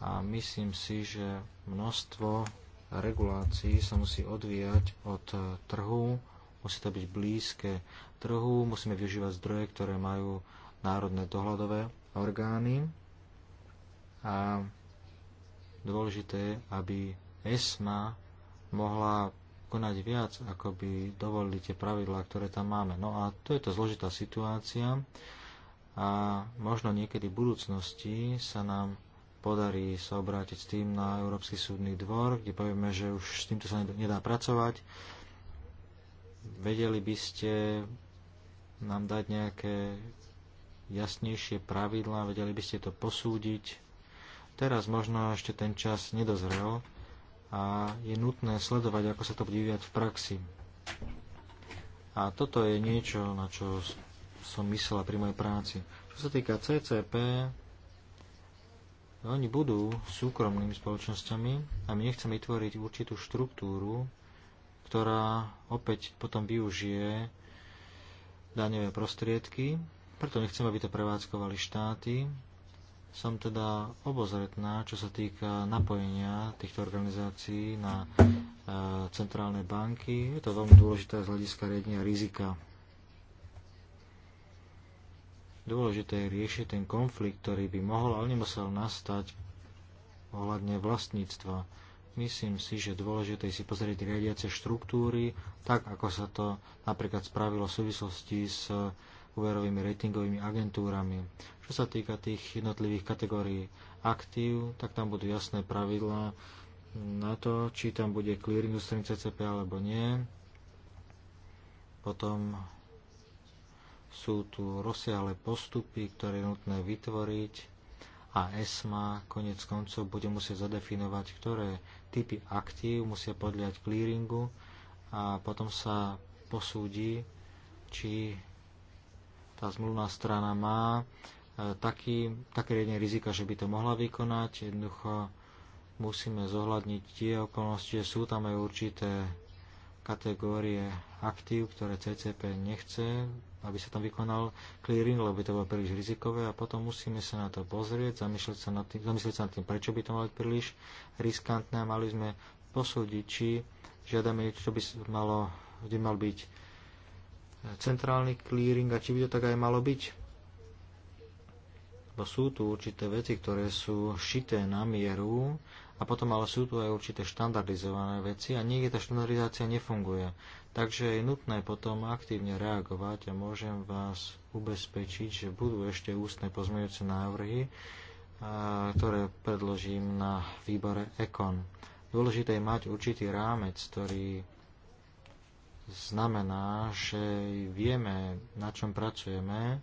a myslím si, že množstvo regulácií sa musí odvíjať od trhu, musí to byť blízke trhu, musíme využívať zdroje, ktoré majú národné dohľadové orgány a dôležité, aby ESMA mohla konať viac, ako by dovolili tie pravidlá, ktoré tam máme. No a to je to zložitá situácia a možno niekedy v budúcnosti sa nám podarí sa obrátiť s tým na Európsky súdny dvor, kde povieme, že už s týmto sa nedá pracovať. Vedeli by ste nám dať nejaké jasnejšie pravidlá, vedeli by ste to posúdiť, Teraz možno ešte ten čas nedozrel a je nutné sledovať, ako sa to bude vyvíjať v praxi. A toto je niečo, na čo som myslela pri mojej práci. Čo sa týka CCP, oni budú súkromnými spoločnosťami a my nechceme vytvoriť určitú štruktúru, ktorá opäť potom využije daňové prostriedky, preto nechceme, aby to prevádzkovali štáty, som teda obozretná, čo sa týka napojenia týchto organizácií na e, centrálne banky. Je to veľmi dôležité z hľadiska riadenia rizika. Dôležité je riešiť ten konflikt, ktorý by mohol, ale nemusel nastať ohľadne vlastníctva. Myslím si, že dôležité je si pozrieť riadiace štruktúry, tak ako sa to napríklad spravilo v súvislosti s úverovými ratingovými agentúrami. Čo sa týka tých jednotlivých kategórií aktív, tak tam budú jasné pravidlá na to, či tam bude clearing zo strany CCP alebo nie. Potom sú tu rozsiahle postupy, ktoré je nutné vytvoriť a ESMA konec koncov bude musieť zadefinovať, ktoré typy aktív musia podľať clearingu a potom sa posúdi, či tá zmluvná strana má e, taký, také riadne rizika, že by to mohla vykonať. Jednoducho musíme zohľadniť tie okolnosti, že sú tam aj určité kategórie aktív, ktoré CCP nechce, aby sa tam vykonal clearing, lebo by to bolo príliš rizikové a potom musíme sa na to pozrieť, zamyslieť sa nad tým, zamyslieť sa nad tým prečo by to malo byť príliš riskantné a mali sme posúdiť, či žiadame niečo, čo by malo, kde mal byť centrálny clearing a či by to tak aj malo byť. Lebo sú tu určité veci, ktoré sú šité na mieru a potom ale sú tu aj určité štandardizované veci a niekde tá štandardizácia nefunguje. Takže je nutné potom aktívne reagovať a môžem vás ubezpečiť, že budú ešte ústne pozmeňujúce návrhy, ktoré predložím na výbore ECON. Dôležité je mať určitý rámec, ktorý znamená, že vieme, na čom pracujeme.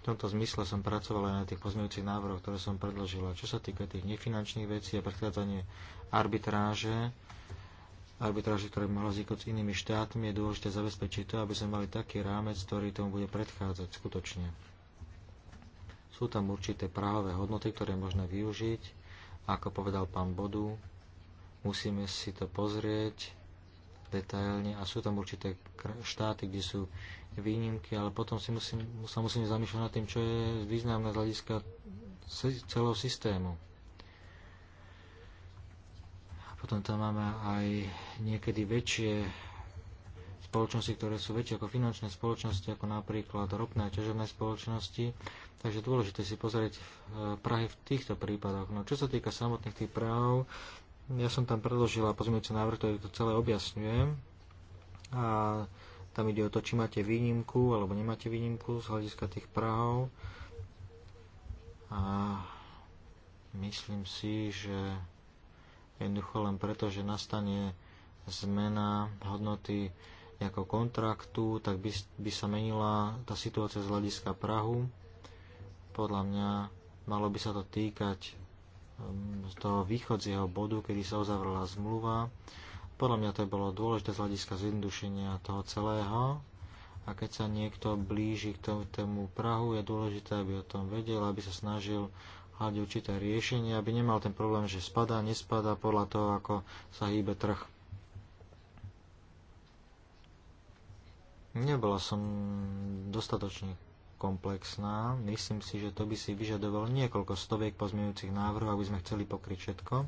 V tomto zmysle som pracoval aj na tých pozmeňujúcich návrhoch, ktoré som predložila. Čo sa týka tých nefinančných vecí a predchádzanie arbitráže, arbitráže, ktoré by mohlo vzniknúť s inými štátmi, je dôležité zabezpečiť to, aby sme mali taký rámec, ktorý tomu bude predchádzať skutočne. Sú tam určité právové hodnoty, ktoré je možné využiť. Ako povedal pán Bodu, musíme si to pozrieť, detailne a sú tam určité štáty, kde sú výnimky, ale potom si musím, sa musím zamýšľať nad tým, čo je významné z hľadiska celého systému. A potom tam máme aj niekedy väčšie spoločnosti, ktoré sú väčšie ako finančné spoločnosti, ako napríklad ropné a ťažobné spoločnosti. Takže dôležité si pozrieť eh, Prahy v týchto prípadoch. No, čo sa týka samotných tých práv, ja som tam predložila pozmeňujúci návrh, ktorý to celé objasňuje. A tam ide o to, či máte výnimku alebo nemáte výnimku z hľadiska tých Prahov. A myslím si, že jednoducho len preto, že nastane zmena hodnoty nejakého kontraktu, tak by, by sa menila tá situácia z hľadiska Prahu. Podľa mňa malo by sa to týkať z toho východzieho bodu, kedy sa uzavrela zmluva. Podľa mňa to bolo dôležité z hľadiska zjednodušenia toho celého. A keď sa niekto blíži k tomu, tomu Prahu, je dôležité, aby o tom vedel, aby sa snažil hľadiť určité riešenie, aby nemal ten problém, že spadá, nespadá podľa toho, ako sa hýbe trh. Nebola som dostatočne komplexná. Myslím si, že to by si vyžadoval niekoľko stoviek pozmeňujúcich návrhov, aby sme chceli pokryť všetko.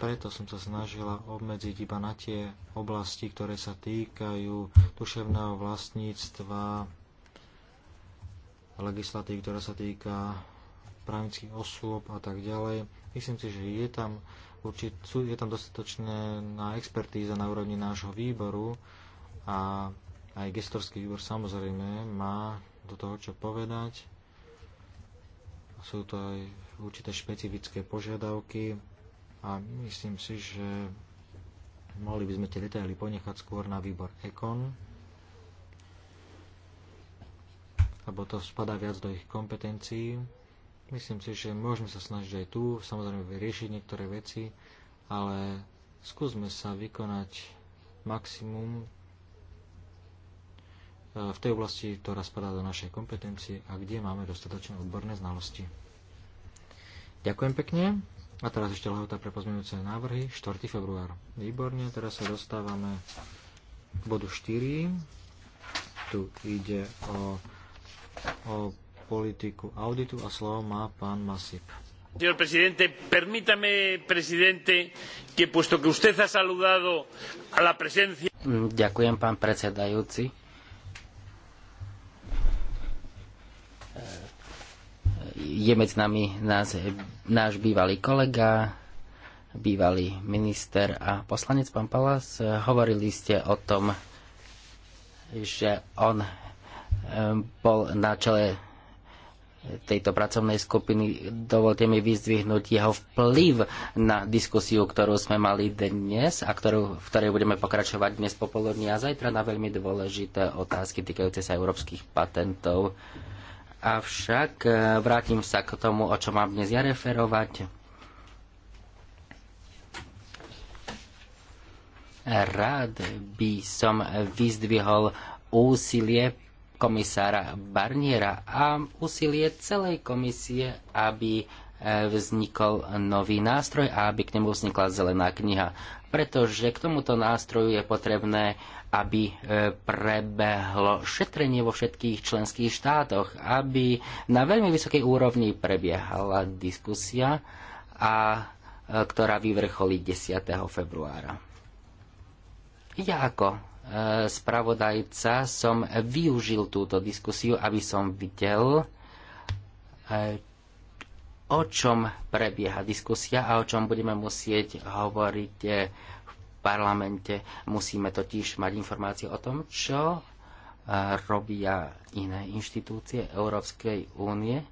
Preto som sa snažila obmedziť iba na tie oblasti, ktoré sa týkajú duševného vlastníctva, legislatívy, ktorá sa týka právnických osôb a tak ďalej. Myslím si, že je tam, určit, je tam dostatočné na expertíza na úrovni nášho výboru a aj gestorský výbor samozrejme má do toho čo povedať. Sú to aj určité špecifické požiadavky a myslím si, že mohli by sme tie detaily ponechať skôr na výbor EKON, lebo to spadá viac do ich kompetencií. Myslím si, že môžeme sa snažiť aj tu, samozrejme riešiť niektoré veci, ale skúsme sa vykonať maximum v tej oblasti, ktorá spadá do našej kompetencie a kde máme dostatočné odborné znalosti. Ďakujem pekne. A teraz ešte lehota pre pozmeňujúce návrhy, 4. február. Výborne, teraz sa dostávame k bodu 4. Tu ide o, o politiku auditu a slovo má pán Masip. Señor presidente, permítame, presidente, que puesto que usted ha saludado a la presencia. Ďakujem, pán predsedajúci je medzi nami nás, náš bývalý kolega, bývalý minister a poslanec pán Palas. Hovorili ste o tom, že on eh, bol na čele tejto pracovnej skupiny. Dovolte mi vyzdvihnúť jeho vplyv na diskusiu, ktorú sme mali dnes a ktorú, v ktorej budeme pokračovať dnes popoludní a zajtra na veľmi dôležité otázky týkajúce sa európskych patentov. Uh, Avšak e, vrátim sa k tomu, o čo mám dnes ja referovať. Rád by som vyzdvihol úsilie komisára Barniera a úsilie celej komisie, aby e, vznikol nový nástroj a aby k nemu vznikla zelená kniha pretože k tomuto nástroju je potrebné, aby e, prebehlo šetrenie vo všetkých členských štátoch, aby na veľmi vysokej úrovni prebiehala diskusia, a, e, ktorá vyvrcholí 10. februára. Ja ako e, spravodajca som využil túto diskusiu, aby som videl, o čom prebieha diskusia a o čom budeme musieť hovoriť eh, v parlamente. Musíme totiž mať informácie o tom, čo eh, robia iné inštitúcie Európskej únie eh,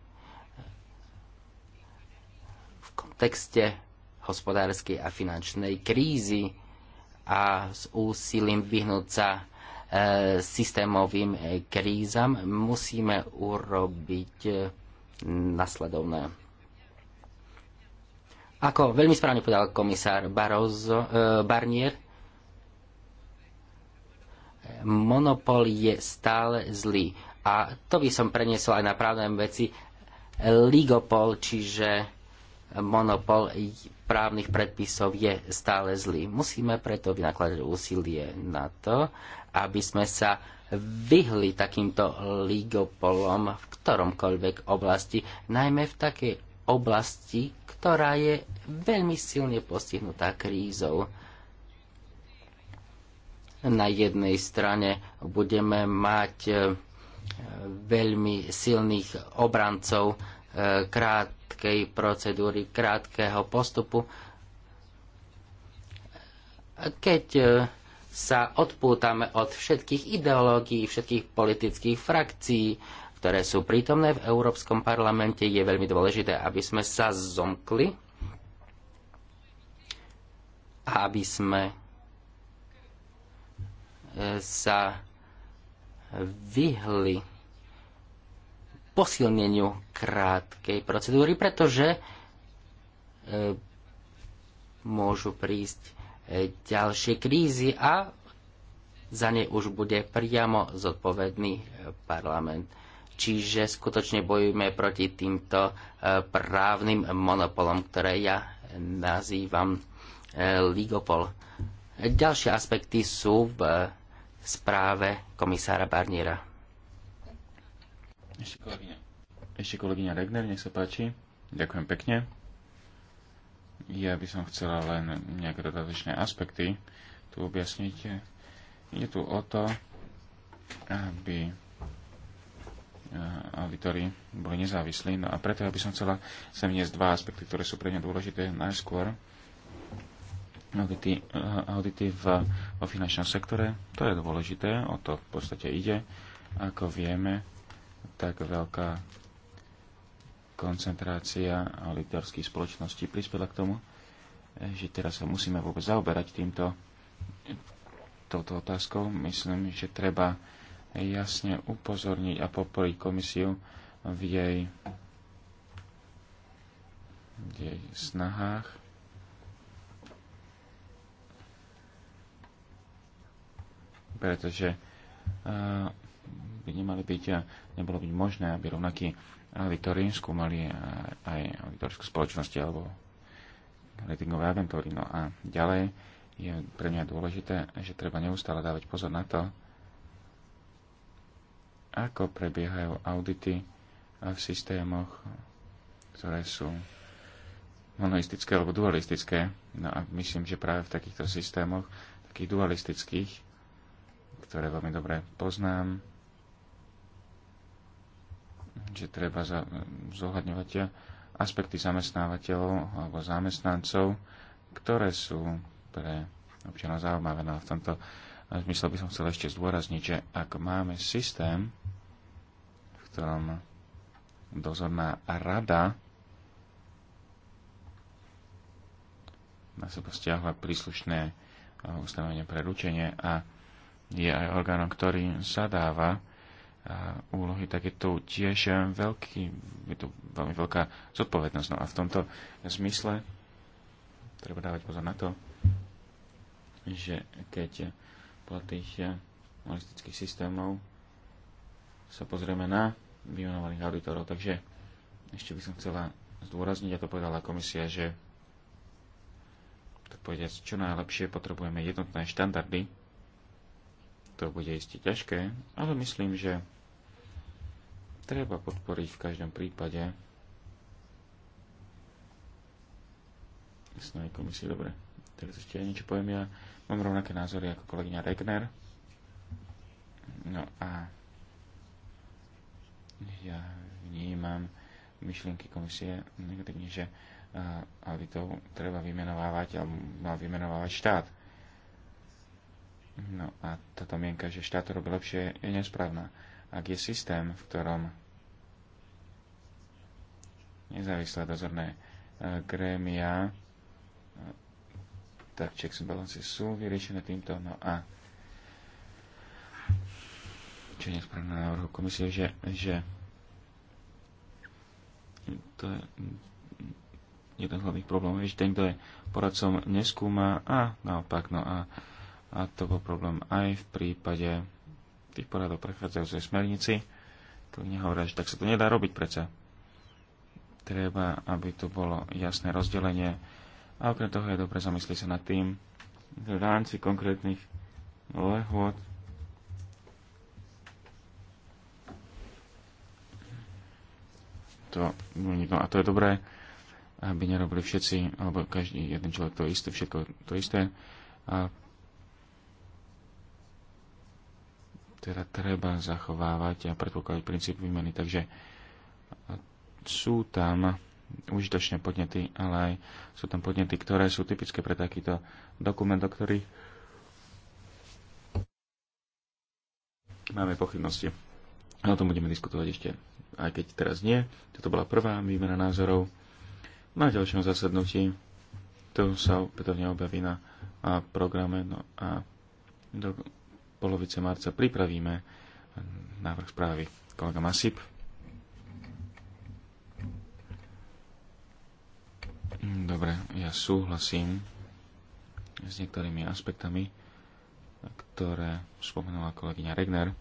v kontexte hospodárskej a finančnej krízy a s úsilím vyhnúť sa systémovým krízam musíme urobiť nasledovné ako veľmi správne povedal komisár e, Barnier, monopol je stále zlý. A to by som preniesol aj na právne veci. Ligopol, čiže monopol právnych predpisov je stále zlý. Musíme preto vynakladať úsilie na to, aby sme sa vyhli takýmto ligopolom v ktoromkoľvek oblasti, najmä v takej oblasti, ktorá je veľmi silne postihnutá krízou. Na jednej strane budeme mať e, veľmi silných obrancov e, krátkej procedúry, krátkeho postupu. Keď e, sa odpútame od všetkých ideológií, všetkých politických frakcií ktoré sú prítomné v Európskom parlamente, je veľmi dôležité, aby sme sa zomkli a aby sme e, sa vyhli posilneniu krátkej procedúry, pretože e, môžu prísť e, ďalšie krízy a za ne už bude priamo zodpovedný parlament. Čiže skutočne bojujeme proti týmto e, právnym monopolom, ktoré ja nazývam e, ligopol. Ďalšie aspekty sú v e, správe komisára Barniera. Ešte kolegyňa. Ešte kolegyňa Regner, nech sa páči. Ďakujem pekne. Ja by som chcela len nejaké dodatočné aspekty tu objasniť. Je tu o to, aby auditori boli nezávislí. No a preto ja by som chcela sem vniesť dva aspekty, ktoré sú pre mňa dôležité. Najskôr audity, audity v, vo finančnom sektore, to je dôležité, o to v podstate ide. Ako vieme, tak veľká koncentrácia auditorských spoločností prispela k tomu, že teraz sa musíme vôbec zaoberať týmto touto otázkou. Myslím, že treba jasne upozorniť a podporiť komisiu v jej, v jej snahách pretože eh, by nemali byť, a eh, nebolo byť možné, aby rovnaký auditorínsku mali eh, aj auditorské spoločnosti alebo ratingové agentúry. No a ďalej je pre mňa dôležité, že treba neustále dávať pozor na to, ako prebiehajú audity v systémoch, ktoré sú monoistické alebo dualistické. No a myslím, že práve v takýchto systémoch, takých dualistických, ktoré veľmi dobre poznám, že treba zohľadňovať aspekty zamestnávateľov alebo zamestnancov, ktoré sú pre občana zaujímavé. No a v tomto a myslel by som chcel ešte zdôrazniť, že ak máme systém, v ktorom dozorná rada na seba stiahla príslušné eh, ustanovenie pre ručenie a je aj orgánom, ktorý zadáva eh, úlohy, tak je tu tiež veľký, je tu veľmi veľká zodpovednosť. No a v tomto zmysle treba dávať pozor na to, že keď platných analytických eh, systémov sa pozrieme na vymenovaných auditorov. Takže ešte by som chcela zdôrazniť, a to povedala komisia, že tak povedať, čo najlepšie potrebujeme jednotné štandardy. To bude iste ťažké, ale myslím, že treba podporiť v každom prípade snahy komisie. Dobre, teraz ešte ja niečo poviem ja. Mám rovnaké názory ako kolegyňa Regner. No a ja vnímam myšlienky komisie negatívne, že auditov treba vymenovávať alebo mal vymenovávať štát. No a táto mienka, že štát to robí lepšie, je nesprávna. Ak je systém, v ktorom nezávislé dozorné e, grémia tak checks and balances sú vyriešené týmto. No a čo je nesprávne na návrhu komisie, že, že to je jeden z hlavných problémov, je, že ten, kto je poradcom, neskúma a naopak, no a, a to bol problém aj v prípade tých poradov prechádzajúcej smernici, to nehovoria, že tak sa to nedá robiť predsa. Treba, aby tu bolo jasné rozdelenie a okrem toho je dobre zamyslieť sa nad tým v rámci konkrétnych lehôd to, nikto, a to je dobré, aby nerobili všetci, alebo každý jeden človek to isté, všetko to isté. A teda treba zachovávať a predpokladať princíp výmeny. Takže sú tam užitočné podnety, ale aj sú tam podnety, ktoré sú typické pre takýto dokument, o ktorých máme pochybnosti. o tom budeme diskutovať ešte, aj keď teraz nie. Toto bola prvá výmena názorov. Na ďalšom zasadnutí to sa opätovne objaví na a programe no a do polovice marca pripravíme návrh správy kolega Masip. Mm, dobre, ja súhlasím s niektorými aspektami, ktoré spomenula kolegyňa Regner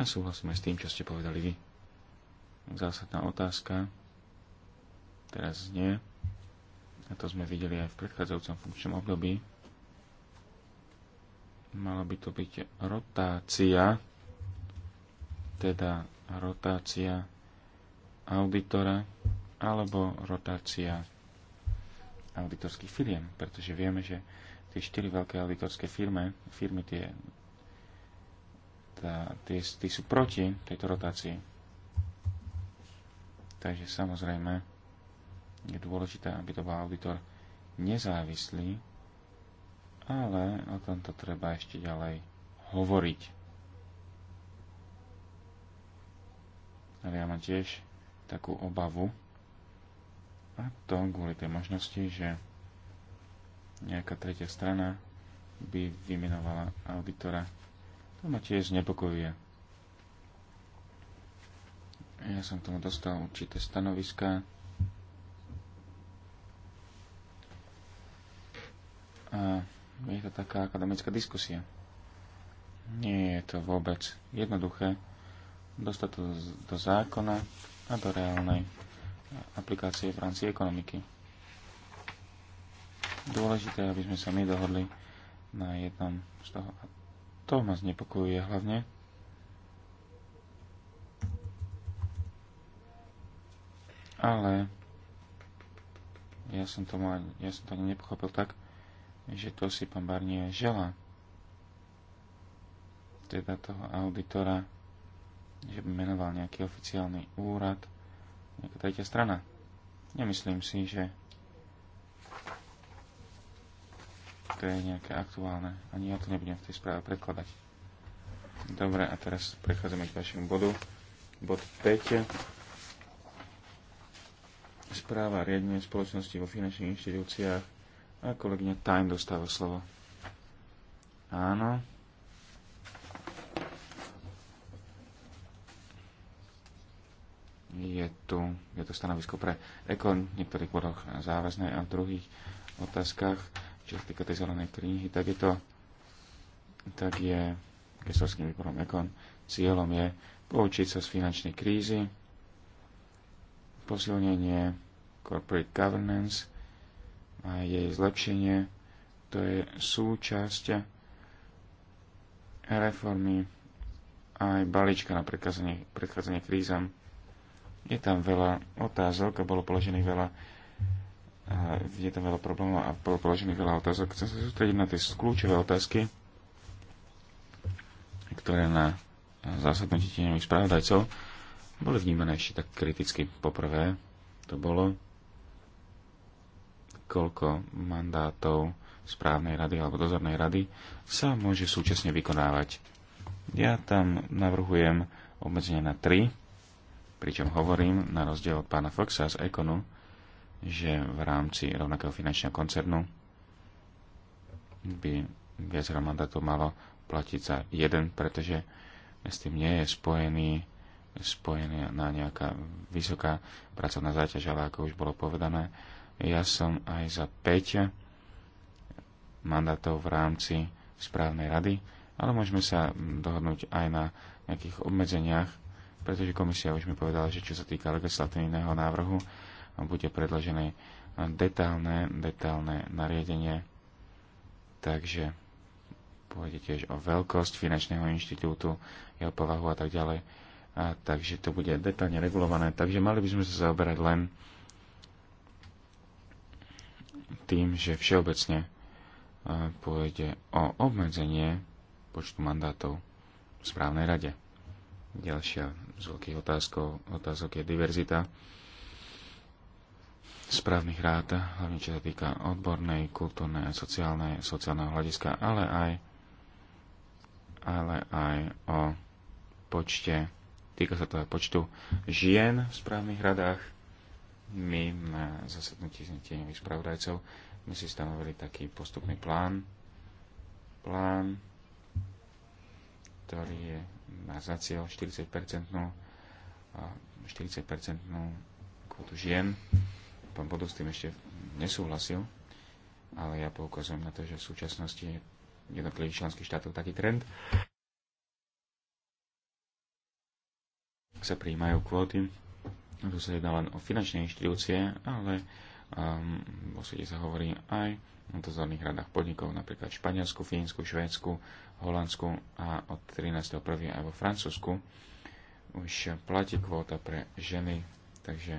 a súhlasím aj s tým, čo ste povedali vy. Zásadná otázka teraz znie, a to sme videli aj v predchádzajúcom funkčnom období, mala by to byť rotácia, teda rotácia auditora alebo rotácia auditorských firiem, pretože vieme, že tie štyri veľké auditorské firmy, firmy tie, tá, tie, tie sú proti tejto rotácii. Takže samozrejme je dôležité, aby to bol auditor nezávislý, ale o tomto treba ešte ďalej hovoriť. Ale ja mám tiež takú obavu, a to kvôli tej možnosti, že nejaká tretia strana by vymenovala auditora. To ma tiež nepokojuje. Ja som tomu dostal určité stanoviska A je to taká akademická diskusia. Nie je to vôbec jednoduché dostať to do zákona a do reálnej aplikácie v rámci ekonomiky. Dôležité, aby sme sa my dohodli na jednom z toho. A to ma znepokojuje hlavne. Ale ja som to, mal, ja som to nepochopil tak, že to si pán Barnier žela. Teda toho auditora, že by menoval nejaký oficiálny úrad, nejaká tretia strana. Nemyslím si, že to je nejaké aktuálne. Ani ja to nebudem v tej správe predkladať. Dobre, a teraz prechádzame k ďalšiemu bodu. Bod 5. Správa riadenia spoločnosti vo finančných inštitúciách a kolegyňa Time dostáva slovo. Áno. je tu, je to stanovisko pre ekon, v niektorých bodoch záväzné a v druhých otázkach, čo sa týka tej zelenej knihy, tak je to, tak je gestorským výborom ekon. Cieľom je poučiť sa z finančnej krízy, posilnenie corporate governance a jej zlepšenie. To je súčasť reformy aj balíčka na predchádzanie krízam je tam veľa otázok a bolo položených veľa je tam veľa problémov a bolo položených veľa otázok. Chcem sa sústrediť na tie kľúčové otázky, ktoré na zásadnutí tieňových spravodajcov boli vnímané ešte tak kriticky. Poprvé to bolo, koľko mandátov správnej rady alebo dozornej rady sa môže súčasne vykonávať. Ja tam navrhujem obmedzenie na 3 Pričom hovorím, na rozdiel od pána Foxa z Econu, že v rámci rovnakého finančného koncernu by viacero mandátov malo platiť za jeden, pretože s tým nie je spojený spojený na nejaká vysoká pracovná záťaž, ale ako už bolo povedané, ja som aj za 5 mandátov v rámci správnej rady, ale môžeme sa dohodnúť aj na nejakých obmedzeniach, pretože komisia už mi povedala, že čo sa týka legislatívneho návrhu, bude predložené detálne, detálne nariadenie, takže pôjde tiež o veľkosť finančného inštitútu, jeho povahu a tak ďalej. A takže to bude detálne regulované. Takže mali by sme sa zaoberať len tým, že všeobecne e, pôjde o obmedzenie počtu mandátov v správnej rade. Ďalšia z veľkých otázkov, otázok je diverzita správnych rád, hlavne čo sa týka odbornej, kultúrnej a sociálnej, sociálneho hľadiska, ale aj, ale aj o počte, týka sa to aj počtu žien v správnych radách. My na zasadnutí z netieňových spravodajcov my si stanovili taký postupný plán, plán, ktorý je má za cieľ 40-percentnú 40 kvotu žien. Pán Bodov s tým ešte nesúhlasil, ale ja poukazujem na to, že v súčasnosti je jednotlivých členských štátov taký trend. Sa prijímajú kvóty, tu sa jedná len o finančné inštitúcie, ale um, vo svete sa hovorí aj v dozorných radách podnikov, napríklad v Španielsku, Fínsku, Švédsku, Holandsku a od 13.1. aj vo Francúzsku už platí kvóta pre ženy, takže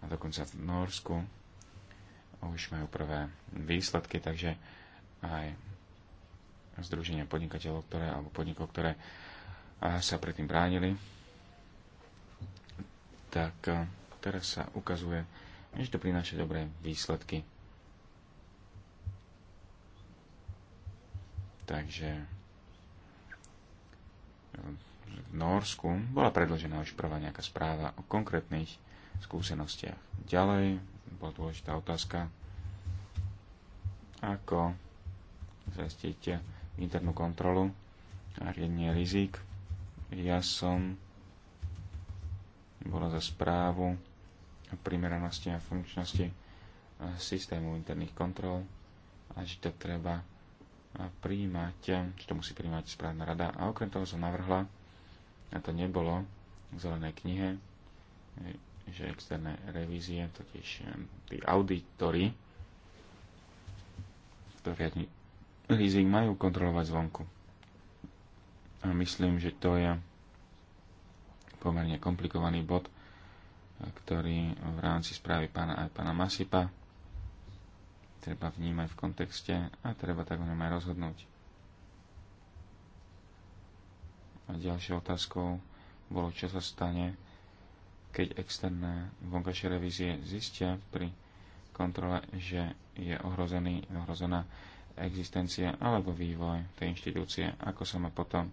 a dokonca v Norsku už majú prvé výsledky, takže aj združenia podnikateľov, ktoré, alebo podnikov, ktoré sa predtým bránili, tak teraz sa ukazuje, že to prináša dobré výsledky. Takže eh, v Norsku bola predložená už prvá nejaká správa o konkrétnych skúsenostiach. Ďalej bola dôležitá otázka, ako zaistíte internú kontrolu a riadenie rizik. Ja som bola za správu o primeranosti a funkčnosti eh, systému interných kontrol a že to treba príjmať, že to musí príjmať správna rada. A okrem toho som navrhla, a to nebolo v zelenej knihe, že externé revízie, totiž eh, tí auditory, ktorí rizik majú kontrolovať zvonku. A myslím, že to je pomerne komplikovaný bod, eh, ktorý v rámci správy pána aj pána Masipa treba vnímať v kontexte a treba tak o ňom aj rozhodnúť. A ďalšou otázkou bolo, čo sa stane, keď externé vonkajšie revízie zistia pri kontrole, že je ohrozený, ohrozená existencia alebo vývoj tej inštitúcie, ako sa má potom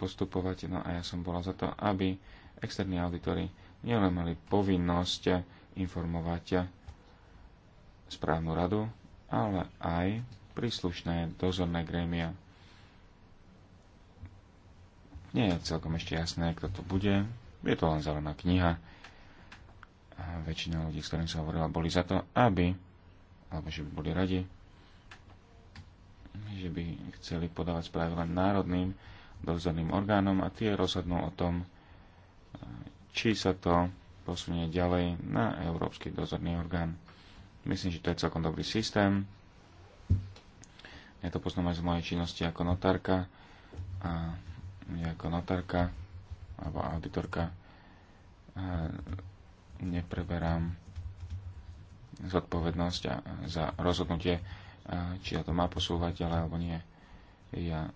postupovať. No a ja som bola za to, aby externí auditory nielen mali povinnosť informovať správnu radu, ale aj príslušné dozorné grémia. Nie je celkom ešte jasné, kto to bude. Je to len zelená kniha. A väčšina ľudí, s ktorým som hovorila, boli za to, aby, alebo že by boli radi, že by chceli podávať správy len národným dozorným orgánom a tie rozhodnú o tom, či sa to posunie ďalej na Európsky dozorný orgán. Myslím, že to je celkom dobrý systém. Ja to poznám aj z mojej činnosti ako notárka. A ja ako notárka alebo auditorka e, nepreberám zodpovednosť za rozhodnutie, e, či ja to má posúvať, ale alebo nie. Ja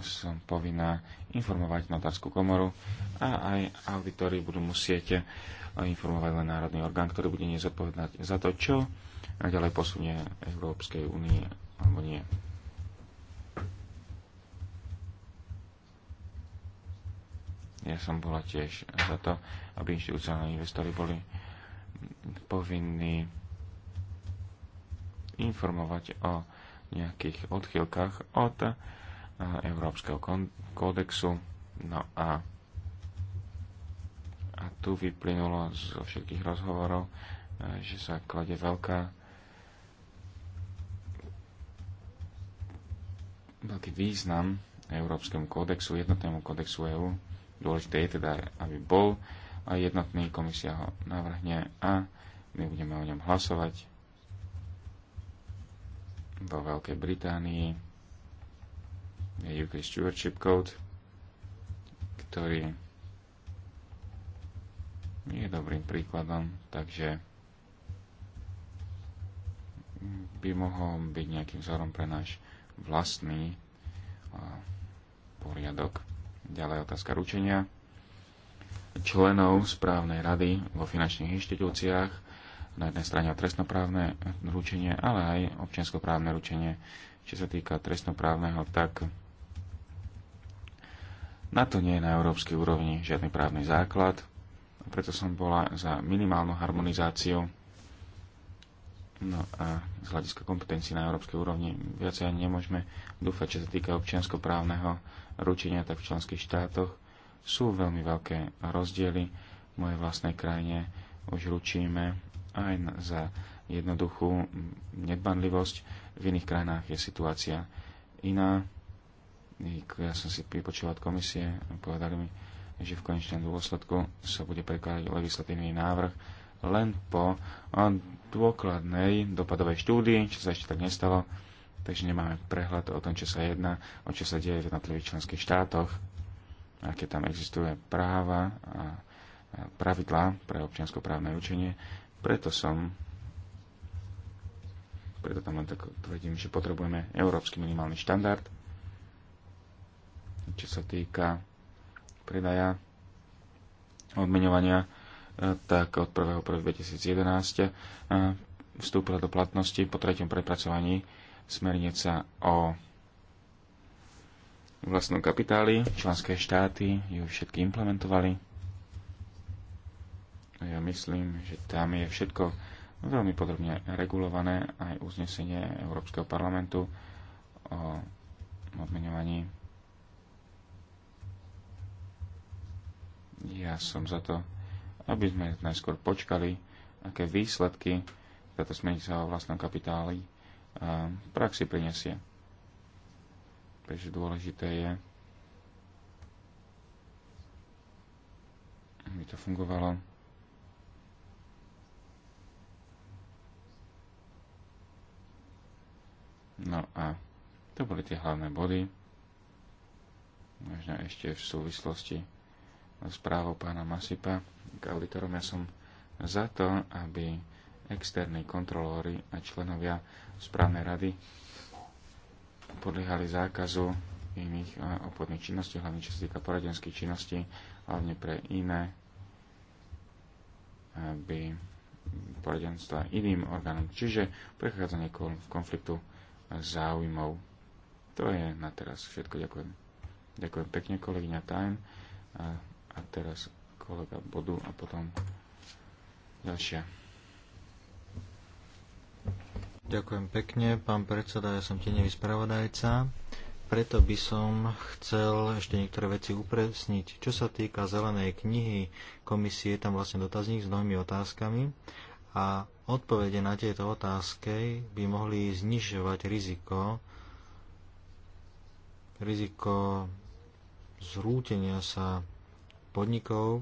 som povinná informovať notárskú komoru a aj auditory budú musieť e, informovať len národný orgán, ktorý bude nezodpovedať za to, čo ďalej posunie Európskej únie alebo nie. Ja som bola tiež za to, aby inštitucionálni investori boli povinní informovať o nejakých odchýlkach od eh, Európskeho kódexu. No a a tu vyplynulo zo všetkých rozhovorov, e, že sa klade veľká veľký význam Európskemu kódexu, jednotnému kódexu EÚ. Dôležité je teda, aby bol a jednotný, komisia ho navrhne a my budeme o ňom hlasovať vo Veľkej Británii je UK Stewardship Code, ktorý je dobrým príkladom, takže by mohol byť nejakým vzorom pre náš vlastný poriadok. Ďalej otázka ručenia členov správnej rady vo finančných inštitúciách, na jednej strane trestnoprávne ručenie, ale aj občianskoprávne ručenie. Čo sa týka trestnoprávneho, tak na to nie je na európskej úrovni žiadny právny základ preto som bola za minimálnu harmonizáciu no a z hľadiska kompetencií na európskej úrovni viacej ani nemôžeme dúfať, čo sa týka občianskoprávneho ručenia, tak v členských štátoch sú veľmi veľké rozdiely. V mojej vlastnej krajine už ručíme aj za jednoduchú nedbanlivosť. V iných krajinách je situácia iná. Ja som si vypočul od komisie, povedali mi, že v konečnom dôsledku sa bude prekladať legislatívny návrh len po dôkladnej dopadovej štúdii, čo sa ešte tak nestalo, takže nemáme prehľad o tom, čo sa jedná, o čo sa deje v jednotlivých členských štátoch, aké tam existuje práva a pravidlá pre občiansko právne učenie. Preto som preto tam len tak tvrdím, že potrebujeme európsky minimálny štandard, čo sa týka predaja odmenovania e, tak od 1.1.2011 e, vstúpila do platnosti po treťom prepracovaní smernica o vlastnom kapitáli. Členské štáty ju všetky implementovali. Ja myslím, že tam je všetko veľmi podrobne regulované, aj uznesenie Európskeho parlamentu o odmenovaní Ja som za to, aby sme najskôr počkali, aké výsledky táto smernica o vlastnom kapitáli eh, v praxi prinesie. Takže dôležité je, aby to fungovalo No a to boli tie hlavné body. Možno ešte v súvislosti správou pána Masipa k auditorom. Ja som za to, aby externí kontrolóri a členovia správnej rady podliehali zákazu iných eh, obchodných činností, hlavne čo sa týka poradenských činností, hlavne pre iné, aby poradenstva iným orgánom. Čiže prechádzanie konfliktu záujmov. To je na teraz všetko. Ďakujem. Ďakujem pekne, kolegyňa Time. A teraz kolega Bodu a potom ďalšia. Ďakujem pekne, pán predseda, ja som tenevý spravodajca. Preto by som chcel ešte niektoré veci upresniť. Čo sa týka zelenej knihy komisie, je tam vlastne dotazník s novými otázkami a odpovede na tieto otázky by mohli znižovať riziko riziko zrútenia sa podnikov,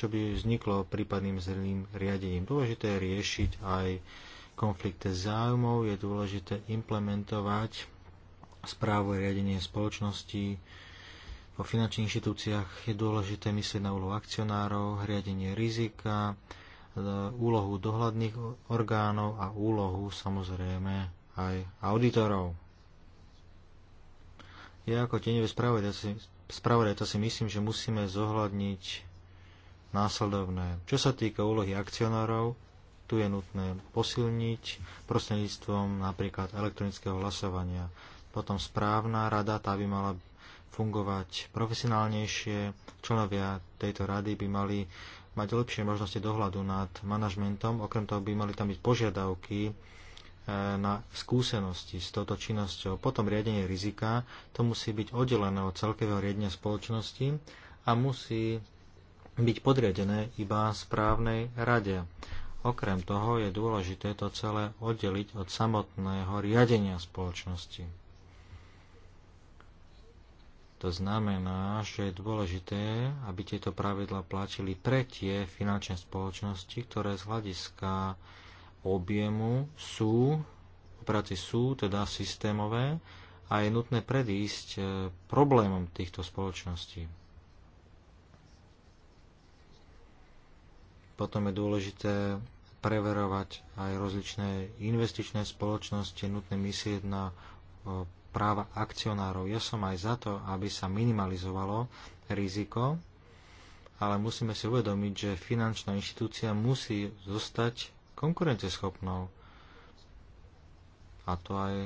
čo by vzniklo prípadným zlým riadením. Dôležité je riešiť aj konflikte záujmov, je dôležité implementovať správu a riadenie spoločnosti vo finančných inštitúciách, je dôležité myslieť na úlohu akcionárov, riadenie rizika, úlohu dohľadných orgánov a úlohu samozrejme aj auditorov. Ja ako tenevý spravodajca spravodajca si myslím, že musíme zohľadniť následovné. Čo sa týka úlohy akcionárov, tu je nutné posilniť prostredníctvom napríklad elektronického hlasovania. Potom správna rada, tá by mala fungovať profesionálnejšie. Členovia tejto rady by mali mať lepšie možnosti dohľadu nad manažmentom. Okrem toho by mali tam byť požiadavky na skúsenosti s touto činnosťou. Potom riadenie rizika, to musí byť oddelené od celkového riadenia spoločnosti a musí byť podriadené iba správnej rade. Okrem toho je dôležité to celé oddeliť od samotného riadenia spoločnosti. To znamená, že je dôležité, aby tieto pravidla platili pre tie finančné spoločnosti, ktoré z hľadiska objemu sú, operácie sú teda systémové a je nutné predísť e, problémom týchto spoločností. Potom je dôležité preverovať aj rozličné investičné spoločnosti, je nutné myslieť na e, práva akcionárov. Ja som aj za to, aby sa minimalizovalo riziko, ale musíme si uvedomiť, že finančná inštitúcia musí zostať konkurencieschopnou. A to aj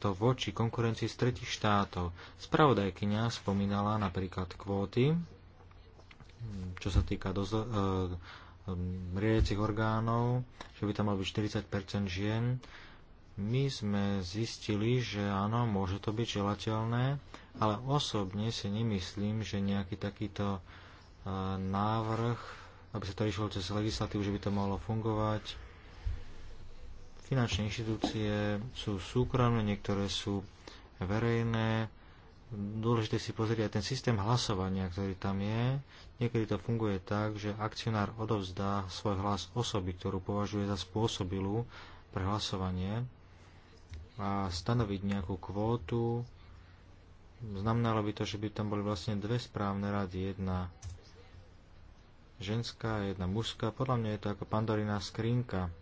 to voči konkurencii z tretich štátov. Spravodajkynia spomínala napríklad kvóty, čo sa týka dozo- e, e riadiacich orgánov, že by tam malo byť 40 žien. My sme zistili, že áno, môže to byť želateľné, ale osobne si nemyslím, že nejaký takýto e, návrh, aby sa to išlo cez legislatívu, že by to mohlo fungovať Finančné inštitúcie sú súkromné, niektoré sú verejné. Dôležité si pozrieť aj ten systém hlasovania, ktorý tam je. Niekedy to funguje tak, že akcionár odovzdá svoj hlas osoby, ktorú považuje za spôsobilú pre hlasovanie a stanoviť nejakú kvótu. Znamenalo by to, že by tam boli vlastne dve správne rady, jedna ženská a jedna mužská. Podľa mňa je to ako pandorína skrinka.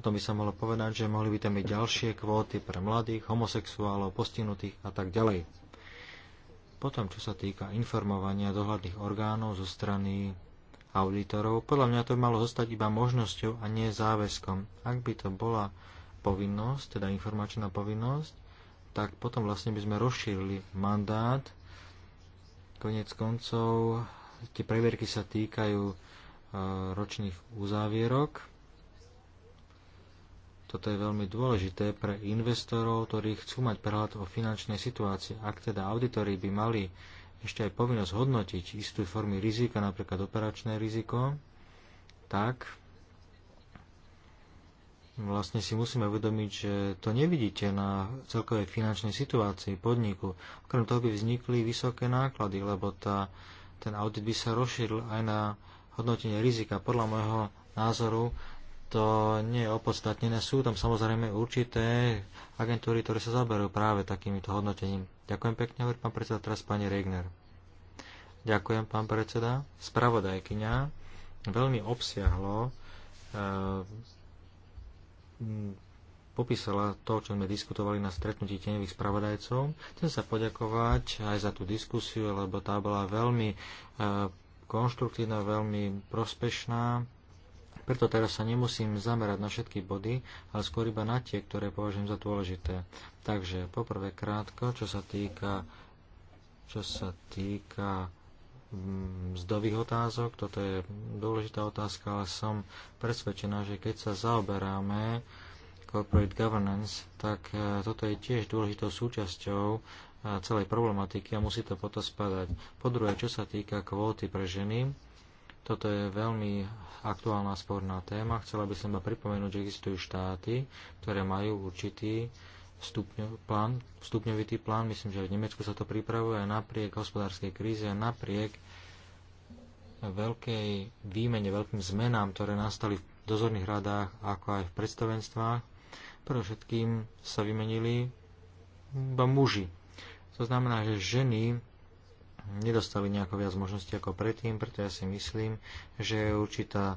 Potom by sa mohlo povedať, že mohli by tam byť ďalšie kvóty pre mladých, homosexuálov, postihnutých a tak ďalej. Potom, čo sa týka informovania dohľadných orgánov zo strany auditorov, podľa mňa to by malo zostať iba možnosťou a nie záväzkom. Ak by to bola povinnosť, teda informačná povinnosť, tak potom vlastne by sme rozšírili mandát. Konec koncov tie previerky sa týkajú e, ročných uzávierok toto je veľmi dôležité pre investorov, ktorí chcú mať prehľad o finančnej situácii. Ak teda auditori by mali ešte aj povinnosť hodnotiť istú formy rizika, napríklad operačné riziko, tak vlastne si musíme uvedomiť, že to nevidíte na celkovej finančnej situácii podniku. Okrem toho by vznikli vysoké náklady, lebo tá, ten audit by sa rozšíril aj na hodnotenie rizika. Podľa môjho názoru to nie je opodstatnené. Sú tam samozrejme určité agentúry, ktoré sa zaberajú práve takýmito hodnotením. Ďakujem pekne, hovorí pán predseda, teraz pani Regner. Ďakujem, pán predseda. Spravodajkyňa veľmi obsiahlo e, popísala to, čo sme diskutovali na stretnutí tenových spravodajcov. Chcem sa poďakovať aj za tú diskusiu, lebo tá bola veľmi e, konštruktívna, veľmi prospešná. Preto teraz sa nemusím zamerať na všetky body, ale skôr iba na tie, ktoré považujem za dôležité. Takže poprvé krátko, čo sa týka, čo sa týka mm, mzdových otázok. Toto je dôležitá otázka, ale som presvedčená, že keď sa zaoberáme corporate governance, tak e, toto je tiež dôležitou súčasťou e, celej problematiky a musí to potom spadať. Po druhé, čo sa týka kvóty pre ženy, toto je veľmi aktuálna sporná téma. Chcela by som iba pripomenúť, že existujú štáty, ktoré majú určitý stupňo, plán, stupňovitý plán. Myslím, že v Nemecku sa to pripravuje aj napriek hospodárskej kríze, napriek veľkej výmene, veľkým zmenám, ktoré nastali v dozorných radách, ako aj v predstavenstvách. všetkým sa vymenili iba muži. To znamená, že ženy nedostali nejako viac možností ako predtým, preto ja si myslím, že určitá e,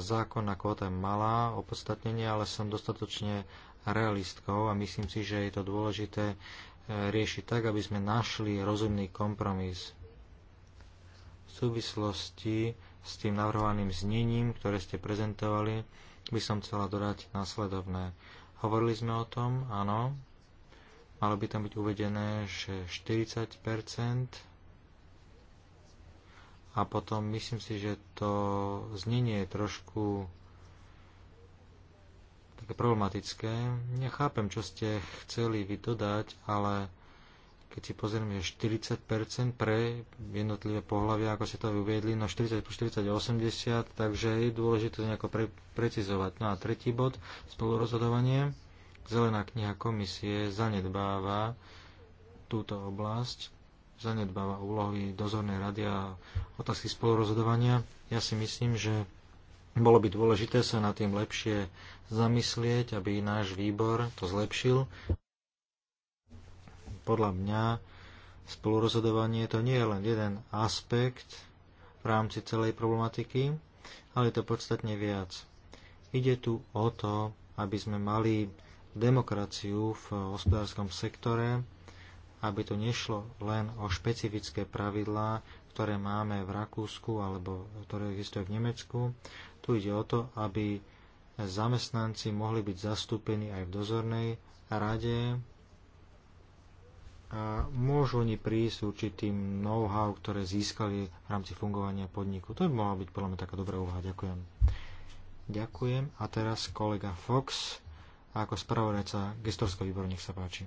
zákonná kvota je malá opodstatnenie, ale som dostatočne realistkou a myslím si, že je to dôležité e, riešiť tak, aby sme našli rozumný kompromis v súvislosti s tým navrhovaným znením, ktoré ste prezentovali, by som chcela dodať následovné. Hovorili sme o tom, áno, Malo by tam byť uvedené, že 40 a potom myslím si, že to znenie je trošku také problematické. Nechápem, čo ste chceli vy dodať, ale keď si pozrieme, že 40% pre jednotlivé pohľavia, ako ste to uviedli, no 40 plus 40 je 80, takže je dôležité nejako pre, precizovať. No a tretí bod, spolurozhodovanie. Zelená kniha komisie zanedbáva túto oblasť, zanedbáva úlohy dozornej rady a otázky spolurozhodovania. Ja si myslím, že bolo by dôležité sa na tým lepšie zamyslieť, aby náš výbor to zlepšil. Podľa mňa spolurozhodovanie to nie je len jeden aspekt v rámci celej problematiky, ale je to podstatne viac. Ide tu o to, aby sme mali demokraciu v hospodárskom sektore, aby to nešlo len o špecifické pravidlá, ktoré máme v Rakúsku alebo ktoré existujú v Nemecku. Tu ide o to, aby zamestnanci mohli byť zastúpení aj v dozornej rade a môžu oni prísť určitým know-how, ktoré získali v rámci fungovania podniku. To by mohla byť podľa mňa taká dobrá úvaha. Ďakujem. Ďakujem. A teraz kolega Fox a ako spravodajca gestorského výboru. Nech sa páči.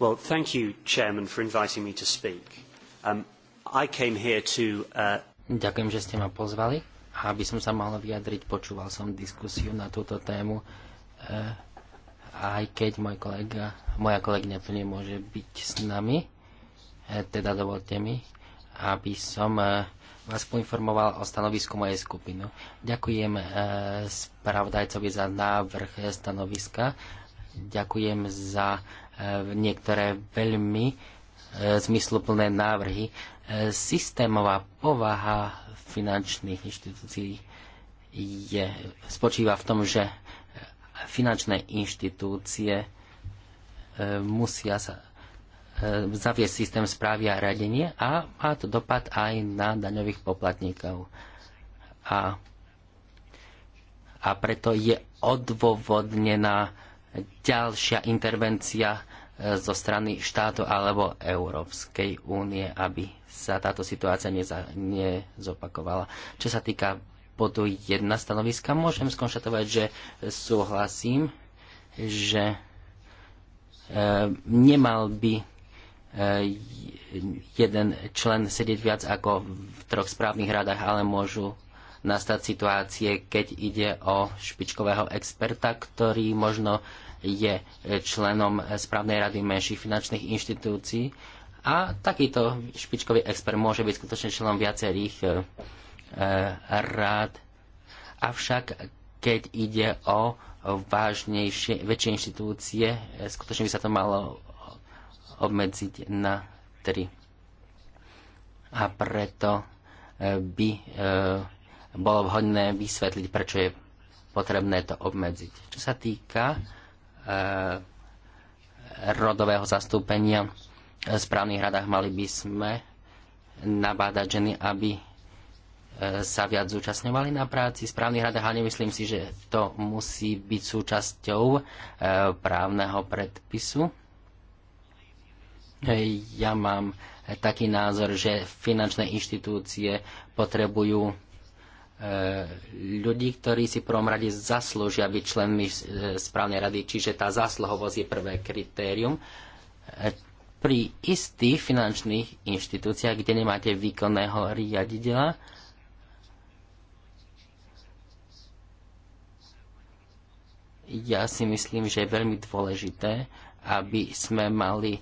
Well, thank you, Chairman, for inviting me to speak. Um, I came here to... Uh... Ďakujem, že ste ma pozvali. A aby som sa mal vyjadriť, počúval som diskusiu na túto tému. Uh, aj keď môj kolega, moja kolegyňa tu nemôže byť s nami, uh, teda dovolte mi, aby som uh, vás poinformoval o stanovisku mojej skupiny. Ďakujem eh, spravodajcovi za návrh stanoviska. Ďakujem za eh, niektoré veľmi eh, zmysluplné návrhy. Systémová povaha finančných inštitúcií je, spočíva v tom, že finančné inštitúcie musia sa E, zaviesť systém správy a radenie a má to dopad aj na daňových poplatníkov. A, a preto je odôvodnená ďalšia intervencia e, zo strany štátu alebo Európskej únie, aby sa táto situácia neza, nezopakovala. Čo sa týka bodu jedna stanoviska, môžem skonštatovať, že súhlasím, že e, nemal by Eh, jeden člen sedieť viac ako v troch správnych radách, ale môžu nastať situácie, keď ide o špičkového experta, ktorý možno je eh, členom správnej rady menších finančných inštitúcií. A takýto špičkový expert môže byť skutočne členom viacerých eh, rád. Avšak keď ide o vážnejšie, väčšie inštitúcie, skutočne by sa to malo obmedziť na 3. A preto e, by e, bolo vhodné vysvetliť, prečo je potrebné to obmedziť. Čo sa týka e, rodového zastúpenia v správnych radách, mali by sme nabádať ženy, aby sa viac zúčastňovali na práci v správnych radách, ale nemyslím si, že to musí byť súčasťou právneho predpisu. Ja mám taký názor, že finančné inštitúcie potrebujú e, ľudí, ktorí si prvom rade zaslúžia byť členmi e, správnej rady, čiže tá zásluhovosť je prvé kritérium. E, pri istých finančných inštitúciách, kde nemáte výkonného riaditeľa, ja si myslím, že je veľmi dôležité, aby sme mali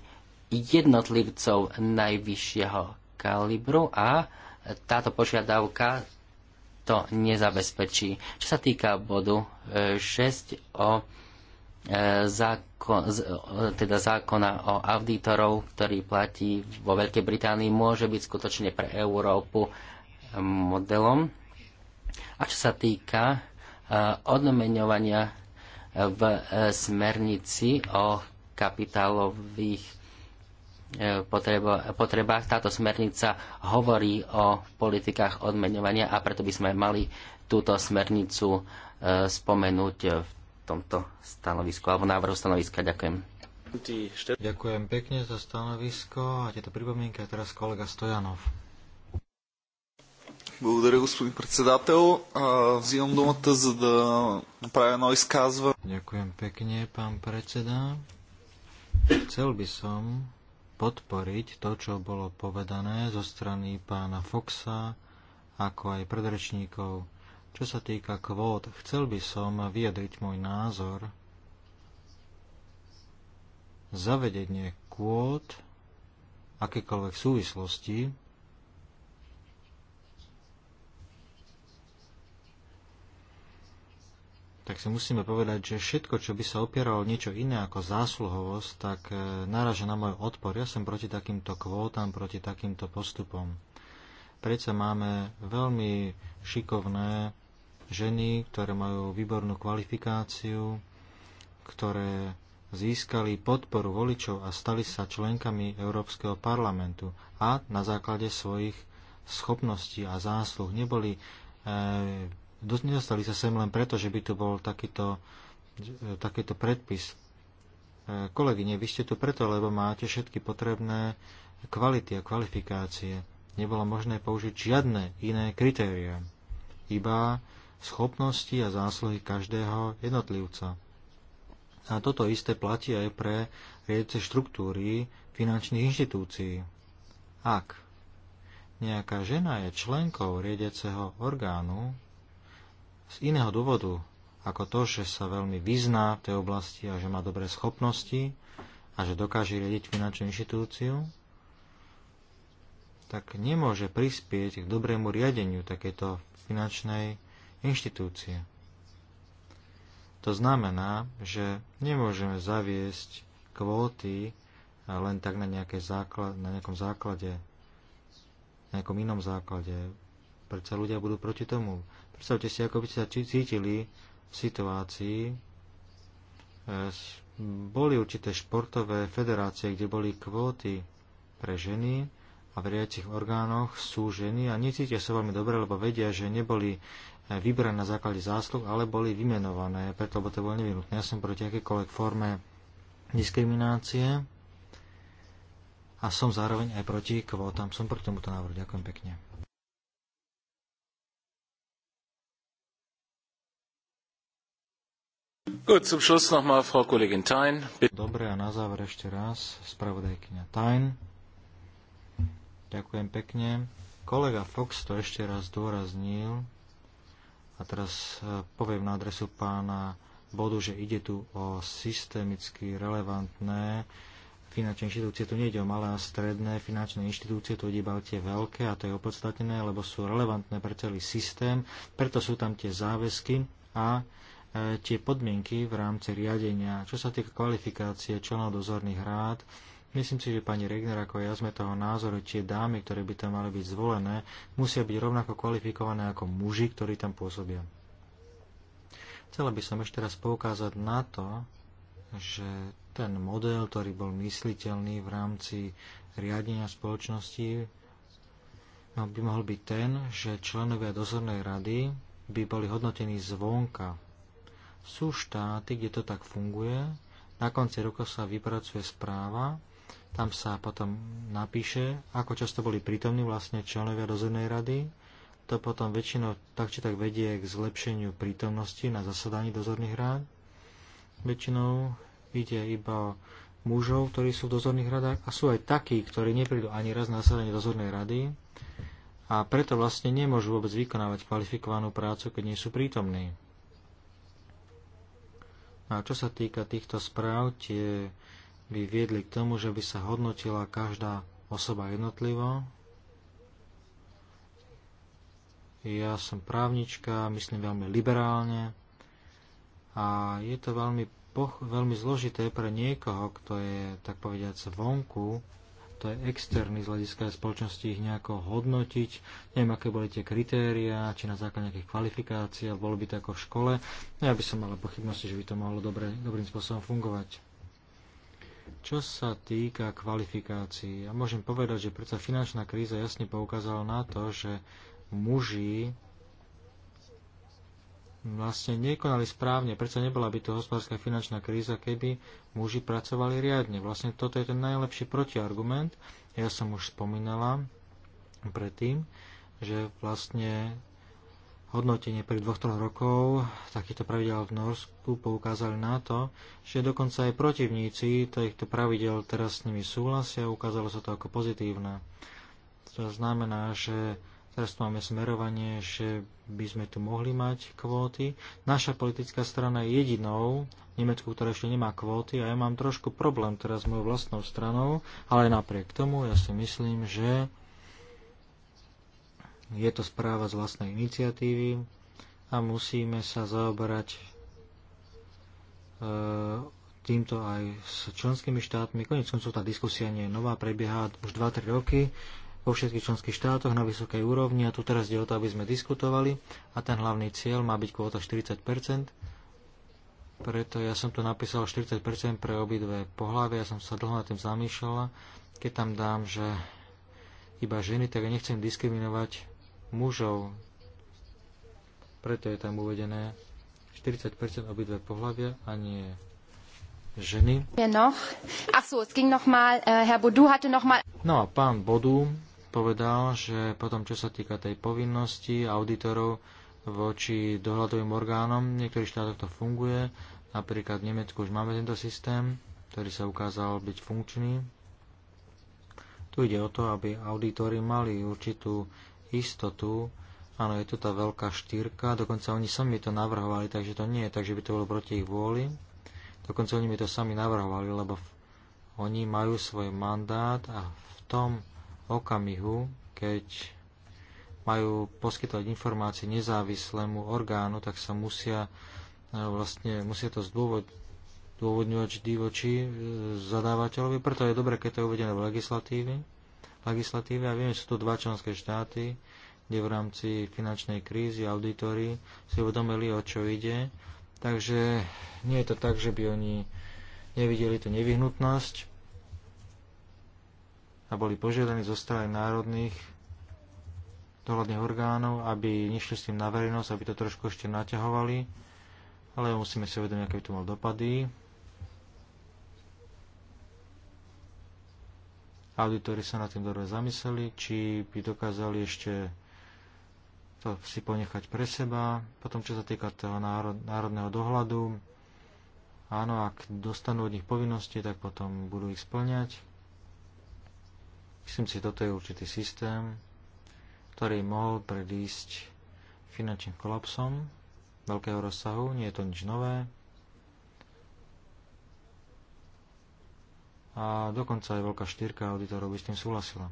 jednotlivcov najvyššieho kalibru a táto požiadavka to nezabezpečí. Čo sa týka bodu 6 e, o e, zákon, teda zákona o auditorov, ktorý platí vo Veľkej Británii, môže byť skutočne pre Európu e, modelom. A čo sa týka odmeňovania v smernici o kapitálových E, potrebách. Táto smernica hovorí o politikách odmeňovania a preto by sme mali túto smernicu e, spomenúť v tomto stanovisku alebo návrhu stanoviska. Ďakujem. Ďakujem pekne za stanovisko a tieto pripomienky a teraz kolega Stojanov. Благодаря, господин председател. Взимам думата, за да направя едно изказване. Ďakujem пекне, пан predseda. Цел би съм podporiť to, čo bolo povedané zo strany pána Foxa, ako aj predrečníkov. Čo sa týka kvót, chcel by som vyjadriť môj názor. Zavedenie kvót, akékoľvek súvislosti, tak si musíme povedať, že všetko, čo by sa opieralo niečo iné ako zásluhovosť, tak e, náraža na môj odpor. Ja som proti takýmto kvótam, proti takýmto postupom. Prečo máme veľmi šikovné ženy, ktoré majú výbornú kvalifikáciu, ktoré získali podporu voličov a stali sa členkami Európskeho parlamentu a na základe svojich schopností a zásluh neboli e, nedostali sa sem len preto, že by tu bol takýto, e, takýto predpis. E, kolegyne, vy ste tu preto, lebo máte všetky potrebné kvality a kvalifikácie. Nebolo možné použiť žiadne iné kritéria, iba schopnosti a zásluhy každého jednotlivca. A toto isté platí aj pre riadce štruktúry finančných inštitúcií. Ak nejaká žena je členkou riedeceho orgánu, z iného dôvodu, ako to, že sa veľmi vyzná v tej oblasti a že má dobré schopnosti a že dokáže riadiť finančnú inštitúciu, tak nemôže prispieť k dobrému riadeniu takejto finančnej inštitúcie. To znamená, že nemôžeme zaviesť kvóty len tak na, základ, na nejakom základe, na nejakom inom základe. Prečo ľudia budú proti tomu. Predstavte si, ako by ste sa cítili v situácii. E, boli určité športové federácie, kde boli kvóty pre ženy a v riadiacich orgánoch sú ženy a necítia sa veľmi dobre, lebo vedia, že neboli e, vybrané na základe zásluh, ale boli vymenované, preto lebo to bolo nevyhnutné. Ja som proti akékoľvek forme diskriminácie a som zároveň aj proti kvótam. Som proti tomuto návrhu. Ďakujem pekne. Dobre, a na záver ešte raz spravodajkyňa Tajn. Ďakujem pekne. Kolega Fox to ešte raz dôraznil a teraz e, poviem na adresu pána bodu, že ide tu o systemicky relevantné finančné inštitúcie. Tu nejde o malé a stredné finančné inštitúcie, tu ide iba o tie veľké a to je opodstatnené, lebo sú relevantné pre celý systém, preto sú tam tie záväzky a Eh, tie podmienky v rámci riadenia. Čo sa týka kvalifikácie členov dozorných rád, myslím si, že pani Regner ako ja sme toho názoru, tie dámy, ktoré by tam mali byť zvolené, musia byť rovnako kvalifikované ako muži, ktorí tam pôsobia. Chcela by som ešte raz poukázať na to, že ten model, ktorý bol mysliteľný v rámci riadenia spoločnosti, no, by mohol byť ten, že členovia dozornej rady by boli hodnotení zvonka. Sú štáty, kde to tak funguje. Na konci roka sa vypracuje správa, tam sa potom napíše, ako často boli prítomní vlastne členovia dozornej rady. To potom väčšinou tak či tak vedie k zlepšeniu prítomnosti na zasadaní dozorných rád. Väčšinou ide iba mužov, ktorí sú v dozorných radách a sú aj takí, ktorí neprídu ani raz na zasadanie dozornej rady a preto vlastne nemôžu vôbec vykonávať kvalifikovanú prácu, keď nie sú prítomní. A čo sa týka týchto správ, tie by viedli k tomu, že by sa hodnotila každá osoba jednotlivo. Ja som právnička, myslím veľmi liberálne a je to veľmi, poch- veľmi zložité pre niekoho, kto je, tak povediať, vonku to je externý z hľadiska spoločnosti ich nejako hodnotiť. Neviem, aké boli tie kritéria, či na základe nejakých kvalifikácií, alebo bolo by to ako v škole. No, ja by som mala pochybnosti, že by to mohlo dobre, dobrým spôsobom fungovať. Čo sa týka kvalifikácií, ja môžem povedať, že predsa finančná kríza jasne poukázala na to, že muži vlastne nekonali správne, prečo nebola by to hospodárska finančná kríza, keby muži pracovali riadne. Vlastne toto je ten najlepší protiargument. Ja som už spomínala predtým, že vlastne hodnotenie pred dvoch, troch rokov takýchto pravidel v Norsku poukázali na to, že dokonca aj protivníci týchto pravidel teraz s nimi súhlasia, ukázalo sa to ako pozitívne. To znamená, že Teraz tu máme smerovanie, že by sme tu mohli mať kvóty. Naša politická strana je jedinou v Nemecku, ktorá ešte nemá kvóty a ja mám trošku problém teraz s mojou vlastnou stranou, ale napriek tomu ja si myslím, že je to správa z vlastnej iniciatívy a musíme sa zaoberať e týmto aj s členskými štátmi. Konec koncov tá diskusia nie je nová, prebieha už 2-3 roky vo všetkých členských štátoch na vysokej úrovni a tu teraz ide o to, aby sme diskutovali a ten hlavný cieľ má byť kvóta 40 preto ja som tu napísal 40 pre obidve pohľavy, ja som sa dlho nad tým zamýšľala, keď tam dám, že iba ženy, tak ja nechcem diskriminovať mužov. Preto je tam uvedené 40 obidve pohľavia a nie ženy. No a pán Bodu povedal, že potom, čo sa týka tej povinnosti auditorov voči dohľadovým orgánom, v niektorých štátoch to funguje, napríklad v Nemecku už máme tento systém, ktorý sa ukázal byť funkčný. Tu ide o to, aby auditori mali určitú istotu, áno, je to tá veľká štyrka, dokonca oni sami to navrhovali, takže to nie je tak, že by to bolo proti ich vôli, dokonca oni mi to sami navrhovali, lebo oni majú svoj mandát a v tom okamihu, keď majú poskytovať informácie nezávislému orgánu, tak sa musia e, vlastne musia to zdôvodňovať vždy voči e, zadávateľovi. Preto je dobré, keď to je uvedené v legislatíve. legislatíve. A viem, že sú tu dva členské štáty, kde v rámci finančnej krízy auditory si uvedomili, o čo ide. Takže nie je to tak, že by oni nevideli tú nevyhnutnosť a boli požiadaní zo strany národných dohľadných orgánov, aby nešli s tým na verejnosť, aby to trošku ešte naťahovali, ale musíme si uvedomiť, aké by to mal dopady. Auditori sa nad tým dobre zamysleli, či by dokázali ešte to si ponechať pre seba. Potom, čo sa týka toho národného dohľadu, áno, ak dostanú od nich povinnosti, tak potom budú ich splňať. Myslím si, toto je určitý systém, ktorý mohol predísť finančným kolapsom veľkého rozsahu. Nie je to nič nové. a dokonca aj veľká štyrka auditorov by s tým súhlasila.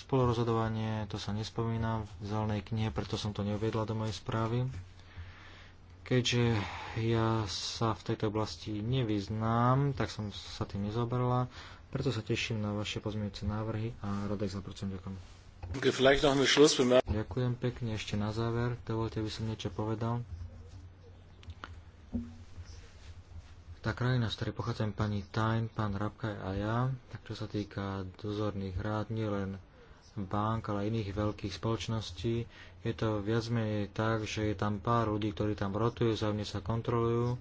Spolorozhodovanie, to sa nespomína v zelenej knihe, preto som to neuviedla do mojej správy. Keďže ja sa v tejto oblasti nevyznám, tak som sa tým nezoberla. Preto sa teším na vaše pozmeňujúce návrhy a Rodek za prúcem ďakujem. Ďakujem pekne. Ešte na záver, dovolte, aby som niečo povedal. Tá krajina, z ktorej pochádzam, pani Tajn, pán Rabkaj a ja, tak čo sa týka dozorných rád, nielen bank, ale iných veľkých spoločností, je to viac menej tak, že je tam pár ľudí, ktorí tam rotujú, zájomne sa kontrolujú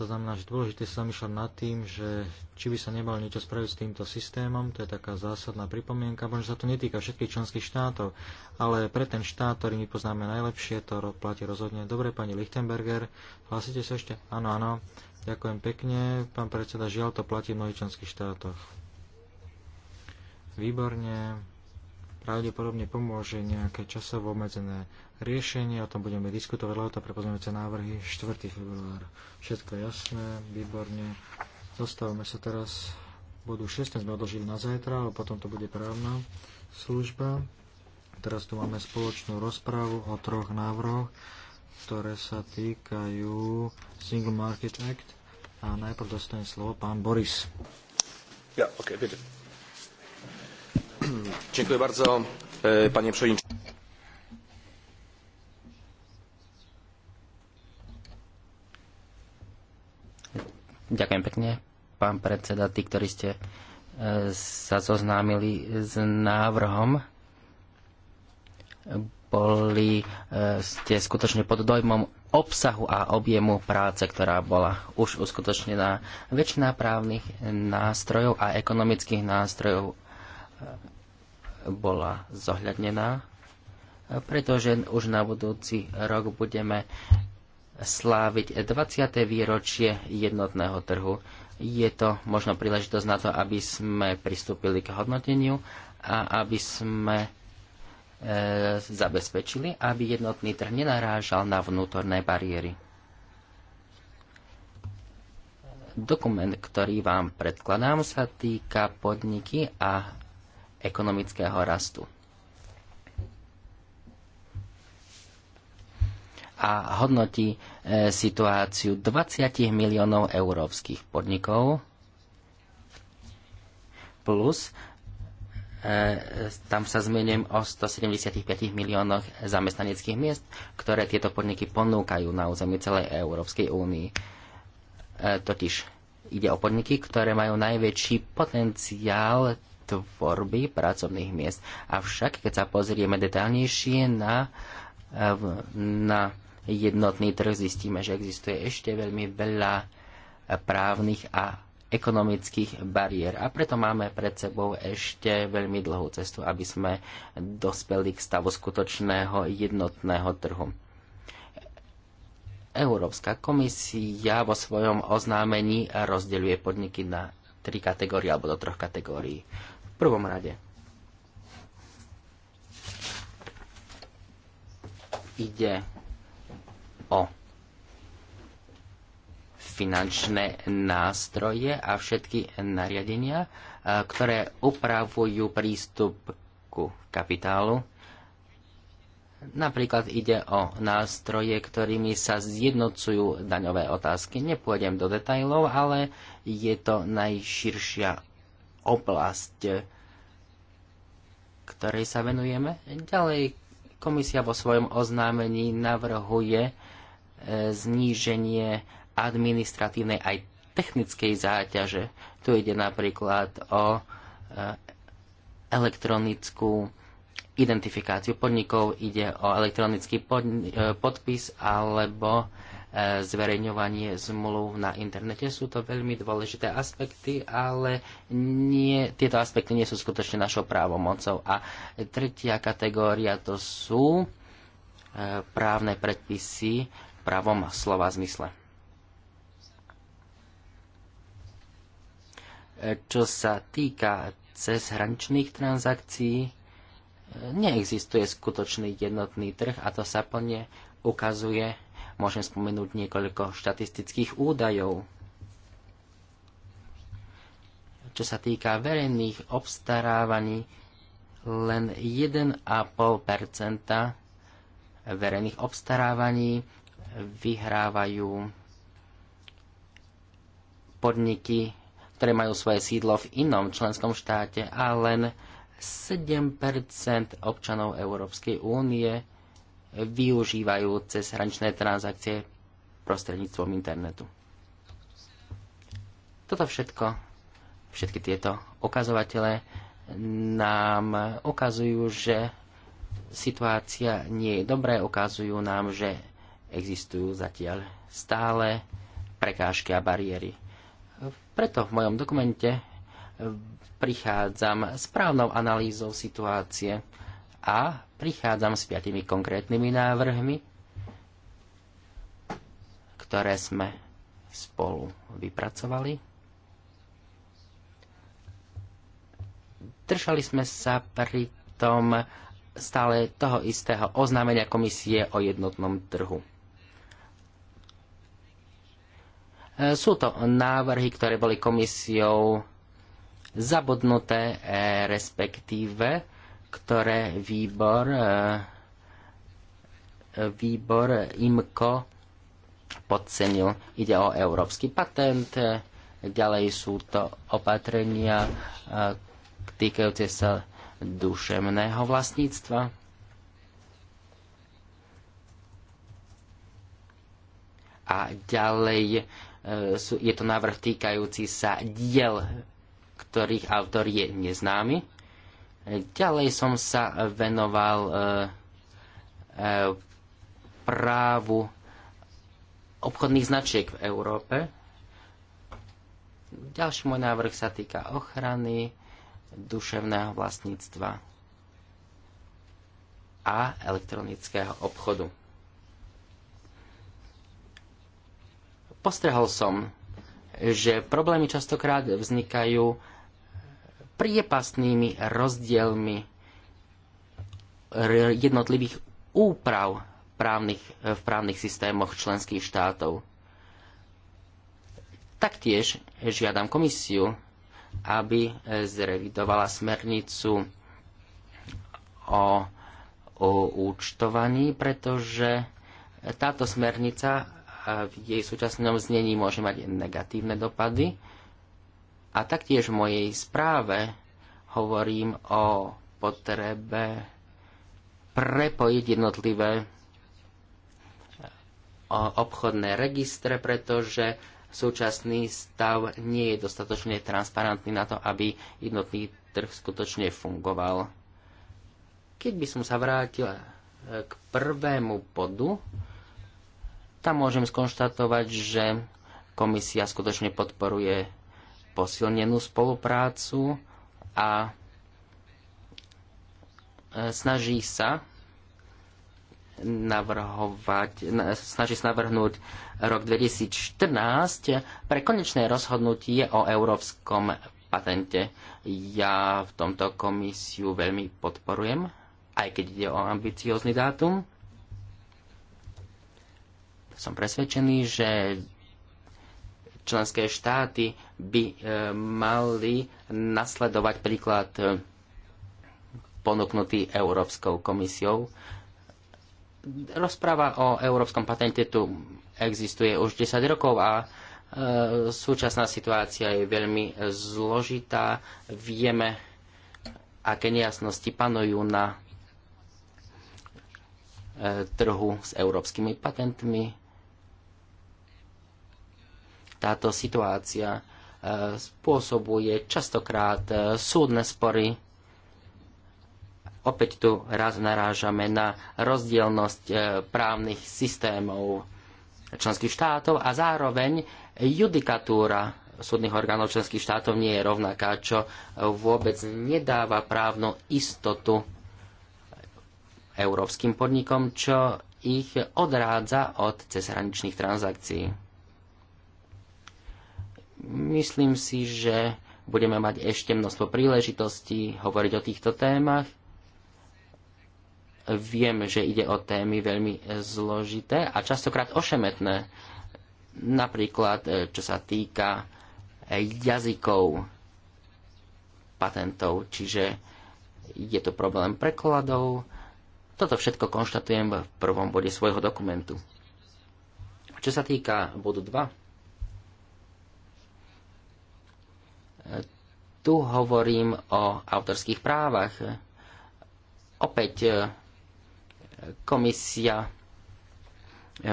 to znamená, že dôležité sa zamýšľať nad tým, že či by sa nebalo niečo spraviť s týmto systémom, to je taká zásadná pripomienka, možno sa to netýka všetkých členských štátov, ale pre ten štát, ktorý my poznáme najlepšie, to platí rozhodne. Dobre, pani Lichtenberger, hlasíte sa ešte? Áno, áno, ďakujem pekne. Pán predseda, žiaľ, to platí v mnohých členských štátoch. Výborne pravdepodobne pomôže nejaké časovo obmedzené riešenie, o tom budeme diskutovať, lebo to prepoznáme návrhy 4. február. Všetko jasné, výborne. Dostávame sa teraz bodu 16 sme odložili na zajtra, ale potom to bude právna služba. Teraz tu máme spoločnú rozprávu o troch návrhoch, ktoré sa týkajú Single Market Act a najprv dostane slovo pán Boris. Ja, okay, bitte. E, panie przewodniczący. Ďakujem pekne, pán predseda, tí, ktorí ste e, sa zoznámili s návrhom. Boli e, ste skutočne pod dojmom obsahu a objemu práce, ktorá bola už uskutočnená. Väčšina právnych nástrojov a ekonomických nástrojov bola zohľadnená, pretože už na budúci rok budeme sláviť 20. výročie jednotného trhu. Je to možno príležitosť na to, aby sme pristúpili k hodnoteniu a aby sme e, zabezpečili, aby jednotný trh nenarážal na vnútorné bariéry. Dokument, ktorý vám predkladám, sa týka podniky a ekonomického rastu. A hodnotí e, situáciu 20 miliónov európskych podnikov plus e, tam sa zmením o 175 miliónoch zamestnaneckých miest, ktoré tieto podniky ponúkajú na území celej Európskej únii. E, totiž ide o podniky, ktoré majú najväčší potenciál tvorby pracovných miest. Avšak, keď sa pozrieme detaľnejšie na, na jednotný trh, zistíme, že existuje ešte veľmi veľa právnych a ekonomických bariér. A preto máme pred sebou ešte veľmi dlhú cestu, aby sme dospeli k stavu skutočného jednotného trhu. Európska komisia vo svojom oznámení rozdeľuje podniky na tri kategórie alebo do troch kategórií prvom rade ide o finančné nástroje a všetky nariadenia, e, ktoré upravujú prístup ku kapitálu. Napríklad ide o nástroje, ktorými sa zjednocujú daňové otázky. Nepôjdem do detajlov, ale je to najširšia oblasť, ktorej sa venujeme. Ďalej komisia vo svojom oznámení navrhuje e, zníženie administratívnej aj technickej záťaže. Tu ide napríklad o e, elektronickú identifikáciu podnikov, ide o elektronický e, podpis alebo E, zverejňovanie zmluv na internete. Sú to veľmi dôležité aspekty, ale nie, tieto aspekty nie sú skutočne našou právomocou. A tretia kategória to sú e, právne predpisy v pravom slova zmysle. E, čo sa týka cezhraničných transakcií, neexistuje skutočný jednotný trh a to sa plne ukazuje Môžem spomenúť niekoľko štatistických údajov. Čo sa týka verejných obstarávaní, len 1,5 verejných obstarávaní vyhrávajú podniky, ktoré majú svoje sídlo v inom členskom štáte a len 7 občanov Európskej únie využívajú cez hraničné transakcie prostredníctvom internetu. Toto všetko, všetky tieto okazovatele nám ukazujú, že situácia nie je dobré, ukazujú nám, že existujú zatiaľ stále prekážky a bariéry. Preto v mojom dokumente prichádzam správnou analýzou situácie a prichádzam s piatými konkrétnymi návrhmi, ktoré sme spolu vypracovali. Držali sme sa pri tom stále toho istého oznámenia komisie o jednotnom trhu. Sú to návrhy, ktoré boli komisiou zabodnuté, respektíve ktoré výbor, e, výbor IMCO podcenil. Ide o európsky patent, e, ďalej sú to opatrenia e, týkajúce sa duševného vlastníctva. A ďalej je to návrh týkajúci sa diel, ktorých autor je neznámy. E, ďalej som sa venoval e, e, právu obchodných značiek v Európe. Ďalší môj návrh sa týka ochrany duševného vlastníctva a elektronického obchodu. Postrehol som, že problémy častokrát vznikajú priepastnými rozdielmi jednotlivých úprav právnych, v právnych systémoch členských štátov. Taktiež žiadam komisiu, aby zrevidovala smernicu o, o účtovaní, pretože táto smernica v jej súčasnom znení môže mať negatívne dopady a taktiež v mojej správe hovorím o potrebe prepojiť jednotlivé e, obchodné registre, pretože súčasný stav nie je dostatočne transparentný na to, aby jednotný trh skutočne fungoval. Keď by som sa vrátil e, k prvému bodu, tam môžem skonštatovať, že komisia skutočne podporuje posilnenú spoluprácu a e, snaží sa navrhovať, snaží sa navrhnúť rok 2014 pre konečné rozhodnutie o európskom patente. Ja v tomto komisiu veľmi podporujem, aj keď ide o ambiciózny dátum. Som presvedčený, že členské štáty by e, mali nasledovať príklad e, ponúknutý Európskou komisiou. Rozpráva o európskom patente tu existuje už 10 rokov a e, súčasná situácia je veľmi zložitá. Vieme, aké nejasnosti panujú na trhu s európskymi patentmi táto situácia e, spôsobuje častokrát e, súdne spory. Opäť tu raz narážame na rozdielnosť e, právnych systémov členských štátov a zároveň judikatúra súdnych orgánov členských štátov nie je rovnaká, čo vôbec nedáva právnu istotu európskym podnikom, čo ich odrádza od cezhraničných transakcií. Myslím si, že budeme mať ešte množstvo príležitostí hovoriť o týchto témach. Viem, že ide o témy veľmi zložité a častokrát ošemetné. Napríklad, e, čo sa týka e, jazykov patentov, čiže je to problém prekladov. Toto všetko konštatujem v prvom bode svojho dokumentu. Čo sa týka bodu 2, Tu hovorím o autorských právach. Opäť e, komisia e,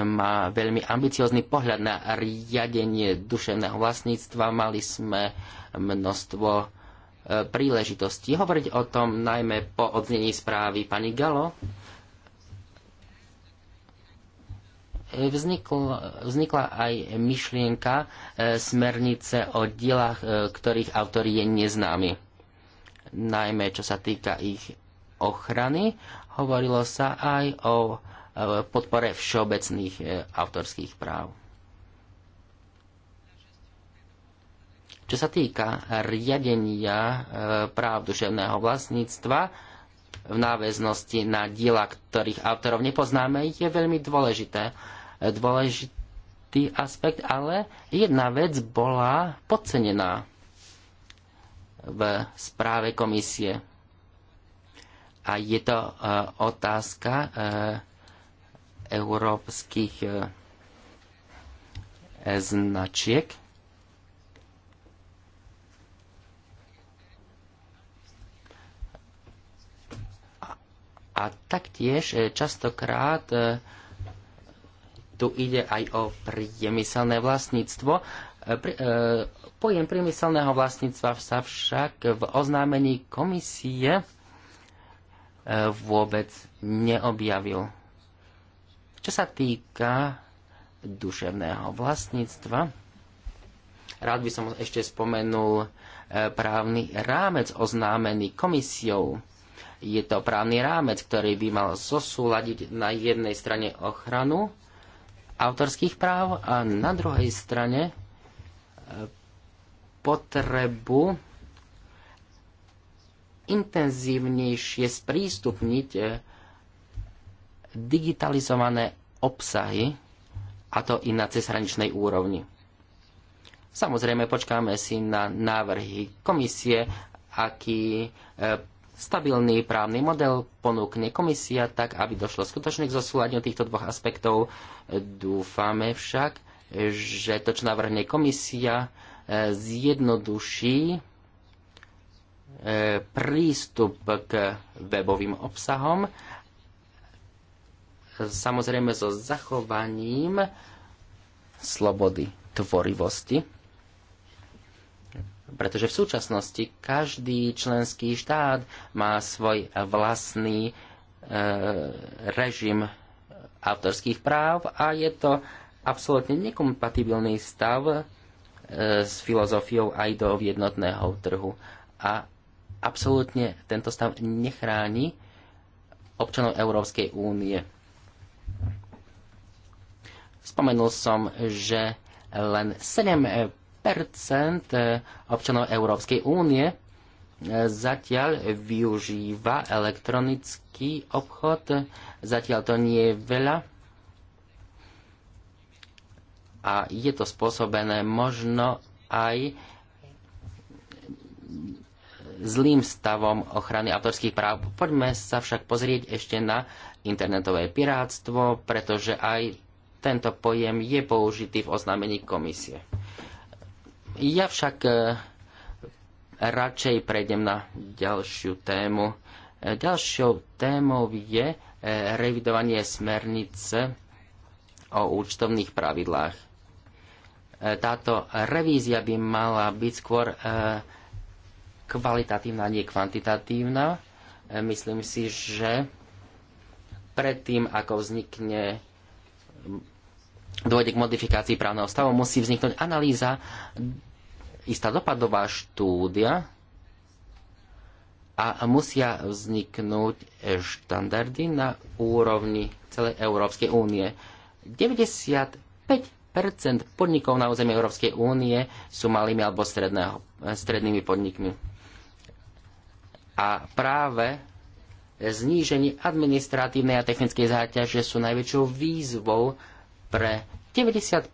má veľmi ambiciózny pohľad na riadenie duševného vlastníctva. Mali sme množstvo e, príležitostí hovoriť o tom, najmä po odznení správy pani Galo. vznikl, vznikla aj myšlienka e, smernice o dielach, e, ktorých autor je neznámy. Najmä čo sa týka ich ochrany, hovorilo sa aj o e, podpore všeobecných autorských práv. Čo sa týka riadenia práv duševného vlastníctva, v náväznosti na diela, ktorých autorov nepoznáme, je veľmi dôležité, dôležitý aspekt, ale jedna vec bola podcenená v správe komisie. A je to uh, otázka uh, európskych uh, značiek. A, a taktiež častokrát uh, tu ide aj o priemyselné vlastníctvo. E, e, pojem priemyselného vlastníctva sa však v oznámení komisie e, vôbec neobjavil. Čo sa týka duševného vlastníctva, rád by som ešte spomenul právny rámec oznámený komisiou. Je to právny rámec, ktorý by mal zosúľadiť na jednej strane ochranu autorských práv a na druhej strane e, potrebu intenzívnejšie sprístupniť e, digitalizované obsahy, a to i na cezhraničnej úrovni. Samozrejme, počkáme si na návrhy komisie, aký e, stabilný právny model ponúkne komisia tak, aby došlo skutočne k zosúľadňu týchto dvoch aspektov. Dúfame však, že to, čo navrhne komisia, e, zjednoduší e, prístup k webovým obsahom, samozrejme so zachovaním slobody tvorivosti pretože v súčasnosti každý členský štát má svoj vlastný e, režim autorských práv a je to absolútne nekompatibilný stav e, s filozofiou aj do jednotného trhu. A absolútne tento stav nechráni občanov Európskej únie. Spomenul som, že len 7 Eh, občanov Európskej únie eh, zatiaľ využíva elektronický obchod, zatiaľ to nie je veľa a je to spôsobené možno aj zlým stavom ochrany autorských práv. Poďme sa však pozrieť ešte na internetové pirátstvo, pretože aj tento pojem je použitý v oznámení komisie. Ja však e, radšej prejdem na ďalšiu tému. E, ďalšou témou je e, revidovanie smernice o účtovných pravidlách. Táto revízia by mala byť skôr kvalitatívna, nie kvantitatívna. Myslím si, že predtým, ako vznikne dôjde k modifikácii právneho stavu, musí vzniknúť analýza istá dopadová štúdia a musia vzniknúť štandardy na úrovni celej Európskej únie. 95 podnikov na území Európskej únie sú malými alebo stredného, strednými podnikmi. A práve zníženie administratívnej a technickej záťaže sú najväčšou výzvou pre 95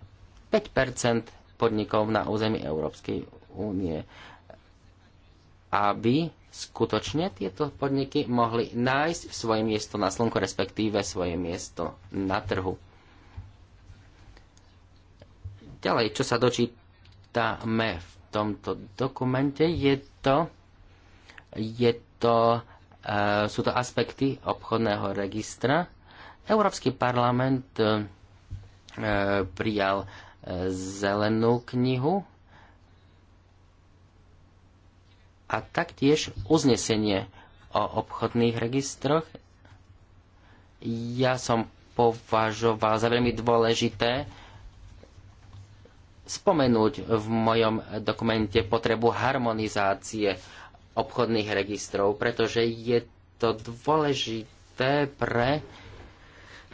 podnikov na území Európskej únie, aby skutočne tieto podniky mohli nájsť svoje miesto na slnku, respektíve svoje miesto na trhu. Ďalej, čo sa dočítame v tomto dokumente, je to, je to, e, sú to aspekty obchodného registra. Európsky parlament e, e prijal zelenú knihu a taktiež uznesenie o obchodných registroch. Ja som považoval za veľmi dôležité spomenúť v mojom dokumente potrebu harmonizácie obchodných registrov, pretože je to dôležité pre uh,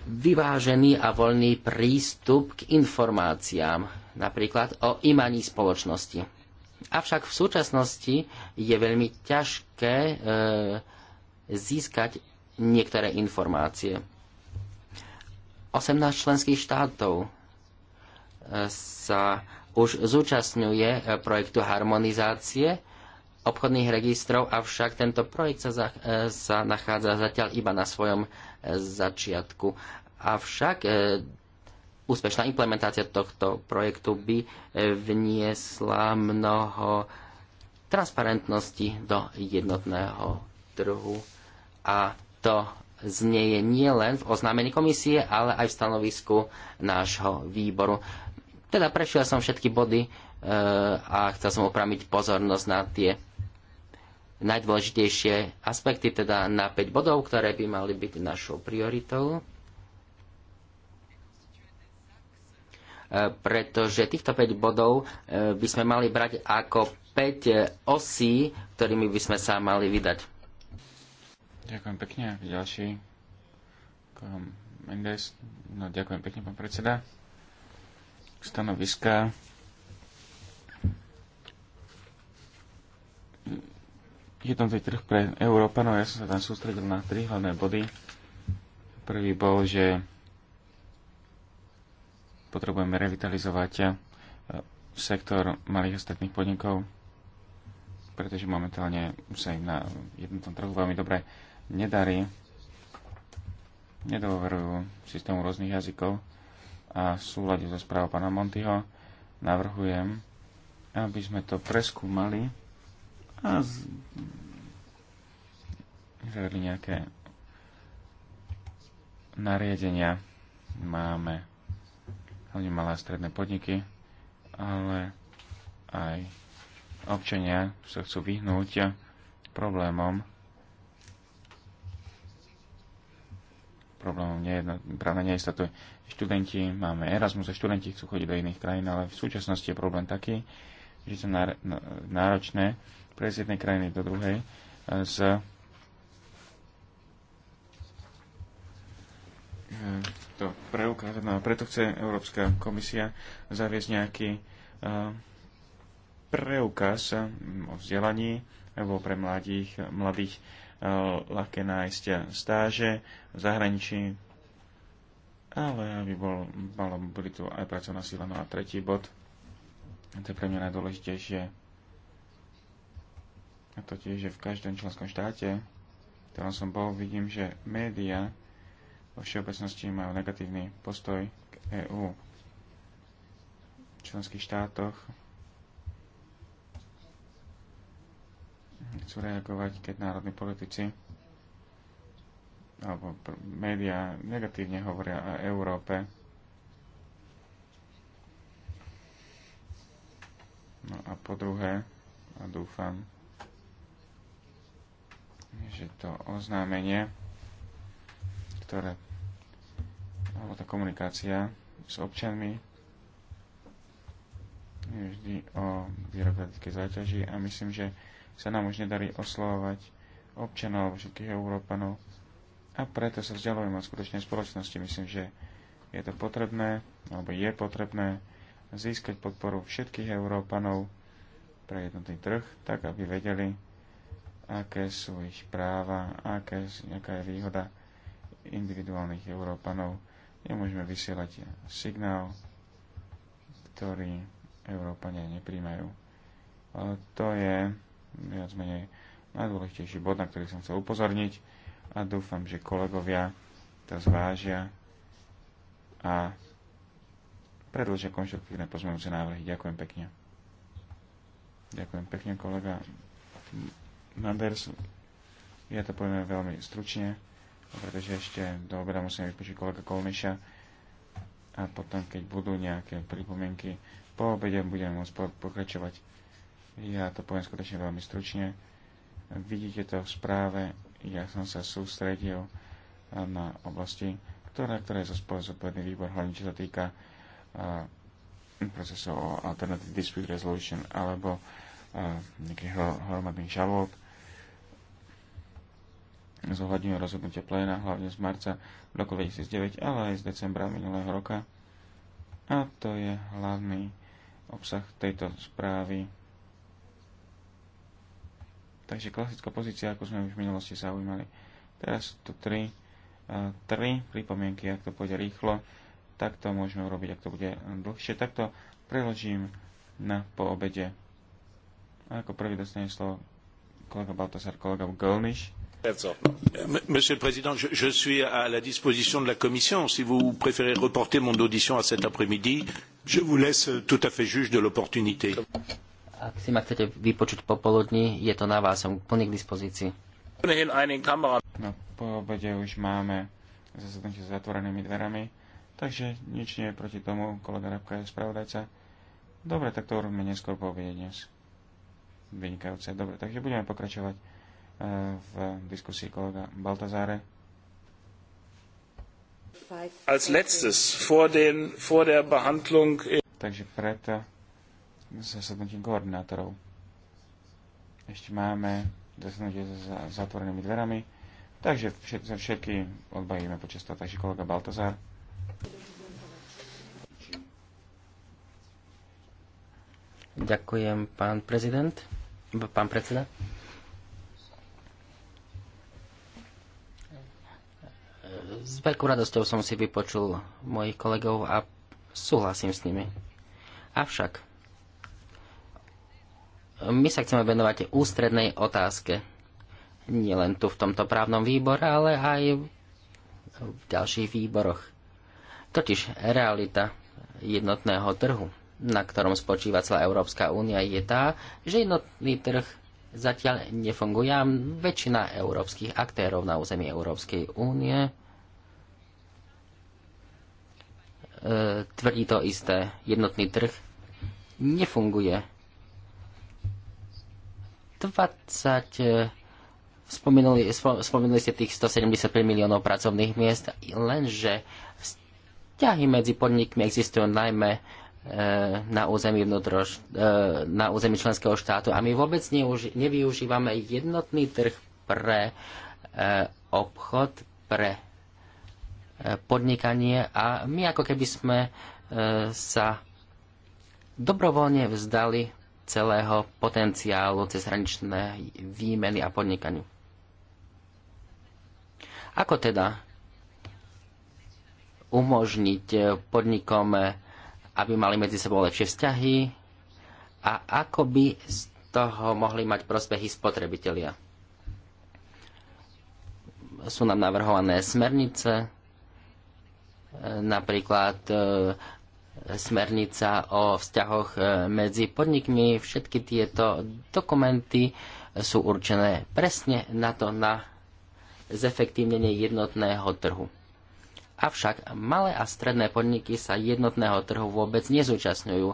vyvážený a voľný prístup k informáciám, napríklad o imaní spoločnosti. Avšak v súčasnosti je veľmi ťažké e, získať niektoré informácie. 18 členských štátov e, sa už zúčastňuje e, projektu harmonizácie obchodných registrov, avšak tento projekt sa, za, e, sa nachádza zatiaľ iba na svojom e, začiatku. Avšak e, úspešná implementácia tohto projektu by vniesla mnoho transparentnosti do jednotného trhu a to znieje nielen v oznámení komisie, ale aj v stanovisku nášho výboru. Teda prešiel som všetky body, a chcel som upramiť pozornosť na tie najdôležitejšie aspekty, teda na 5 bodov, ktoré by mali byť našou prioritou. E, pretože týchto 5 bodov e, by sme mali brať ako 5 osí, ktorými by sme sa mali vydať. Ďakujem pekne. Ďalší. Mendes. No, ďakujem pekne, pán predseda. Stanoviska jednotný trh pre Európanov, ja som sa tam sústredil na tri hlavné body. Prvý bol, že potrebujeme revitalizovať eh, sektor malých a stredných podnikov, pretože momentálne sa im na jednotnom trhu veľmi dobre nedarí. Nedôverujú systému rôznych jazykov a v súlade so správou pána Montyho navrhujem, aby sme to preskúmali a z... zavedli nejaké nariadenia. Máme hlavne malé a stredné podniky, ale aj občania sa chcú vyhnúť problémom, problémom nejedno, práve neistoty. Študenti, máme Erasmus a študenti chcú chodiť do iných krajín, ale v súčasnosti je problém taký, že je náročné prejsť z jednej krajiny do druhej e, z e, to preukázať. No a preto chce Európska komisia zaviesť nejaký e, preukaz o vzdelaní alebo pre mladých, mladých ľahké nájsť stáže v zahraničí, ale aby bol, mala tu aj pracovná sila. No a tretí bod, to je pre mňa najdôležitejšie, a tiež že v každom členskom štáte, v ktorom som bol, vidím, že médiá vo všeobecnosti majú negatívny postoj k EÚ. V členských štátoch chcú reagovať, keď národní politici alebo médiá negatívne hovoria o Európe. No a po druhé, a dúfam, že to oznámenie, ktoré, alebo tá komunikácia s občanmi je vždy o byrokratickej záťaži a myslím, že sa nám už nedarí oslovovať občanov, alebo všetkých Európanov a preto sa vzdialujeme od skutočnej spoločnosti. Myslím, že je to potrebné, alebo je potrebné získať podporu všetkých Európanov pre jednotný trh, tak aby vedeli, aké sú ich práva, aké, aká je výhoda individuálnych Európanov. Nemôžeme vysielať signál, ktorý Európania nepríjmajú. To je viac menej najdôležitejší bod, na ktorý som chcel upozorniť a dúfam, že kolegovia to zvážia a predložia konštruktívne pozmeňujúce návrhy. Ďakujem pekne. Ďakujem pekne, kolega Numbers. ja to poviem veľmi stručne, pretože ešte do obeda musím vypočuť kolega Kolmeša a potom, keď budú nejaké pripomienky, po obede budem môcť pokračovať. Ja to poviem skutočne veľmi stručne. Vidíte to v správe, ja som sa sústredil na oblasti, ktoré, ktoré je zodpovedný výbor, hlavne čo sa týka procesov o Alternative Dispute Resolution alebo nejakých hromadných žalob. Zohľadňujú rozhodnutie pléna hlavne z marca roku 2009, ale aj z decembra minulého roka. A to je hlavný obsah tejto správy. Takže klasická pozícia, ako sme už v minulosti zaujímali. Teraz sú tu tri, uh, tri pripomienky, ak to pôjde rýchlo, tak to môžeme urobiť, ak to bude dlhšie. Takto preložím na poobede. A ako prvý dostane slovo kolega Baltasar, kolega Golniš. Monsieur le Président, je, je suis à la disposition de la Commission. Si vous préférez reporter mon audition à cet après-midi, je vous laisse tout à fait juge de l'opportunité. Ak si ma chcete vypočuť popoludní, je to na vás, som plný k dispozícii. No, po obede už máme zasadnutie s zatvorenými dverami, takže nič nie je proti tomu, kolega Rabka je spravodajca. Dobre, tak to urobíme neskôr po obede dnes. Vynikajúce. Dobre, takže budeme pokračovať e, v diskusii kolega Baltazáre. Als letztes vor, den, vor der Behandlung Takže pred zasadnutím koordinátorov. Ešte máme zasadnutie za zatvorenými dverami, takže všet, všetky odbavíme počas toho. Takže kolega Baltazár. Ďakujem, pán prezident. Pán predseda? S veľkou radosťou som si vypočul mojich kolegov a súhlasím s nimi. Avšak, my sa chceme venovať ústrednej otázke. Nielen tu v tomto právnom výbore, ale aj v ďalších výboroch. Totiž realita jednotného trhu na ktorom spočíva celá Európska únia, je tá, že jednotný trh zatiaľ nefunguje väčšina európskych aktérov na území Európskej únie e, tvrdí to isté. Jednotný trh nefunguje. 20 e, spomenuli, spomenuli ste tých 175 miliónov pracovných miest, lenže vzťahy medzi podnikmi existujú najmä E, na území, e, na území členského štátu. A my vôbec nevyužívame jednotný trh pre e, obchod, pre podnikanie a my ako keby sme sa dobrovoľne vzdali celého potenciálu cezhraničnej výmeny a podnikaniu. Ako teda umožniť podnikom aby mali medzi sebou lepšie vzťahy a ako by z toho mohli mať prospechy spotrebitelia. Sú nám navrhované smernice, napríklad e, smernica o vzťahoch e, medzi podnikmi. Všetky tieto dokumenty sú určené presne na to, na zefektívnenie jednotného trhu. Avšak malé a stredné podniky sa jednotného trhu vôbec nezúčastňujú.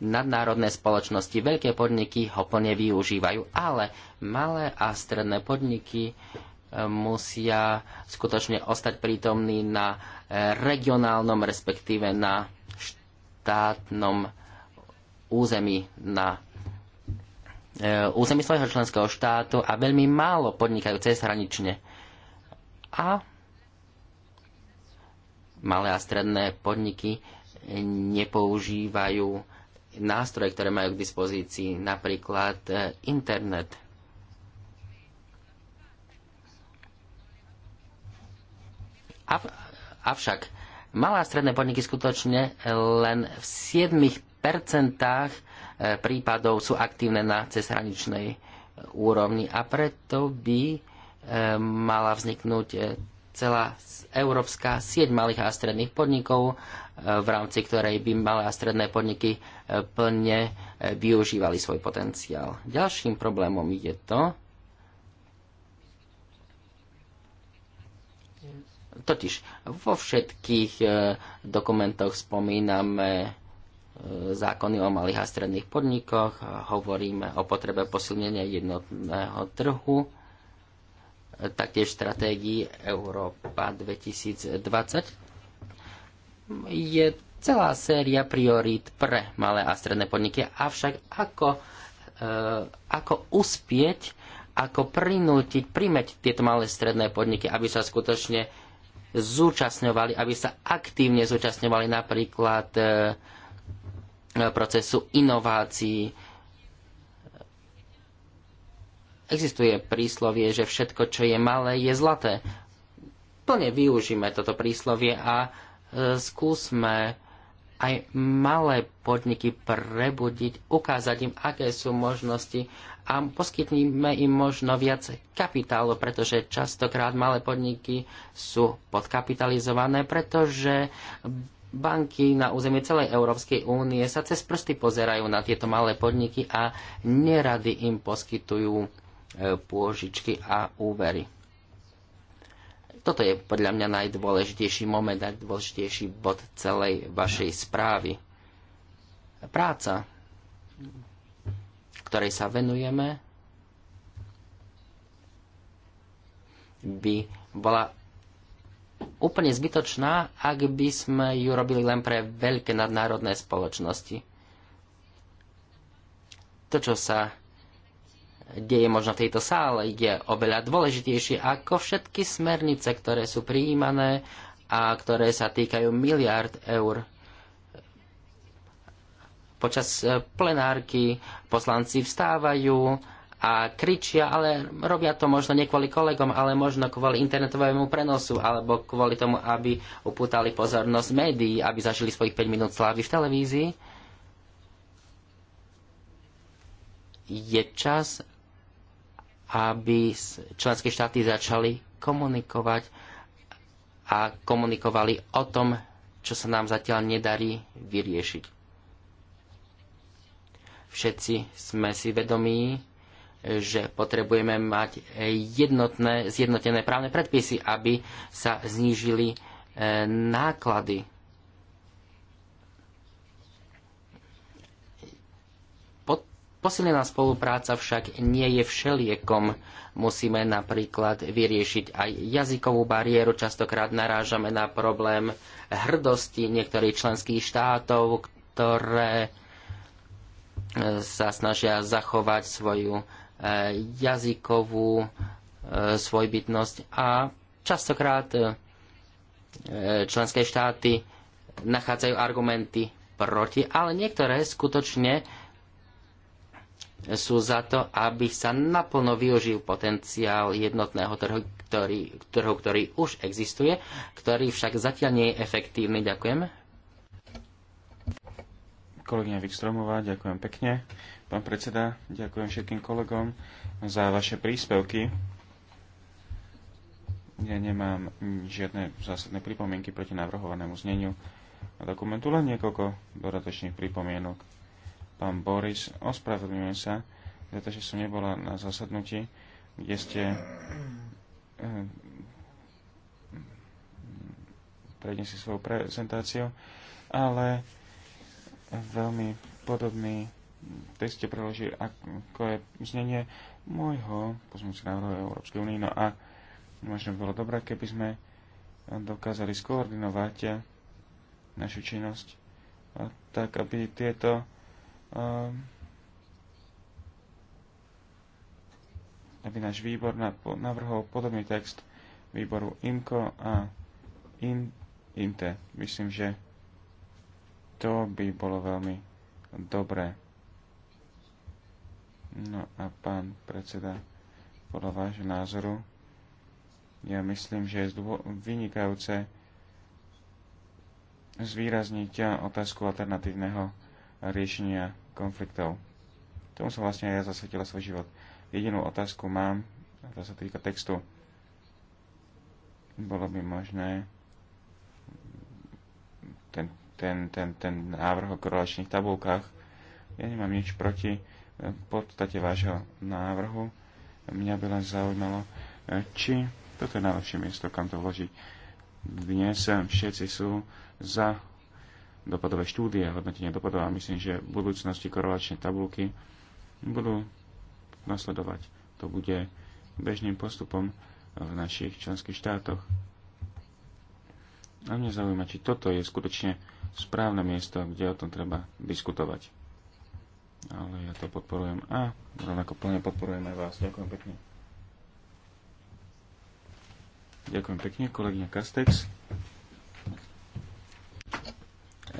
Nadnárodné spoločnosti, veľké podniky ho plne využívajú, ale malé a stredné podniky e, musia skutočne ostať prítomní na e, regionálnom, respektíve na štátnom území, na e, území svojho členského štátu a veľmi málo podnikajú cezhranične. A malé a stredné podniky nepoužívajú nástroje, ktoré majú k dispozícii, napríklad e, internet. Av, avšak malé a stredné podniky skutočne len v 7% e, prípadov sú aktívne na cezhraničnej e, úrovni a preto by mala vzniknúť celá európska sieť malých a stredných podnikov, e, v rámci ktorej by malé a stredné podniky e, plne e, využívali svoj potenciál. Ďalším problémom je to, Totiž vo všetkých dokumentoch spomíname zákony o malých a stredných podnikoch, hovoríme o potrebe posilnenia jednotného trhu, taktiež stratégii Európa 2020. Je celá séria priorít pre malé a stredné podniky, avšak ako, e, ako uspieť, ako prinútiť, primeť tieto malé stredné podniky, aby sa skutočne zúčastňovali, aby sa aktívne zúčastňovali napríklad e, procesu inovácií, Existuje príslovie, že všetko, čo je malé, je zlaté. Plne využíme toto príslovie a e, skúsme aj malé podniky prebudiť, ukázať im, aké sú možnosti a poskytnime im možno viac kapitálu, pretože častokrát malé podniky sú podkapitalizované, pretože banky na území celej Európskej únie sa cez prsty pozerajú na tieto malé podniky a nerady im poskytujú E, pôžičky a úvery. Toto je podľa mňa najdôležitejší moment, najdôležitejší bod celej vašej správy. Práca, ktorej sa venujeme, by bola úplne zbytočná, ak by sme ju robili len pre veľké nadnárodné spoločnosti. To, čo sa deje možno v tejto sále, je oveľa dôležitejšie ako všetky smernice, ktoré sú prijímané a ktoré sa týkajú miliard eur. Počas eh, plenárky poslanci vstávajú a kričia, ale robia to možno nie kvôli kolegom, ale možno kvôli internetovému prenosu, alebo kvôli tomu, aby upútali pozornosť médií, aby zažili svojich 5 minút slávy v televízii. Je čas, aby členské štáty začali komunikovať a komunikovali o tom, čo sa nám zatiaľ nedarí vyriešiť. Všetci sme si vedomí, že potrebujeme mať jednotné, zjednotené právne predpisy, aby sa znížili eh, náklady Posilnená spolupráca však nie je všeliekom. Musíme napríklad vyriešiť aj jazykovú bariéru. Častokrát narážame na problém hrdosti niektorých členských štátov, ktoré e, sa snažia zachovať svoju e, jazykovú e, svojbytnosť a častokrát členské štáty nachádzajú argumenty proti, ale niektoré skutočne sú za to, aby sa naplno využil potenciál jednotného trhu, ktorý, trhu, ktorý už existuje, ktorý však zatiaľ nie je efektívny. Ďakujem. Kolegyňa Vikstromová, ďakujem pekne. Pán predseda, ďakujem všetkým kolegom za vaše príspevky. Ja nemám žiadne zásadné pripomienky proti navrhovanému zneniu dokumentu, len niekoľko dodatočných pripomienok Pán Boris, ospravedlňujem sa, pretože som nebola na zasadnutí, kde ste eh, predniesli svoju prezentáciu, ale veľmi podobný text ste preložili, ako je znenie môjho pozmúci návrhu Európskej únie. No a možno by bolo dobré, keby sme dokázali skoordinovať našu činnosť eh, tak, aby tieto aby náš výbor navrhol podobný text výboru IMCO a IN, INTE. Myslím, že to by bolo veľmi dobré. No a pán predseda, podľa vášho názoru, ja myslím, že je vynikajúce zvýrazniť otázku alternatívneho riešenia konfliktov. Tomu som vlastne aj ja zasvetila svoj život. Jedinú otázku mám, a to sa týka textu. Bolo by možné ten, ten, ten, ten návrh o korelačných tabulkách. Ja nemám nič proti v podstate vášho návrhu. Mňa by len zaujímalo, či toto je najlepšie miesto, kam to vložiť. Dnes všetci sú za dopadové štúdie, hodnotenia dopadov a myslím, že v budúcnosti korelačné tabulky budú nasledovať. To bude bežným postupom v našich členských štátoch. A mňa zaujíma, či toto je skutočne správne miesto, kde o tom treba diskutovať. Ale ja to podporujem a rovnako plne podporujem aj vás. Ďakujem pekne. Ďakujem pekne, kolegyňa Kastex.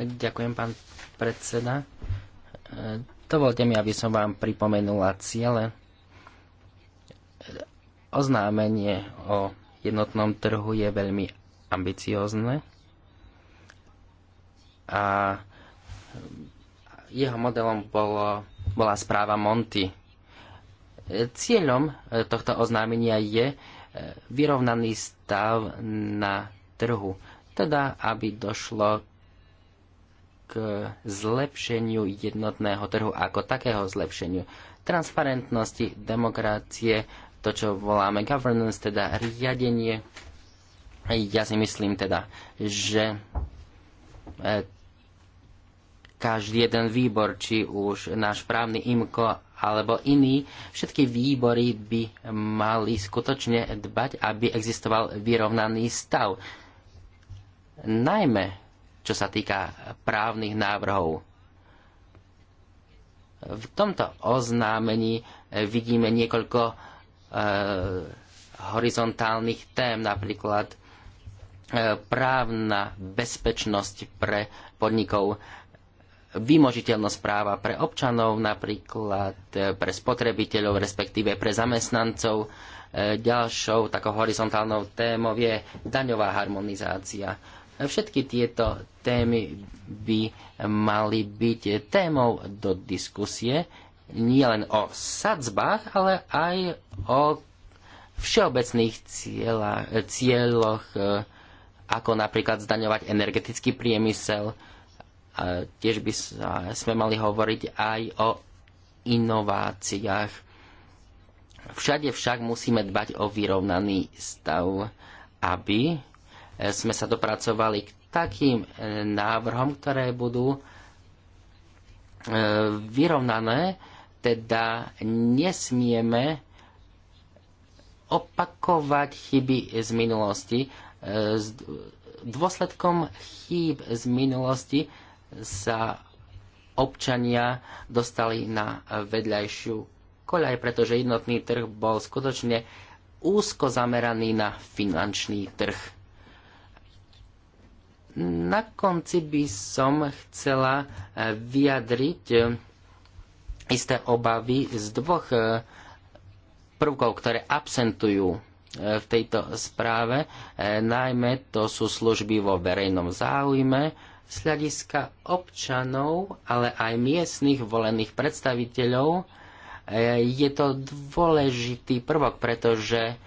Ďakujem, pán predseda. Dovolte mi, aby som vám pripomenula ciele. Oznámenie o jednotnom trhu je veľmi ambiciózne a jeho modelom bolo, bola správa Monty. Cieľom tohto oznámenia je e, vyrovnaný stav na trhu, teda aby došlo k zlepšeniu jednotného trhu ako takého zlepšeniu transparentnosti, demokracie, to, čo voláme governance, teda riadenie. Ja si myslím teda, že e, každý jeden výbor, či už náš právny IMKO alebo iný, všetky výbory by mali skutočne dbať, aby existoval vyrovnaný stav. Najmä čo sa týka právnych návrhov. V tomto oznámení e, vidíme niekoľko e, horizontálnych tém, napríklad e, právna bezpečnosť pre podnikov, vymožiteľnosť práva pre občanov, napríklad e, pre spotrebiteľov, respektíve pre zamestnancov. E, ďalšou takou horizontálnou témou je daňová harmonizácia Všetky tieto témy by mali byť témou do diskusie nielen o sadzbách, ale aj o všeobecných cieľa, cieľoch, e, ako napríklad zdaňovať energetický priemysel. A e, tiež by sme mali hovoriť aj o inováciách. Všade však musíme dbať o vyrovnaný stav, aby sme sa dopracovali k takým e, návrhom, ktoré budú e, vyrovnané, teda nesmieme opakovať chyby z minulosti. E, dôsledkom chýb z minulosti sa občania dostali na vedľajšiu koľaj, pretože jednotný trh bol skutočne úzko zameraný na finančný trh. Na konci by som chcela e, vyjadriť e, isté obavy z dvoch e, prvkov, ktoré absentujú v tejto správe. Najmä to sú služby vo verejnom záujme z hľadiska občanov, ale aj miestnych volených predstaviteľov. Je to dôležitý prvok, pretože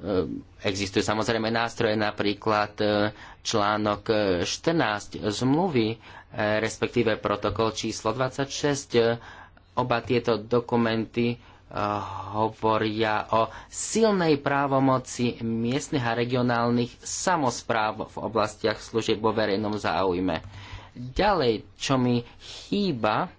Ehm, existujú samozrejme nástroje, napríklad e, článok 14 e, zmluvy, e, respektíve protokol číslo 26. Oba tieto dokumenty hovoria o silnej právomoci miestnych a regionálnych samospráv v oblastiach služieb vo verejnom záujme. Ďalej, čo mi chýba,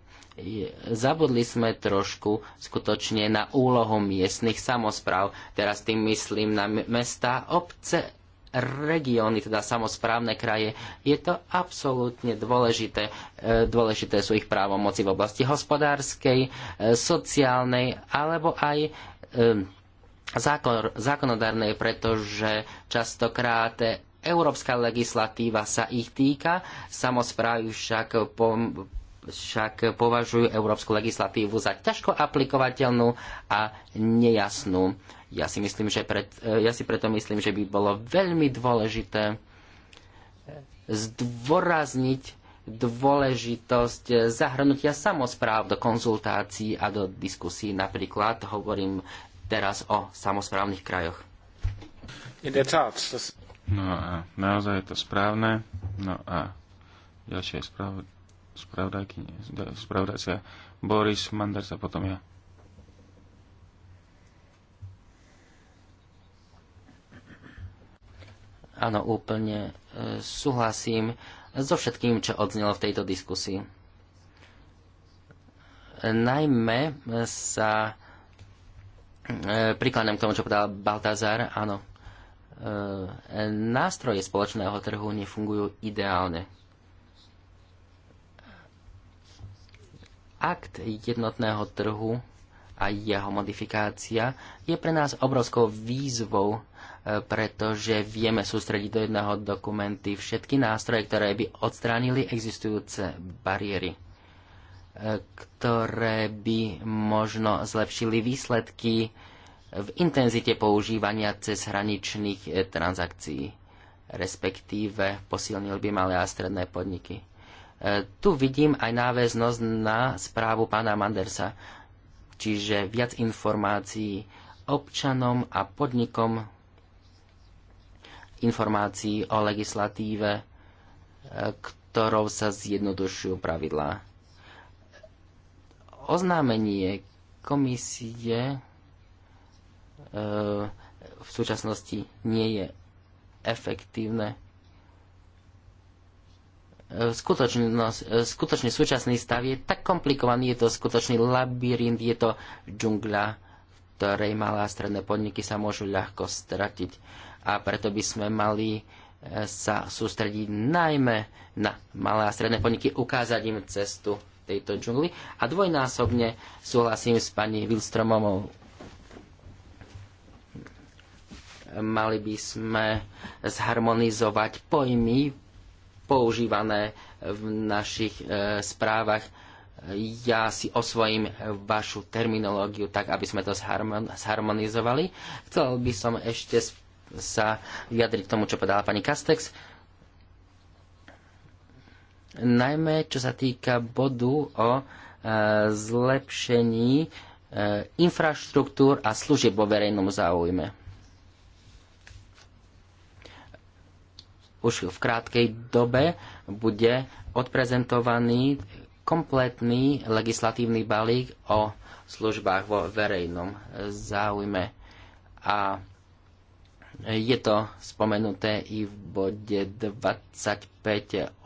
zabudli sme trošku skutočne na úlohu miestnych samozpráv. Teraz tým myslím na mesta, obce, regióny, teda samozprávne kraje. Je to absolútne dôležité. E, dôležité sú ich právomoci v oblasti hospodárskej, e, sociálnej alebo aj e, zákon, zákonodárnej, pretože častokrát európska legislatíva sa ich týka, samozprávy však však považujú európsku legislatívu za ťažko aplikovateľnú a nejasnú. Ja si, myslím, že pred, eh, ja si preto myslím, že by bolo veľmi dôležité zdôrazniť dôležitosť zahrnutia samozpráv do konzultácií a do diskusí. Napríklad hovorím teraz o samozprávnych krajoch. No a naozaj je to správne. No a ďalšia správne spravodajca Boris Manders a potom ja. Áno, úplne e, súhlasím so všetkým, čo odznelo v tejto diskusii. Najmä sa e, prikladám k tomu, čo povedal Baltazar. Áno, e, nástroje spoločného trhu nefungujú ideálne akt jednotného trhu a jeho modifikácia je pre nás obrovskou výzvou, e, pretože vieme sústrediť do jedného dokumenty všetky nástroje, ktoré by odstránili existujúce bariéry, e, ktoré by možno zlepšili výsledky v intenzite používania cezhraničných e, transakcií, respektíve posilnili by malé a stredné podniky. Tu vidím aj náväznosť na správu pána Mandersa, čiže viac informácií občanom a podnikom, informácií o legislatíve, e, ktorou sa zjednodušujú pravidlá. Oznámenie komisie e, v súčasnosti nie je efektívne skutočnosť, no, skutočne súčasný stav je tak komplikovaný, je to skutočný labyrint, je to džungľa, v ktorej malé a stredné podniky sa môžu ľahko stratiť. A preto by sme mali e, sa sústrediť najmä na malé a stredné podniky, ukázať im cestu tejto džungli. A dvojnásobne súhlasím s pani Wilstromovou. Mali by sme zharmonizovať pojmy používané v našich e, správach. Ja si osvojím vašu terminológiu tak, aby sme to zharmonizovali. Chcel by som ešte sa vyjadriť k tomu, čo povedala pani Kastex. Najmä čo sa týka bodu o e, zlepšení e, infraštruktúr a služieb vo verejnom záujme. už v krátkej dobe bude odprezentovaný kompletný legislatívny balík o službách vo verejnom záujme. A je to spomenuté i v bode 25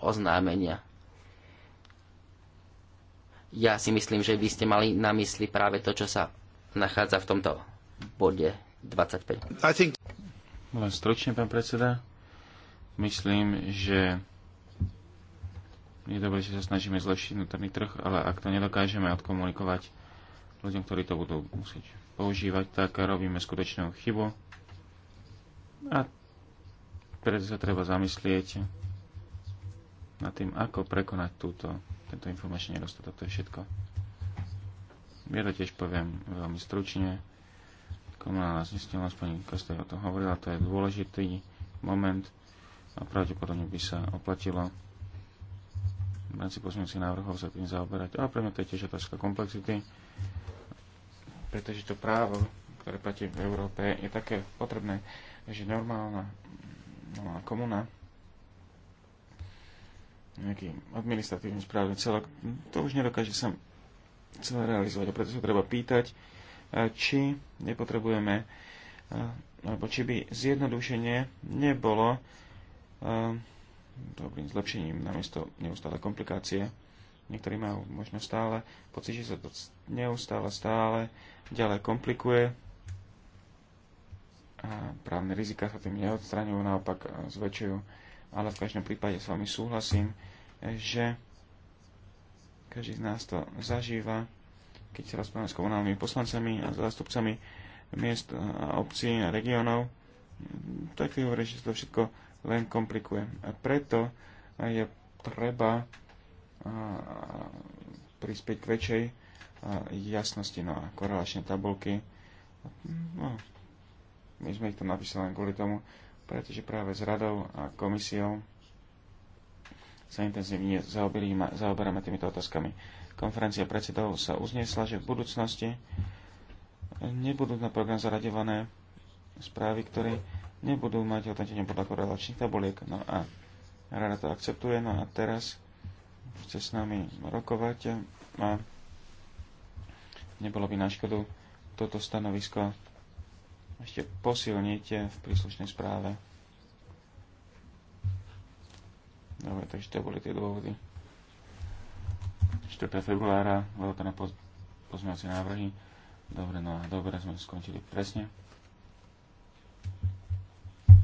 oznámenia. Ja si myslím, že by ste mali na mysli práve to, čo sa nachádza v tomto bode 25. Think... Len stručne, pán predseda. Myslím, že je dobré, že sa snažíme zlepšiť vnútorný trh, ale ak to nedokážeme odkomunikovať ľuďom, ktorí to budú musieť používať, tak robíme skutočnú chybu. A preto sa treba zamyslieť nad tým, ako prekonať túto, tento informačný nedostatok. To je všetko. Ja to tiež poviem veľmi stručne. Komunálna znestelnosť, pani Kostej o tom hovorila, to je dôležitý moment a pravdepodobne by sa oplatilo v rámci pozmeňujúcich návrhov sa tým zaoberať. A pre mňa to je tiež otázka komplexity, pretože to právo, ktoré platí v Európe, je také potrebné, že normálna, normálna komuna, nejaký administratívny správny celok, to už nedokáže sa celé realizovať. A preto sa treba pýtať, či nepotrebujeme, alebo či by zjednodušenie nebolo dobrým zlepšením namiesto neustále komplikácie. Niektorí majú možno stále pocit, že sa to neustále, stále ďalej komplikuje a právne rizika sa tým neodstraňujú, naopak zväčšujú. Ale v každom prípade s vami súhlasím, že každý z nás to zažíva, keď sa rozprávame s komunálnymi poslancami a zástupcami miest a obcí a regionov, tak si hovorí, že to všetko len komplikuje. A preto je treba prispieť k väčšej jasnosti. No a korelačné tabulky, no, my sme ich tam napísali len kvôli tomu, pretože práve s radou a komisiou sa intenzívne zaoberáme týmito otázkami. Konferencia predsedov sa uznesla, že v budúcnosti nebudú na program zaraďované správy, ktoré nebudú mať hodnotenie podľa korelačných tabuliek. No a rada to akceptuje, no a teraz chce s nami rokovať a nebolo by na škodu toto stanovisko ešte posilniť v príslušnej správe. Dobre, takže to boli tie dôvody. 4. februára, lebo to na pozmeňovacie návrhy. Dobre, no a dobre, sme skončili presne.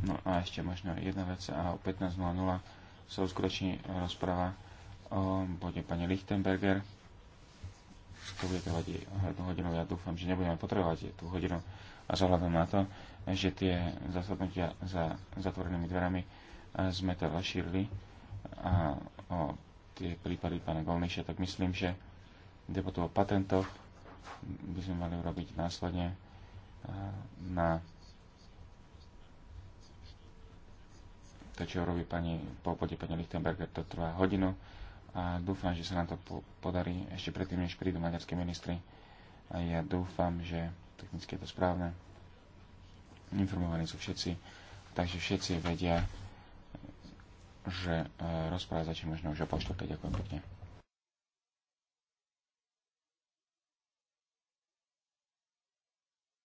No a ešte možno jedna vec a o 15.00 sa uskutoční rozpráva o bode pani Lichtenberger. To bude trvať jednu hodinu. Ja dúfam, že nebudeme potrebovať tú hodinu a zohľadom na to, že tie zasadnutia za zatvorenými dverami e, sme to rozšírili a o tie prípady pána Golniša, tak myslím, že debatu o patentoch by sme mali urobiť následne e, na to, čo robí pani, po obode pani Lichtenberger, to trvá hodinu a dúfam, že sa nám to podarí ešte predtým, než prídu maďarské ministri. A ja dúfam, že technicky je to správne. Informovaní sú všetci, takže všetci vedia, že e, rozprávať začne možno už o po Ďakujem pekne.